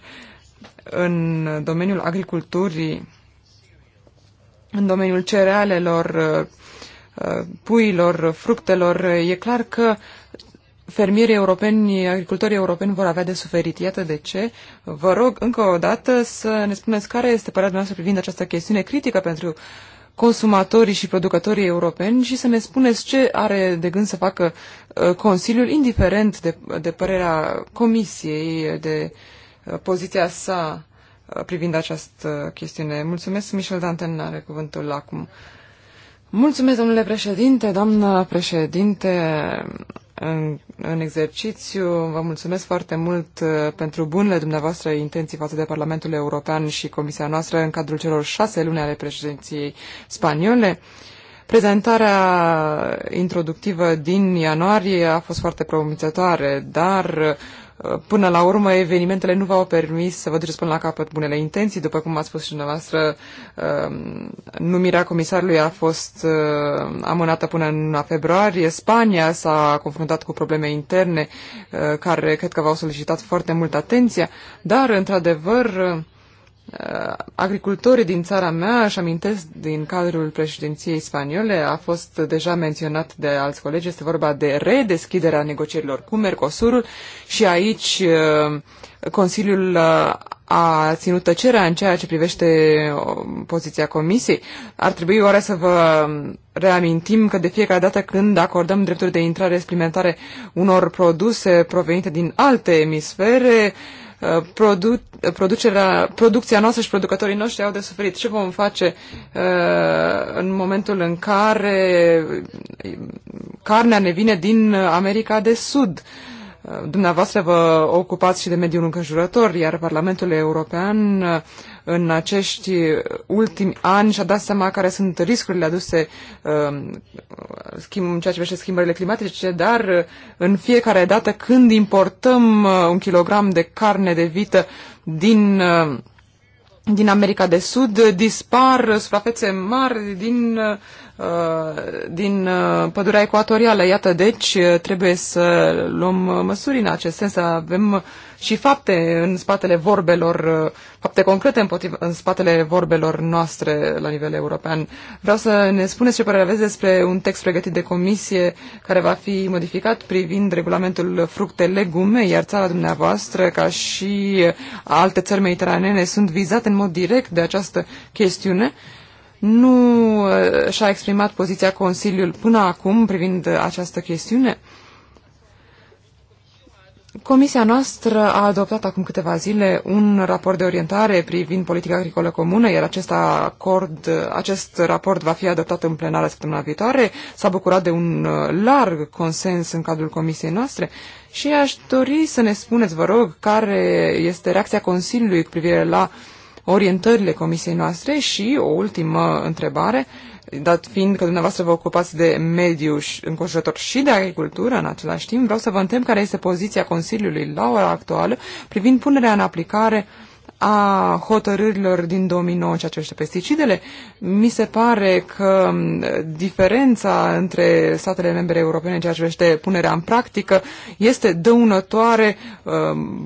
în domeniul agriculturii, în domeniul cerealelor, uh, puilor, fructelor, e clar că fermierii europeni, agricultorii europeni vor avea de suferit. Iată de ce. Vă rog încă o dată să ne spuneți care este părerea noastră privind această chestiune critică pentru consumatorii și producătorii europeni și să ne spuneți ce are de gând să facă uh, Consiliul, indiferent de, de părerea Comisiei, de uh, poziția sa uh, privind această chestiune. Mulțumesc, Michel Danten are cuvântul acum. Mulțumesc, domnule președinte, doamnă președinte în, în exercițiu. Vă mulțumesc foarte mult uh, pentru bunele dumneavoastră intenții față de Parlamentul European și Comisia noastră în cadrul celor șase luni ale președinției spaniole. Prezentarea introductivă din ianuarie a fost foarte promițătoare, dar până la urmă, evenimentele nu v-au permis să vă duceți până la capăt bunele intenții. După cum ați spus și dumneavoastră, um, numirea comisarului a fost uh, amânată până în februarie. Spania s-a confruntat cu probleme interne uh, care cred că v-au solicitat foarte mult atenția, dar, într-adevăr, Uh, agricultorii din țara mea, își amintesc din cadrul președinției spaniole, a fost deja menționat de alți colegi, este vorba de redeschiderea negocierilor cu Mercosurul și aici uh, Consiliul uh, a ținut tăcerea în ceea ce privește poziția Comisiei. Ar trebui oare să vă reamintim că de fiecare dată când acordăm drepturi de intrare suplimentare unor produse provenite din alte emisfere, uh, Uh, produ- uh, producerea, producția noastră și producătorii noștri au de suferit. Ce vom face uh, în momentul în care carnea ne vine din America de Sud? Dumneavoastră vă ocupați și de mediul înconjurător, iar Parlamentul European în acești ultimi ani și-a dat seama care sunt riscurile aduse um, în ceea ce privește schimbările climatice, dar uh, în fiecare dată când importăm uh, un kilogram de carne de vită din uh, din America de Sud dispar suprafețe mari din Uh, din uh, pădurea ecuatorială. Iată, deci, uh, trebuie să luăm măsuri în acest sens, să avem și fapte în spatele vorbelor, fapte concrete în spatele vorbelor noastre la nivel european. Vreau să ne spuneți ce părere aveți despre un text pregătit de comisie care va fi modificat privind regulamentul fructe-legume, iar țara dumneavoastră, ca și alte țări mediteranene, sunt vizate în mod direct de această chestiune. Uh, nu uh, și-a exprimat poziția Consiliul până acum privind această chestiune? Comisia noastră a adoptat acum câteva zile un raport de orientare privind politica agricolă comună, iar acest, acord, acest raport va fi adoptat în plenară săptămâna viitoare. S-a bucurat de un uh, larg consens în cadrul comisiei noastre și aș dori să ne spuneți, vă rog, care este reacția Consiliului cu privire la uh, orientările comisiei noastre și o ultimă întrebare, dat fiind că dumneavoastră vă ocupați de mediu înconjurător și de agricultură în același timp, vreau să vă întreb care este poziția Consiliului la ora actuală privind punerea în aplicare uh, a hotărârilor din 2009 ceea ce privește pesticidele, mi se pare că diferența între statele membre europene ceea ce privește punerea în practică este dăunătoare uh,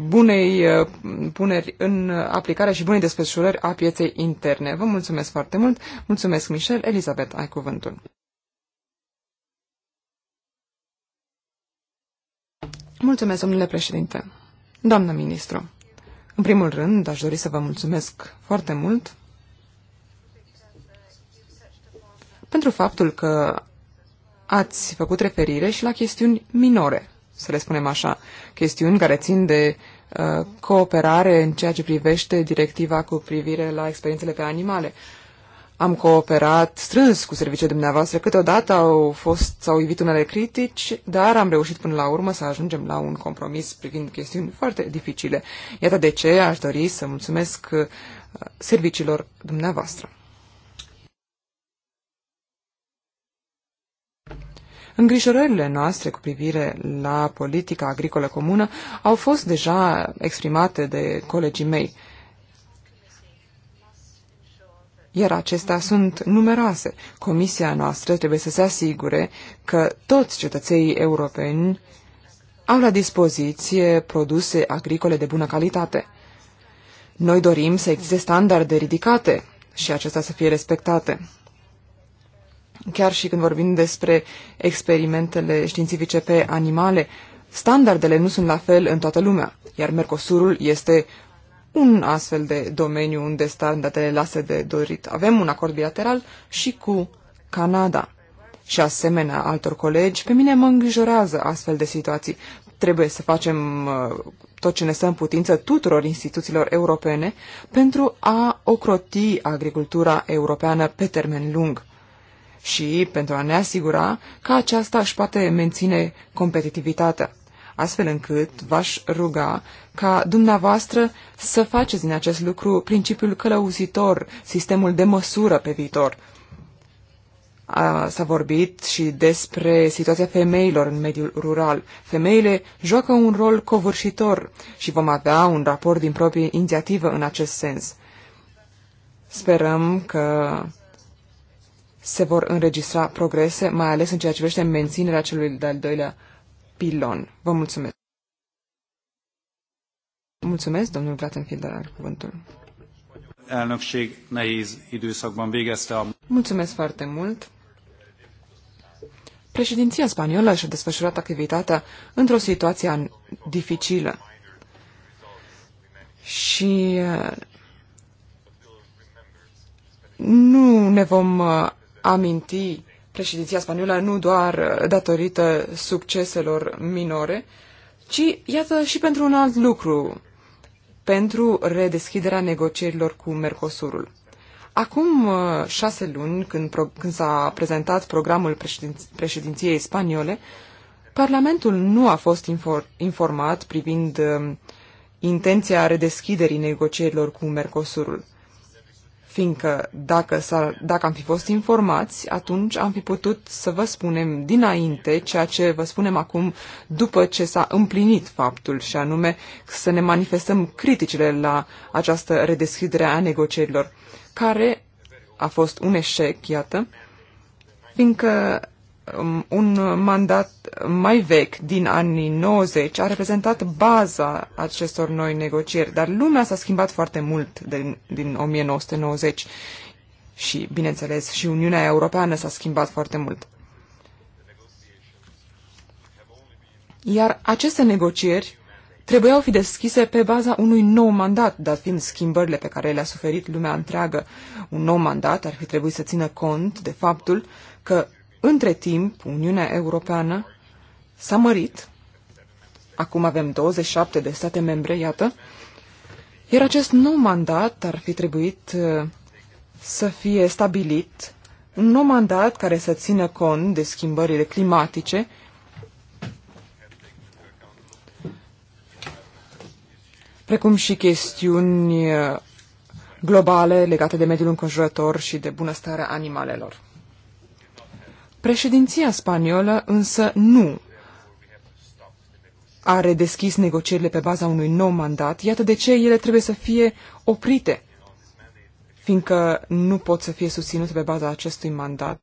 bunei uh, puneri în aplicare și bunei desfășurări a pieței interne. Vă mulțumesc foarte mult. Mulțumesc, Michel. Elizabeth, ai cuvântul. Mulțumesc, domnule președinte. Doamnă ministru. În primul rând, aș dori să vă mulțumesc foarte mult pentru faptul că ați făcut referire și la chestiuni minore, să le spunem așa, chestiuni care țin de uh, cooperare în ceea ce privește directiva cu privire la experiențele pe animale. Uh, am cooperat strâns cu serviciile dumneavoastră. Câteodată au fost, s-au evit unele critici, dar am reușit până la urmă să ajungem la un compromis privind chestiuni foarte dificile. Iată de ce aș dori să mulțumesc uh, serviciilor dumneavoastră. Îngrijorările noastre cu privire la politica agricolă comună au fost deja exprimate de colegii mei iar acestea sunt numeroase. Comisia noastră trebuie să se asigure că toți cetățenii europeni au la dispoziție produse agricole de bună calitate. Noi dorim să existe standarde ridicate și acestea să fie respectate. Chiar și când vorbim despre experimentele științifice pe animale, standardele nu sunt la fel în toată lumea, iar Mercosurul este un astfel de domeniu unde standardele lasă de dorit. Avem un acord bilateral și cu Canada. Și asemenea altor colegi, pe mine mă îngrijorează astfel de situații. Trebuie să facem uh, tot ce ne stă în putință tuturor instituțiilor europene pentru a ocroti agricultura europeană pe termen lung și pentru a ne asigura că aceasta își poate menține competitivitatea astfel încât v-aș ruga ca dumneavoastră să faceți din acest lucru principiul călăuzitor, sistemul de măsură pe viitor. S-a vorbit și despre situația femeilor în mediul rural. Femeile joacă un rol covârșitor și vom avea un raport din proprie inițiativă în acest sens. Sperăm că se vor înregistra progrese, mai ales în ceea ce privește menținerea celui de-al doilea pilon. Vă mulțumesc. Mulțumesc, domnul Glattenfielder, al cuvântul. Elnökség nehéz időszakban végezte a... Mulțumesc foarte mult. Președinția spaniolă și-a desfășurat activitatea într-o situație dificilă. Și uh, nu ne vom uh, aminti președinția spaniolă nu doar uh, datorită succeselor minore, ci, iată, și pentru un alt lucru, pentru redeschiderea negocierilor cu Mercosurul. Acum uh, șase luni, când, pro, când s-a prezentat programul președin, președinției spaniole, Parlamentul nu a fost infor, informat privind uh, intenția redeschiderii negocierilor cu Mercosurul fiindcă dacă, s-ar, dacă am fi fost informați, atunci am fi putut să vă spunem dinainte ceea ce vă spunem acum după ce s-a împlinit faptul, și anume să ne manifestăm criticile la această redeschidere a negocierilor, care a fost un eșec, iată, fiindcă Um, un mandat mai vechi din anii 90 a reprezentat baza acestor noi negocieri, dar lumea s-a schimbat foarte mult din, din 1990 și, bineînțeles, și Uniunea Europeană s-a schimbat foarte mult. Iar aceste negocieri trebuiau fi deschise pe baza unui nou mandat, dat fiind schimbările pe care le-a suferit lumea întreagă. Un nou mandat ar fi trebuit să țină cont de faptul că între timp, Uniunea Europeană s-a mărit. Acum avem 27 de state membre, iată. Iar acest nou mandat ar fi trebuit uh, să fie stabilit, un nou mandat care să țină cont de schimbările climatice, precum și chestiuni uh, globale legate de mediul înconjurător și de bunăstarea animalelor. Președinția spaniolă însă nu a redeschis negocierile pe baza unui nou mandat, iată de ce ele trebuie să fie oprite, fiindcă nu pot să fie susținute pe baza acestui mandat.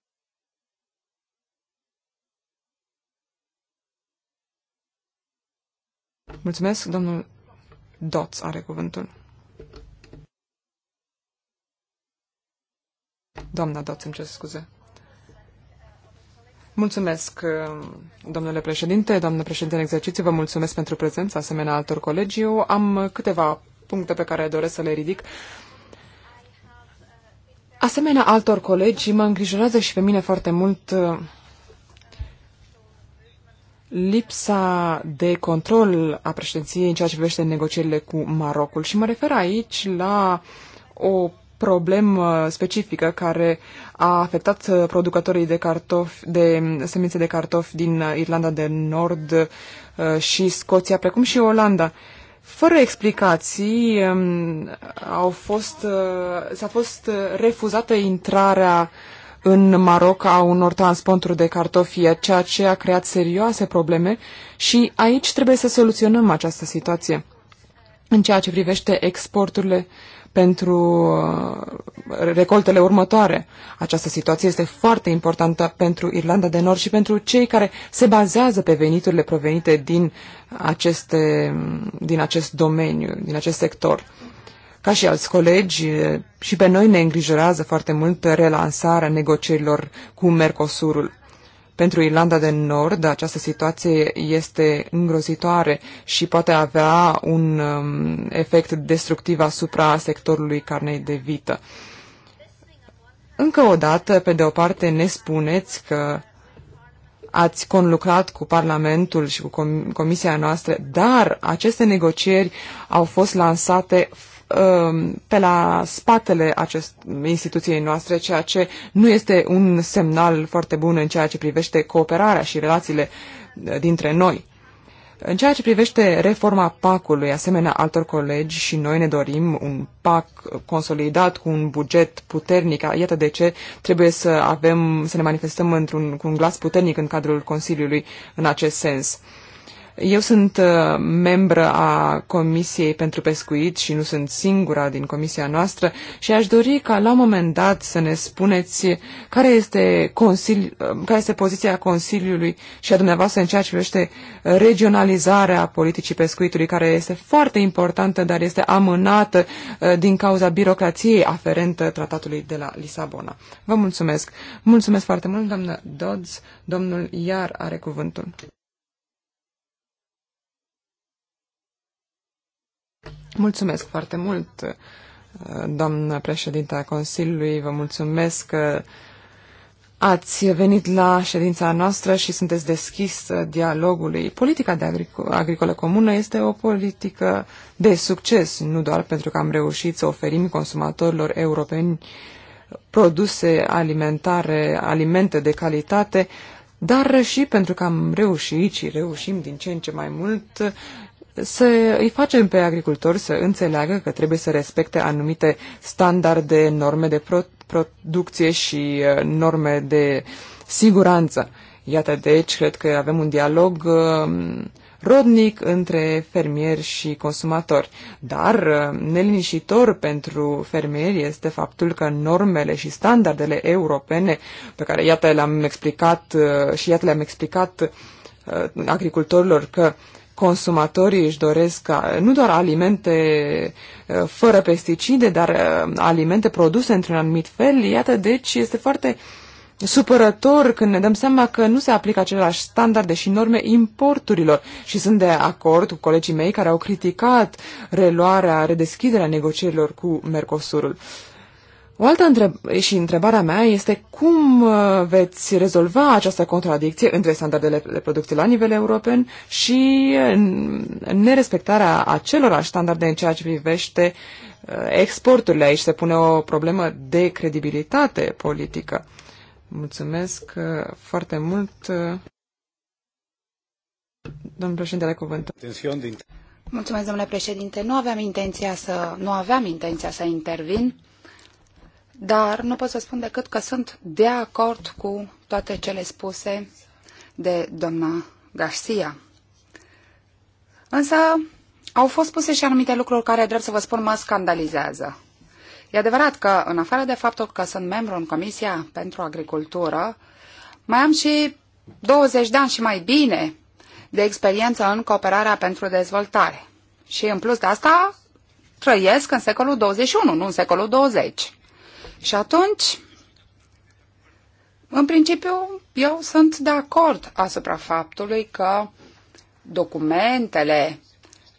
Mulțumesc, domnul Doț are cuvântul. Doamna Doț, îmi cer scuze. Mulțumesc, uh, domnule președinte, doamnă președinte în exercițiu, vă mulțumesc pentru prezența, asemenea altor colegi. Eu am câteva puncte pe care doresc să le ridic. Asemenea altor colegi, mă îngrijorează și pe mine foarte mult uh, lipsa de control a președinției în ceea ce privește negocierile cu Marocul. Și mă refer aici la o problemă specifică care a afectat producătorii de, cartofi, de semințe de cartofi din Irlanda de Nord uh, și Scoția, precum și Olanda. Fără explicații, um, au fost, uh, s-a fost refuzată intrarea în Maroc a unor transporturi de cartofi, ceea ce a creat serioase probleme și aici trebuie să soluționăm această situație. În ceea ce privește exporturile uh, pentru uh, recoltele următoare. Această situație este foarte importantă pentru Irlanda de Nord și pentru cei care se bazează pe veniturile provenite din, aceste, din acest domeniu, din acest sector. Ca și alți colegi, și pe noi ne îngrijorează foarte mult relansarea negocierilor cu Mercosurul. Pentru Irlanda de Nord această situație este îngrozitoare și poate avea un um, efect destructiv asupra sectorului carnei de vită. Încă o dată, pe de o parte, ne spuneți că ați conlucrat cu Parlamentul și cu Comisia noastră, dar aceste negocieri au fost lansate Um, pe la spatele acest, instituției noastre, ceea ce nu este un semnal foarte bun în ceea ce privește cooperarea și relațiile uh, dintre noi. În ceea ce privește reforma PAC-ului, asemenea altor colegi și noi ne dorim un PAC consolidat cu un buget puternic. Iată de ce trebuie să avem, să ne manifestăm într-un, cu un glas puternic în cadrul Consiliului în acest sens. Eu sunt uh, membră a Comisiei pentru Pescuit și nu sunt singura din comisia noastră și aș dori ca la un moment dat să ne spuneți care este, consili, uh, care este poziția Consiliului și a dumneavoastră în ceea ce privește regionalizarea politicii pescuitului, care este foarte importantă, dar este amânată uh, din cauza birocrației aferentă tratatului de la Lisabona. Vă mulțumesc! Mulțumesc foarte mult, doamnă Dodds. Domnul Iar are cuvântul. Mulțumesc foarte mult, doamnă președinte a Consiliului. Vă mulțumesc că ați venit la ședința noastră și sunteți deschis dialogului. Politica de agric- agricolă comună este o politică de succes, nu doar pentru că am reușit să oferim consumatorilor europeni produse alimentare, alimente de calitate, dar și pentru că am reușit și reușim din ce în ce mai mult să îi facem pe agricultori să înțeleagă că trebuie să respecte anumite standarde, norme de pro- producție și uh, norme de siguranță. Iată, deci, cred că avem un dialog um, rodnic între fermieri și consumatori. Dar uh, nelinișitor pentru fermieri este faptul că normele și standardele europene, pe care iată le-am explicat uh, și iată le-am explicat agricultorilor că consumatorii își doresc nu doar alimente eh, fără pesticide, dar eh, alimente produse într-un anumit fel. Iată, deci este foarte supărător când ne dăm seama că nu se aplică aceleași standarde și norme importurilor și sunt de acord cu colegii mei care au criticat reluarea, redeschiderea negocierilor cu Mercosurul. Uh, o altă întreb și întrebarea mea este cum uh, veți rezolva această contradicție între standardele de producție la nivel european și uh, nerespectarea acelorași standarde în ceea ce privește uh, exporturile. Aici se pune o problemă de credibilitate politică. Mulțumesc foarte mult. Domnul președintele, cuvânt. Mulțumesc, domnule președinte. Nu aveam intenția să, nu aveam intenția să intervin dar nu pot să spun decât că sunt de acord cu toate cele spuse de doamna Garcia. Însă au fost spuse și anumite lucruri care, drept să vă spun, mă scandalizează. E adevărat că, în afară de faptul că sunt membru în Comisia pentru Agricultură, mai am și 20 de ani și mai bine de experiență în cooperarea pentru dezvoltare. Și, în plus de asta, trăiesc în secolul 21, nu în secolul 20. Și atunci, în principiu, eu sunt de acord asupra faptului că documentele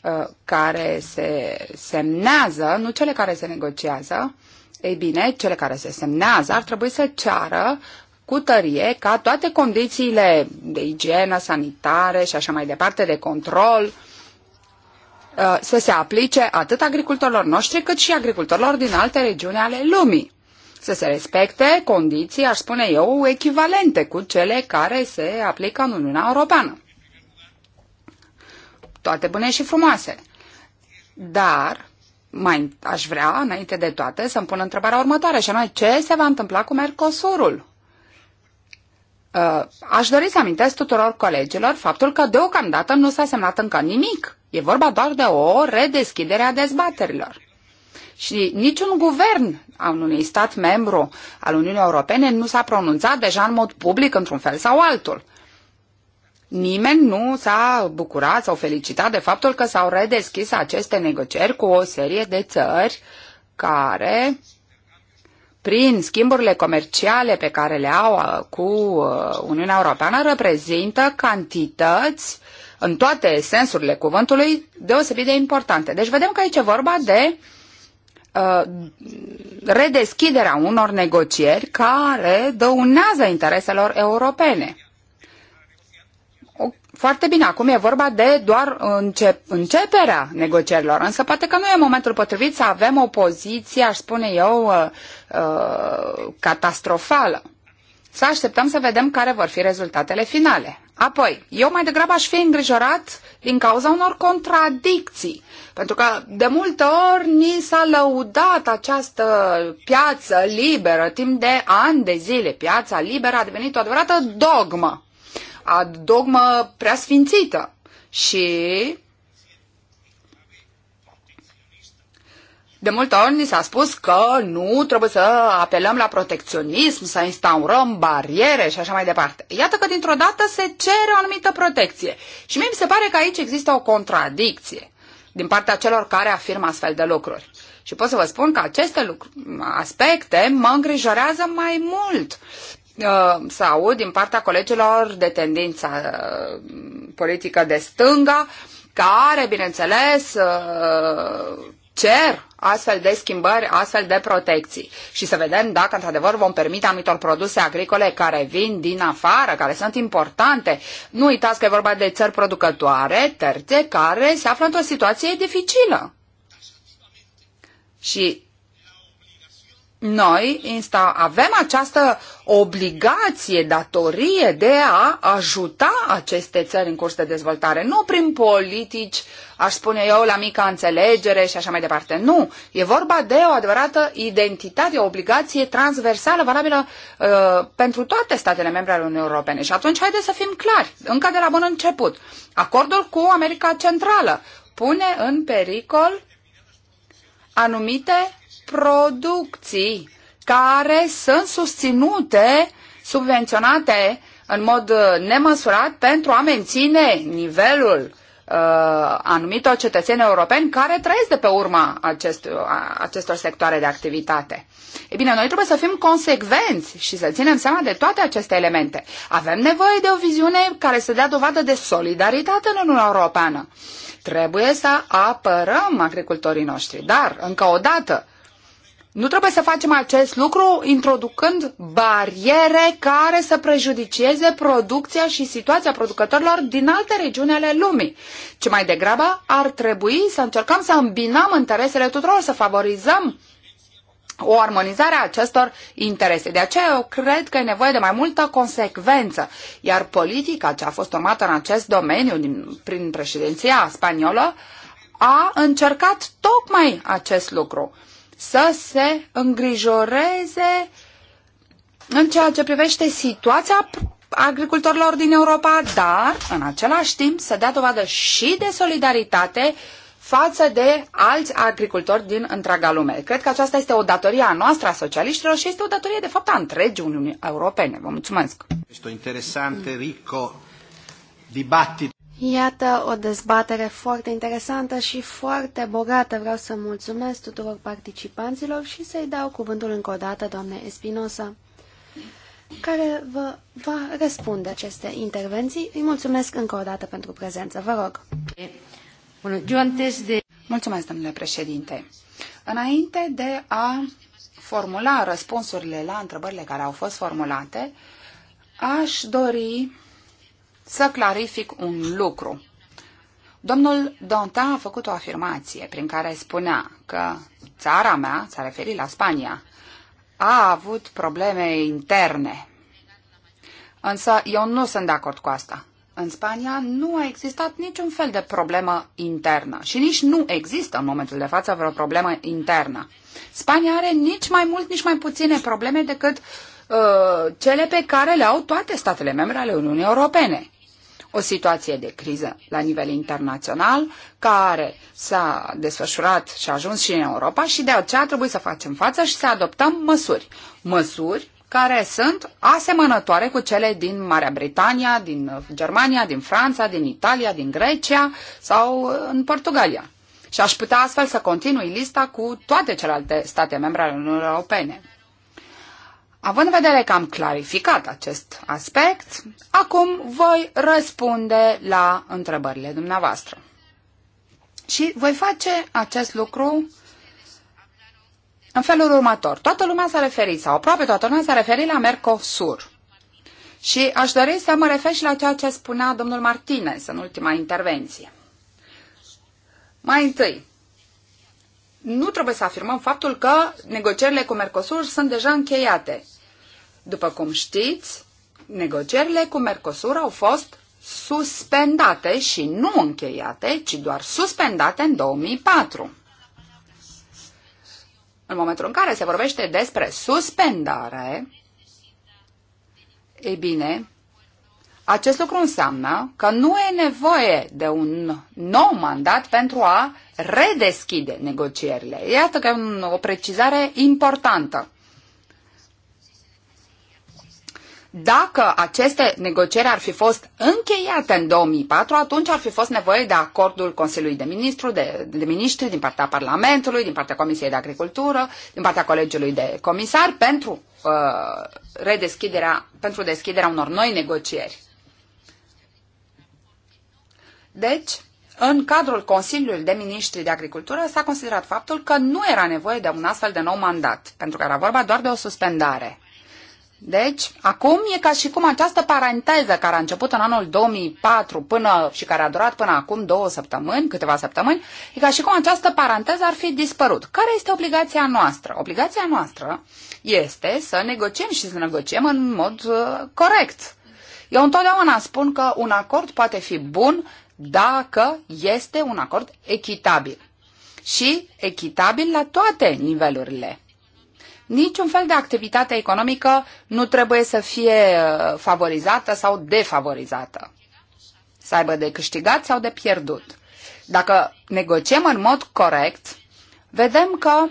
uh, care se semnează, nu cele care se negociază, ei bine, cele care se semnează ar trebui să ceară cu tărie ca toate condițiile de igienă, sanitare și așa mai departe, de control, uh, să se aplice atât agricultorilor noștri cât și agricultorilor din alte regiuni ale lumii să se respecte condiții, aș spune eu, echivalente cu cele care se aplică în Uniunea Europeană. Toate bune și frumoase. Dar mai aș vrea, înainte de toate, să-mi pun întrebarea următoare, și anume, ce se va întâmpla cu Mercosurul? Uh, aș dori să amintesc tuturor colegilor faptul că deocamdată nu s-a semnat încă nimic. E vorba doar de o redeschidere a dezbaterilor. Și niciun guvern al unui stat membru al Uniunii Europene nu s-a pronunțat deja în mod public într-un fel sau altul. Nimeni nu s-a bucurat sau felicitat de faptul că s-au redeschis aceste negocieri cu o serie de țări care, prin schimburile comerciale pe care le au uh, cu uh, Uniunea Europeană, reprezintă cantități în toate sensurile cuvântului deosebit de importante. Deci vedem că aici e vorba de uh, Uh, redeschiderea unor negocieri care dăunează intereselor europene. Foarte bine, acum e vorba de doar încep, începerea negocierilor, însă poate că nu e momentul potrivit să avem o poziție, aș spune eu, uh, uh, catastrofală. Să așteptăm să vedem care vor fi rezultatele finale. Apoi, eu mai degrabă aș fi îngrijorat din cauza unor contradicții, pentru că de multe ori ni s-a lăudat această piață liberă timp de ani de zile. Piața liberă a devenit o adevărată dogmă, a dogmă preasfințită. Și De multe ori ni s-a spus că nu trebuie să apelăm la protecționism, să instaurăm bariere și așa mai departe. Iată că dintr-o dată se cere o anumită protecție. Și mie mi se pare că aici există o contradicție din partea celor care afirmă astfel de lucruri. Și pot să vă spun că aceste lucruri, aspecte mă îngrijorează mai mult uh, să aud din partea colegilor de tendința uh, politică de stânga, care, bineînțeles, uh, cer astfel de schimbări, astfel de protecții și să vedem dacă într-adevăr vom permite anumitor produse agricole care vin din afară, care sunt importante. Nu uitați că e vorba de țări producătoare, terțe, care se află într-o situație dificilă. Și noi insta, avem această obligație, datorie de a ajuta aceste țări în curs de dezvoltare, nu prin politici, aș spune eu, la mica înțelegere și așa mai departe. Nu, e vorba de o adevărată identitate, o obligație transversală, valabilă uh, pentru toate statele membre ale Uniunii Europene. Și atunci haideți să fim clari, încă de la bun început. Acordul cu America Centrală pune în pericol anumite producții care sunt susținute, subvenționate în mod uh, nemăsurat pentru a menține nivelul uh, anumitor cetățeni europeni care trăiesc de pe urma acest, uh, acestor sectoare de activitate. E bine, noi trebuie să fim consecvenți și să ținem seama de toate aceste elemente. Avem nevoie de o viziune care să dea dovadă de solidaritate în Uniunea Europeană. Trebuie să apărăm agricultorii noștri, dar, încă o dată, nu trebuie să facem acest lucru introducând bariere care să prejudicieze producția și situația producătorilor din alte regiuni ale lumii, ci mai degrabă ar trebui să încercăm să îmbinăm interesele tuturor, să favorizăm o armonizare a acestor interese. De aceea eu cred că e nevoie de mai multă consecvență, iar politica ce a fost urmată în acest domeniu din, prin președinția spaniolă a încercat tocmai acest lucru să se îngrijoreze în ceea ce privește situația agricultorilor din Europa, dar în același timp să dea dovadă și de solidaritate față de alți agricultori din întreaga lume. Cred că aceasta este o datorie a noastră, a socialiștilor, și este o datorie, de fapt, a întregii Uniunii Europene. Vă mulțumesc! Este interesant, Rico, dibattito. Iată o dezbatere foarte interesantă și foarte bogată. Vreau să mulțumesc tuturor participanților și să-i dau cuvântul încă o dată, doamne Espinosa, care vă va răspunde aceste intervenții. Îi mulțumesc încă o dată pentru prezență. Vă rog. Mulțumesc, domnule președinte. Înainte de a formula răspunsurile la întrebările care au fost formulate, aș dori să clarific un lucru. Domnul Dantin a făcut o afirmație prin care spunea că țara mea, s-a referit la Spania, a avut probleme interne. Însă eu nu sunt de acord cu asta. În Spania nu a existat niciun fel de problemă internă și nici nu există în momentul de față vreo problemă internă. Spania are nici mai mult, nici mai puține probleme decât uh, cele pe care le au toate statele membre ale Uniunii Europene o situație de criză la nivel internațional care s-a desfășurat și a ajuns și în Europa și de aceea trebuie să facem față și să adoptăm măsuri. Măsuri care sunt asemănătoare cu cele din Marea Britania, din Germania, din Franța, din Italia, din Grecia sau uh, în Portugalia. Și aș putea astfel să continui lista cu toate celelalte state membre ale Uniunii Europene. Având în vedere că am clarificat acest aspect, acum voi răspunde la întrebările dumneavoastră. Și voi face acest lucru în felul următor. Toată lumea s-a referit, sau aproape toată lumea s-a referit la Mercosur. Și aș dori să mă refer și la ceea ce spunea domnul Martinez în ultima intervenție. Mai întâi, nu trebuie să afirmăm faptul că negocierile cu Mercosur sunt deja încheiate. După cum știți, negocierile cu Mercosur au fost suspendate și nu încheiate, ci doar suspendate în 2004. În momentul în care se vorbește despre suspendare, ei bine, acest lucru înseamnă că nu e nevoie de un nou mandat pentru a redeschide negocierile. Iată că e o precizare importantă. Dacă aceste negocieri ar fi fost încheiate în 2004, atunci ar fi fost nevoie de acordul Consiliului de Ministru, de, de Ministri, din partea Parlamentului, din partea Comisiei de Agricultură, din partea Colegiului de Comisar pentru uh, redeschiderea, pentru deschiderea unor noi negocieri. Deci, în cadrul Consiliului de Ministri de Agricultură s-a considerat faptul că nu era nevoie de un astfel de nou mandat, pentru că era vorba doar de o suspendare. Deci, acum e ca și cum această paranteză care a început în anul 2004 până, și care a durat până acum două săptămâni, câteva săptămâni, e ca și cum această paranteză ar fi dispărut. Care este obligația noastră? Obligația noastră este să negociem și să negociem în mod uh, corect. Eu întotdeauna spun că un acord poate fi bun dacă este un acord echitabil. Și echitabil la toate nivelurile. Niciun fel de activitate economică nu trebuie să fie uh, favorizată sau defavorizată. Să aibă de câștigat sau de pierdut. Dacă negociem în mod corect, vedem că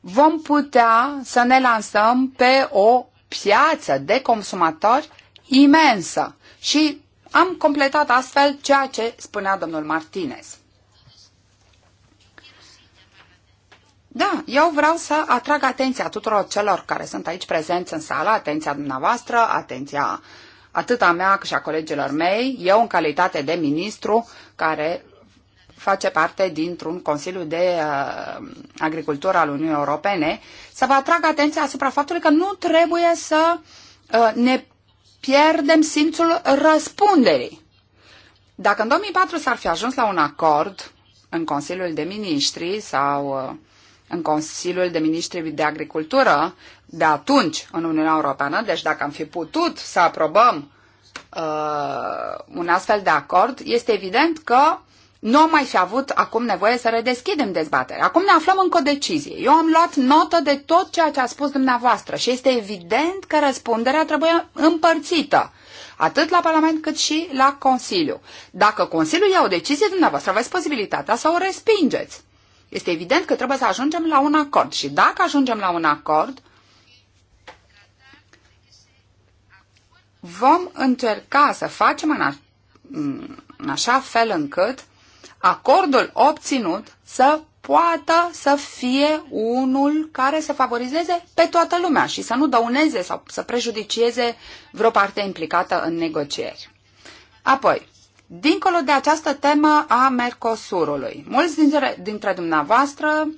vom putea să ne lansăm pe o piață de consumatori imensă și am completat astfel ceea ce spunea domnul Martinez. Da, eu vreau să atrag atenția tuturor celor care sunt aici prezenți în sală, atenția dumneavoastră, atenția atât a mea cât și a colegilor mei, eu în calitate de ministru care face parte dintr-un Consiliu de uh, Agricultură al Uniunii Europene, să vă atrag atenția asupra faptului că nu trebuie să uh, ne pierdem simțul răspunderii. Dacă în 2004 s-ar fi ajuns la un acord în Consiliul de Ministri sau uh, în Consiliul de Ministri de Agricultură de atunci în Uniunea Europeană, deci dacă am fi putut să aprobăm uh, un astfel de acord, este evident că nu am mai fi avut acum nevoie să redeschidem dezbaterea. Acum ne aflăm în codecizie. Eu am luat notă de tot ceea ce a spus dumneavoastră și este evident că răspunderea trebuie împărțită atât la Parlament cât și la Consiliu. Dacă Consiliul ia o decizie, dumneavoastră aveți posibilitatea să o respingeți. Este evident că trebuie să ajungem la un acord și dacă ajungem la un acord, vom încerca să facem în, a, în așa fel încât acordul obținut să poată să fie unul care să favorizeze pe toată lumea și să nu dăuneze sau să prejudicieze vreo parte implicată în negocieri. Apoi, dincolo de această temă a Mercosurului, mulți dintre, dintre dumneavoastră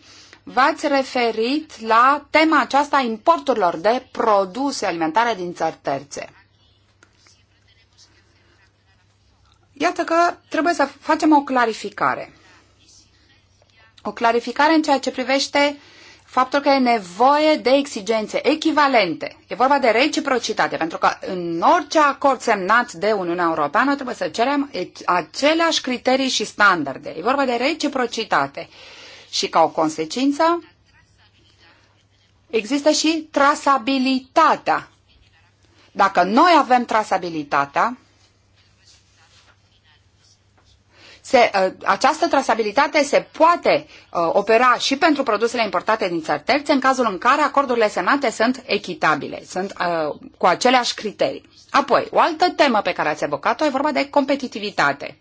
v-ați referit la tema aceasta a importurilor de produse alimentare din țări terțe. Iată că trebuie să facem o clarificare. O clarificare în ceea ce privește faptul că e nevoie de exigențe echivalente. E vorba de reciprocitate, pentru că în orice acord semnat de Uniunea Europeană trebuie să cerem aceleași criterii și standarde. E vorba de reciprocitate. Și ca o consecință există și trasabilitatea. Dacă noi avem trasabilitatea, se, ă, această trasabilitate se poate ă, opera și pentru produsele importate din țări terțe în cazul în care acordurile semnate sunt echitabile, sunt ă, cu aceleași criterii. Apoi, o altă temă pe care ați evocat-o e vorba de competitivitate.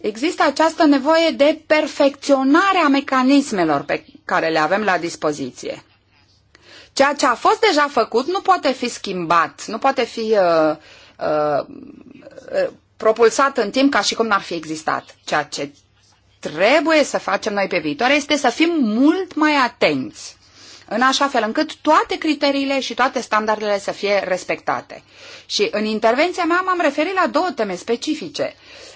Există această nevoie de perfecționare a mecanismelor pe care le avem la dispoziție. Ceea ce a fost deja făcut nu poate fi schimbat, nu poate fi uh, uh, propulsat în timp ca și cum n-ar fi existat. Ceea ce trebuie să facem noi pe viitor este să fim mult mai atenți în așa fel încât toate criteriile și toate standardele să fie respectate. Și în intervenția mea m-am referit la două teme specifice.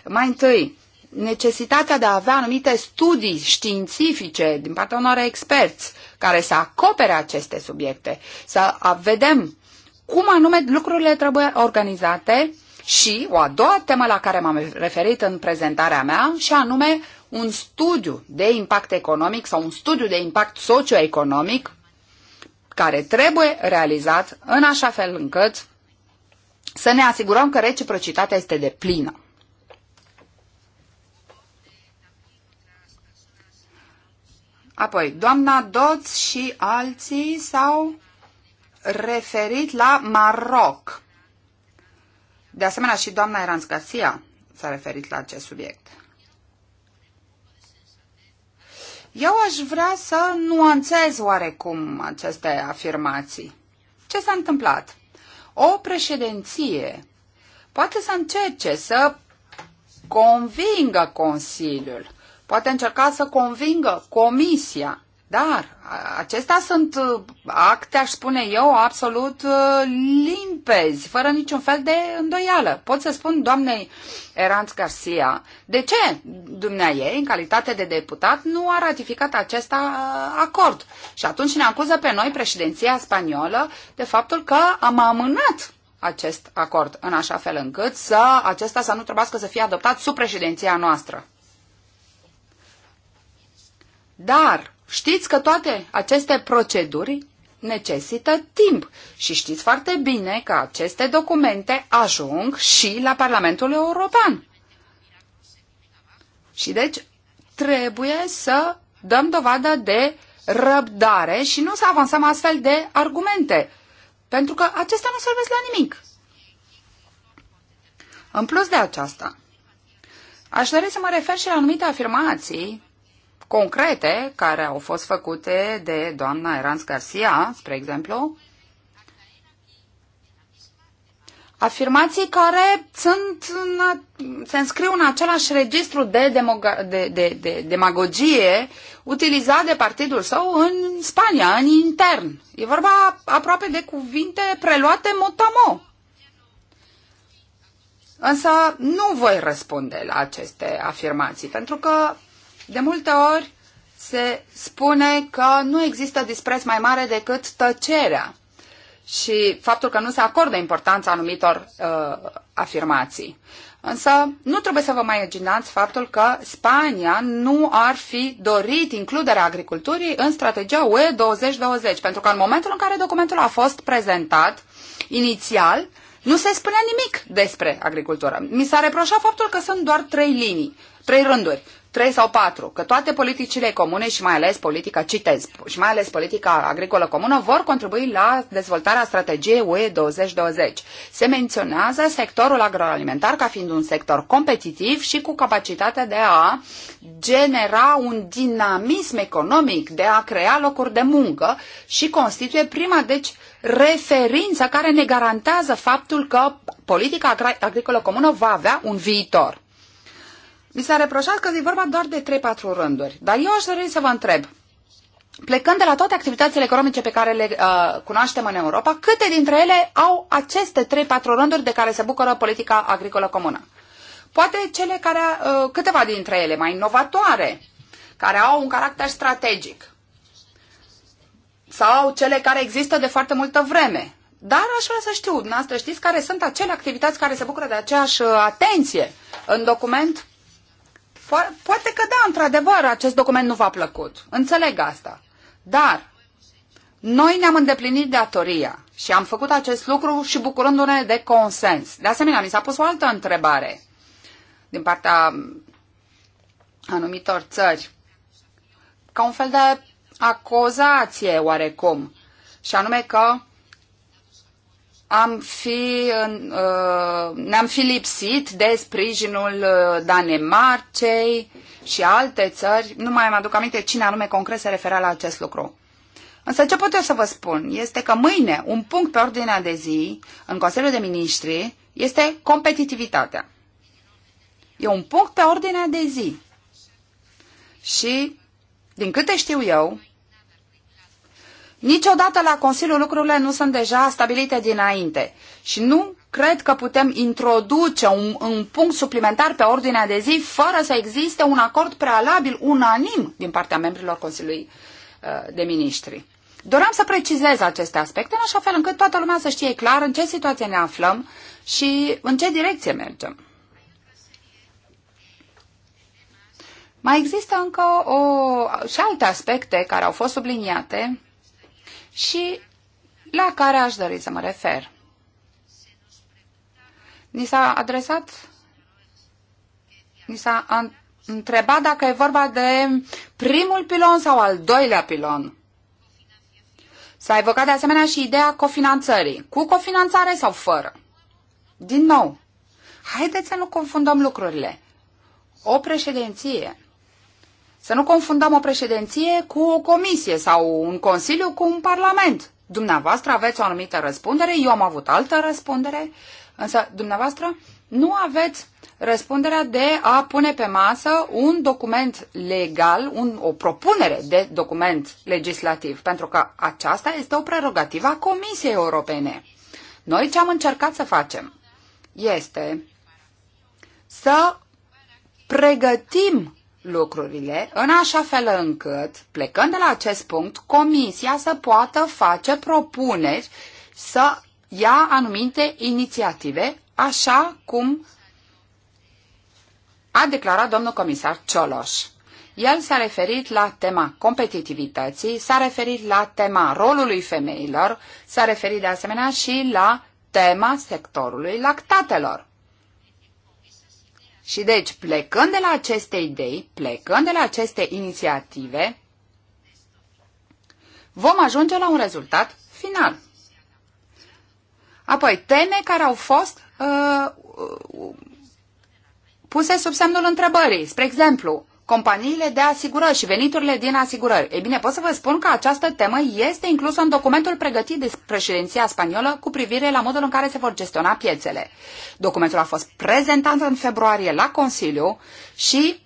Mai întâi, necesitatea de a avea anumite studii științifice din partea unor experți care să acopere aceste subiecte, să vedem cum anume lucrurile trebuie organizate și o a doua temă la care m-am referit în prezentarea mea și anume un studiu de impact economic sau un studiu de impact socioeconomic care trebuie realizat în așa fel încât să ne asigurăm că reciprocitatea este de plină. Apoi, doamna Doț și alții s-au referit la Maroc de asemenea, și doamna Eranz Garcia s-a referit la acest subiect. Eu aș vrea să nuanțez oarecum aceste afirmații. Ce s-a întâmplat? O președinție poate să încerce să convingă Consiliul, poate încerca să convingă Comisia dar acestea sunt uh, acte, aș spune eu, absolut uh, limpezi, fără niciun fel de îndoială. Pot să spun doamnei Eranț Garcia, de ce dumnea ei, în calitate de deputat, nu a ratificat acest uh, acord? Și atunci ne acuză pe noi, președinția spaniolă, de faptul că am amânat acest acord, în așa fel încât să acesta să nu trebuiască să fie adoptat sub președinția noastră. Dar Știți că toate aceste proceduri necesită timp și știți foarte bine că aceste documente ajung și la Parlamentul European. Și deci trebuie să dăm dovadă de răbdare și nu să avansăm astfel de argumente, pentru că acestea nu servesc la nimic. În plus de aceasta, aș dori să mă refer și la anumite afirmații concrete care au fost făcute de doamna Eranz Garcia, spre exemplu, afirmații care sunt în, se înscriu în același registru de, demoga, de, de, de demagogie utilizat de partidul său în Spania, în intern. E vorba aproape de cuvinte preluate motamo. Însă nu voi răspunde la aceste afirmații, pentru că de multe ori se spune că nu există dispreț mai mare decât tăcerea și faptul că nu se acordă importanța anumitor uh, afirmații. Însă nu trebuie să vă mai imaginați faptul că Spania nu ar fi dorit includerea agriculturii în strategia UE 2020, pentru că în momentul în care documentul a fost prezentat inițial, nu se spune nimic despre agricultură. Mi s-a reproșat faptul că sunt doar trei linii, trei rânduri, trei sau patru, că toate politicile comune și mai ales politica, citez, și mai ales politica agricolă comună vor contribui la dezvoltarea strategiei UE 2020. Se menționează sectorul agroalimentar ca fiind un sector competitiv și cu capacitatea de a genera un dinamism economic, de a crea locuri de muncă și constituie prima, deci, referință care ne garantează faptul că politica agricolă comună va avea un viitor. Mi s-a reproșat că e vorba doar de 3-4 rânduri, dar eu aș dori să vă întreb, plecând de la toate activitățile economice pe care le uh, cunoaștem în Europa, câte dintre ele au aceste 3-4 rânduri de care se bucură politica agricolă comună? Poate cele care, uh, câteva dintre ele mai inovatoare, care au un caracter strategic sau cele care există de foarte multă vreme. Dar aș vrea să știu, dumneavoastră știți care sunt acele activități care se bucură de aceeași uh, atenție în document? Po- poate că da, într-adevăr, acest document nu v-a plăcut. Înțeleg asta. Dar noi ne-am îndeplinit datoria și am făcut acest lucru și bucurându-ne de consens. De asemenea, mi s-a pus o altă întrebare din partea anumitor țări, ca un fel de acozație oarecum, și anume că am fi, uh, ne-am fi lipsit de sprijinul uh, Danemarcei și alte țări. Nu mai am aduc aminte cine anume concret se referea la acest lucru. Însă ce pot eu să vă spun este că mâine un punct pe ordinea de zi în Consiliul de Ministri este competitivitatea. E un punct pe ordinea de zi. Și din câte știu eu, niciodată la Consiliu lucrurile nu sunt deja stabilite dinainte și nu cred că putem introduce un, un punct suplimentar pe ordinea de zi fără să existe un acord prealabil unanim din partea membrilor Consiliului uh, de Ministri. Doream să precizez aceste aspecte în așa fel încât toată lumea să știe clar în ce situație ne aflăm și în ce direcție mergem. Mai există încă o, și alte aspecte care au fost subliniate și la care aș dori să mă refer. Ni s-a adresat, ni s-a întrebat dacă e vorba de primul pilon sau al doilea pilon. S-a evocat de asemenea și ideea cofinanțării, cu cofinanțare sau fără. Din nou, haideți să nu confundăm lucrurile. O președinție să nu confundăm o președinție cu o comisie sau un consiliu cu un parlament. Dumneavoastră aveți o anumită răspundere, eu am avut altă răspundere, însă dumneavoastră nu aveți răspunderea de a pune pe masă un document legal, un, o propunere de document legislativ, pentru că aceasta este o prerogativă a Comisiei Europene. Noi ce am încercat să facem este să pregătim lucrurile în așa fel încât, plecând de la acest punct, Comisia să poată face propuneri să ia anumite inițiative, așa cum a declarat domnul comisar Cioloș. El s-a referit la tema competitivității, s-a referit la tema rolului femeilor, s-a referit de asemenea și la tema sectorului lactatelor. Și deci, plecând de la aceste idei, plecând de la aceste inițiative, vom ajunge la un rezultat final. Apoi, teme care au fost uh, uh, puse sub semnul întrebării. Spre exemplu, companiile de asigurări și veniturile din asigurări. Ei bine, pot să vă spun că această temă este inclusă în documentul pregătit de președinția spaniolă cu privire la modul în care se vor gestiona piețele. Documentul a fost prezentat în februarie la Consiliu și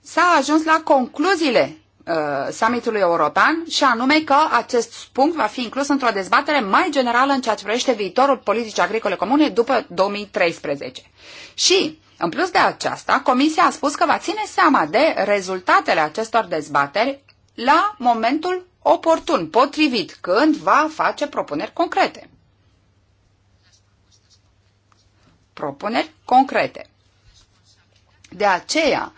s-a ajuns la concluziile uh, summitului european și anume că acest punct va fi inclus într-o dezbatere mai generală în ceea ce privește viitorul politicii agricole comune după 2013. Și în plus de aceasta, Comisia a spus că va ține seama de rezultatele acestor dezbateri la momentul oportun, potrivit, când va face propuneri concrete. Propuneri concrete. De aceea,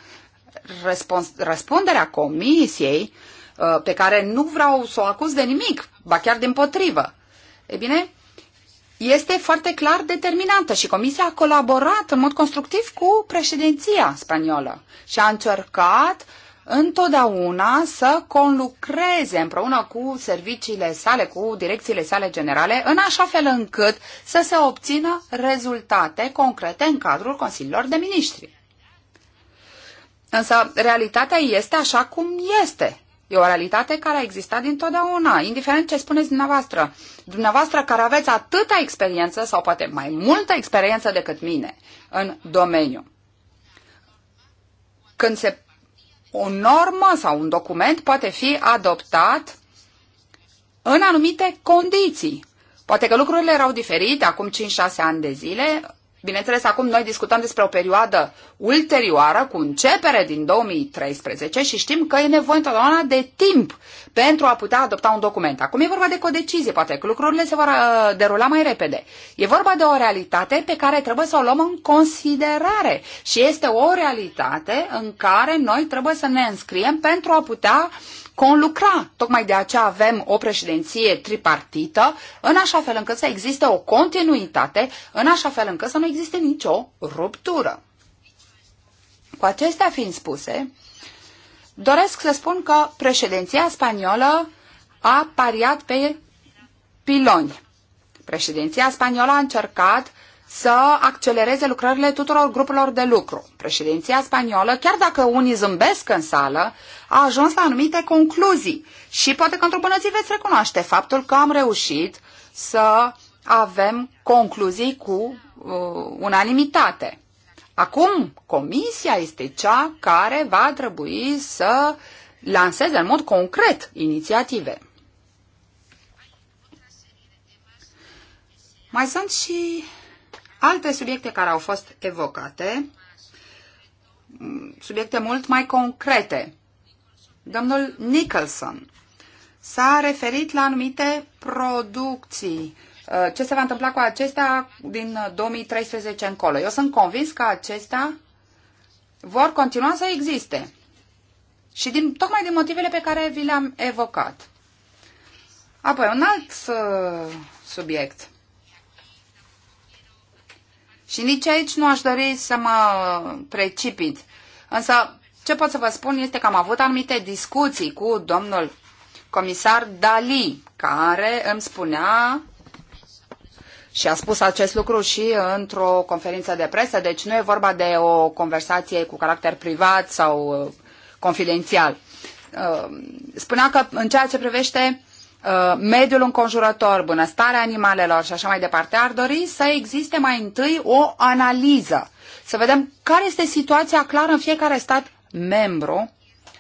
răspunderea comisiei, uh, pe care nu vreau să o acuz de nimic, ba chiar din potrivă, e bine, este foarte clar determinantă și Comisia a colaborat în mod constructiv cu președinția spaniolă și a încercat întotdeauna să conlucreze împreună cu serviciile sale, cu direcțiile sale generale, în așa fel încât să se obțină rezultate concrete în cadrul Consiliilor de Ministri. Însă realitatea este așa cum este. E o realitate care a existat dintotdeauna, indiferent ce spuneți dumneavoastră. Dumneavoastră care aveți atâta experiență sau poate mai multă experiență decât mine în domeniu. Când se, o normă sau un document poate fi adoptat în anumite condiții. Poate că lucrurile erau diferite acum 5-6 ani de zile, Bineînțeles, acum noi discutăm despre o perioadă ulterioară, cu începere din 2013 și știm că e nevoie întotdeauna de timp pentru a putea adopta un document. Acum e vorba de codecizie, poate că lucrurile se vor uh, derula mai repede. E vorba de o realitate pe care trebuie să o luăm în considerare și este o realitate în care noi trebuie să ne înscriem pentru a putea uh, conlucra. Tocmai de aceea avem o președinție tripartită, în așa fel încât să existe o continuitate, în așa fel încât să nu existe nicio ruptură. Cu acestea fiind spuse, doresc să spun că președinția spaniolă a pariat pe piloni. Președinția spaniolă a încercat să accelereze lucrările tuturor grupurilor de lucru. Președinția spaniolă, chiar dacă unii zâmbesc în sală, a ajuns la anumite concluzii și poate că într-o bună zi veți recunoaște faptul că am reușit să avem concluzii cu uh, unanimitate. Acum, comisia este cea care va trebui să lanseze în mod concret inițiative. Mai sunt și Alte subiecte care au fost evocate, subiecte mult mai concrete. Domnul Nicholson s-a referit la anumite producții. Uh, ce se va întâmpla cu acestea din 2013 uh, încolo? Eu sunt convins că acestea vor continua să existe. Și din, tocmai din motivele pe care vi le-am evocat. Apoi, un alt uh, subiect. Și nici aici nu aș dori să mă precipit. Însă, ce pot să vă spun este că am avut anumite discuții cu domnul comisar Dali, care îmi spunea și a spus acest lucru și într-o conferință de presă, deci nu e vorba de o conversație cu caracter privat sau uh, confidențial. Uh, spunea că în ceea ce privește Uh, mediul înconjurător, bunăstarea animalelor și așa mai departe, ar dori să existe mai întâi o analiză, să vedem care este situația clară în fiecare stat membru,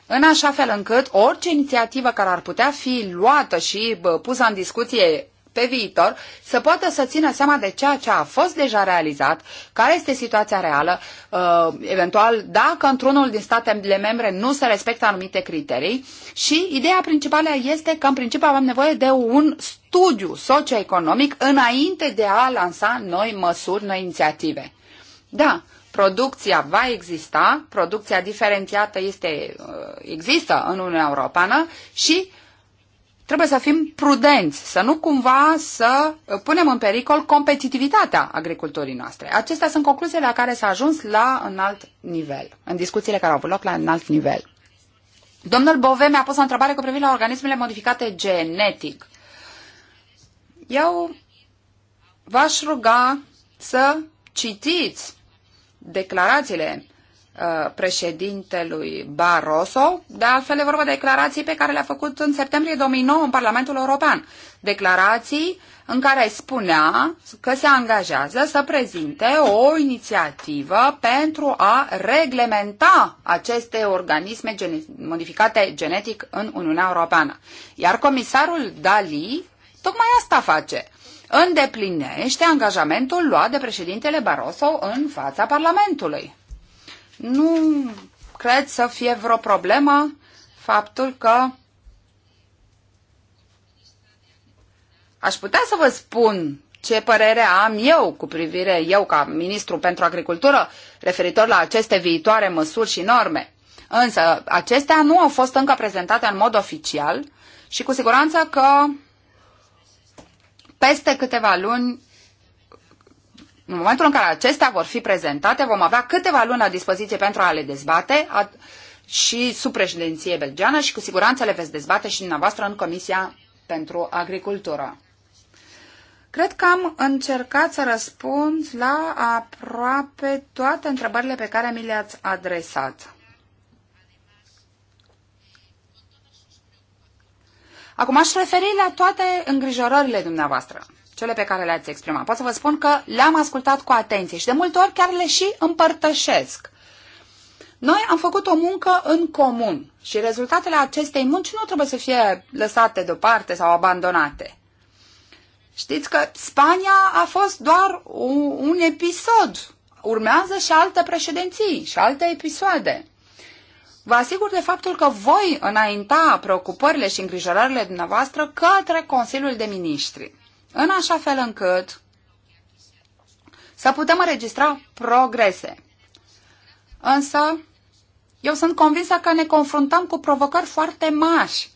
în așa fel încât orice inițiativă care ar putea fi luată și pusă în discuție pe viitor să poată să țină seama de ceea ce a fost deja realizat, care este situația reală, uh, eventual dacă într-unul din statele membre nu se respectă anumite criterii și ideea principală este că în principiu avem nevoie de un studiu socioeconomic înainte de a lansa noi măsuri, noi inițiative. Da, producția va exista, producția diferențiată este, uh, există în Uniunea Europeană și trebuie să fim prudenți, să nu cumva să punem în pericol competitivitatea agriculturii noastre. Acestea sunt concluziile la care s-a ajuns la înalt nivel, în discuțiile care au avut loc la înalt nivel. Domnul Bove mi-a pus o întrebare cu privire la organismele modificate genetic. Eu v-aș ruga să citiți declarațiile Uh, președintelui Barroso, de altfel e vorba de declarații pe care le-a făcut în septembrie 2009 în Parlamentul European. Declarații în care spunea că se angajează să prezinte o inițiativă pentru a reglementa aceste organisme gene modificate genetic în Uniunea Europeană. Iar comisarul Dali tocmai asta face îndeplinește angajamentul luat de președintele Barroso în fața Parlamentului. Nu cred să fie vreo problemă faptul că aș putea să vă spun ce părere am eu cu privire, eu ca ministru pentru agricultură, referitor la aceste viitoare măsuri și norme. Însă, acestea nu au fost încă prezentate în mod oficial și cu siguranță că peste câteva luni în momentul în care acestea vor fi prezentate, vom avea câteva luni la dispoziție pentru a le dezbate și sub președinție belgeană și cu siguranță le veți dezbate și dumneavoastră în Comisia pentru Agricultură. Cred că am încercat să răspund la aproape toate întrebările pe care mi le-ați adresat. Acum aș referi la toate îngrijorările dumneavoastră cele pe care le-ați exprimat. Pot să vă spun că le-am ascultat cu atenție și de multe ori chiar le și împărtășesc. Noi am făcut o muncă în comun și rezultatele acestei munci nu trebuie să fie lăsate deoparte sau abandonate. Știți că Spania a fost doar un episod. Urmează și alte președinții și alte episoade. Vă asigur de faptul că voi înainta preocupările și îngrijorările dumneavoastră către Consiliul de Ministri în așa fel încât să putem înregistra progrese. Însă, eu sunt convinsă că ne confruntăm cu provocări foarte mari.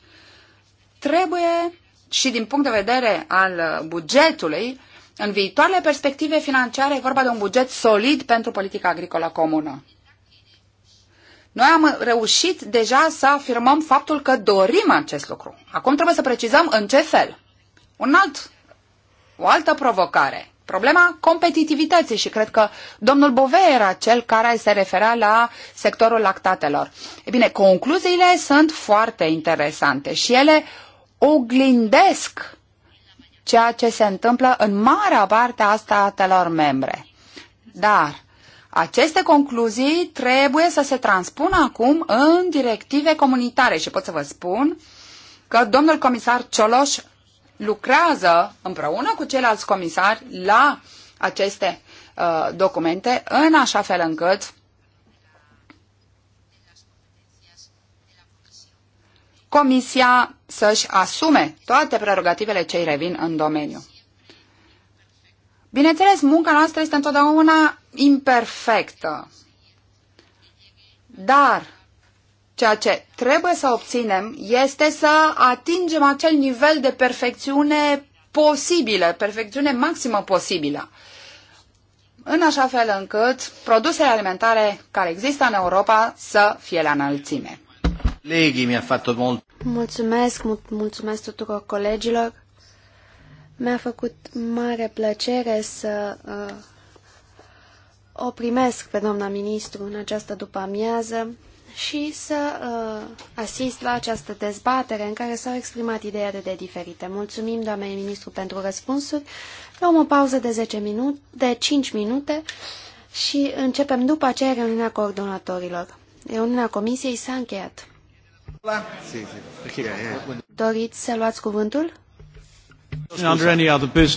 Trebuie și din punct de vedere al bugetului, în viitoarele perspective financiare e vorba de un buget solid pentru politica agricolă comună. Noi am reușit deja să afirmăm faptul că dorim acest lucru. Acum trebuie să precizăm în ce fel. Un alt o altă provocare. Problema competitivității și cred că domnul Bove era cel care se referea la sectorul lactatelor. E bine, concluziile sunt foarte interesante și ele oglindesc ceea ce se întâmplă în marea parte a statelor membre. Dar aceste concluzii trebuie să se transpună acum în directive comunitare și pot să vă spun că domnul comisar Cioloș lucrează împreună cu ceilalți comisari la aceste uh, documente în așa fel încât Comisia să-și asume toate prerogativele ce îi revin în domeniu. Bineînțeles, munca noastră este întotdeauna imperfectă, dar Ceea ce trebuie să obținem este să atingem acel nivel de perfecțiune posibilă, perfecțiune maximă posibilă în așa fel încât produsele alimentare care există în Europa să fie la înălțime. Legii mi-a făcut mult. Mulțumesc, mul mulțumesc tuturor colegilor. Mi-a făcut mare plăcere să uh, o primesc pe doamna ministru în această după-amiază și să uh, asist la această dezbatere în care s-au exprimat idei atât de diferite. Mulțumim, doamne ministru, pentru răspunsuri. Luăm o pauză de, 10 minute, de 5 minute și începem după aceea reuniunea coordonatorilor. Reuniunea comisiei s-a încheiat. Doriți să luați cuvântul?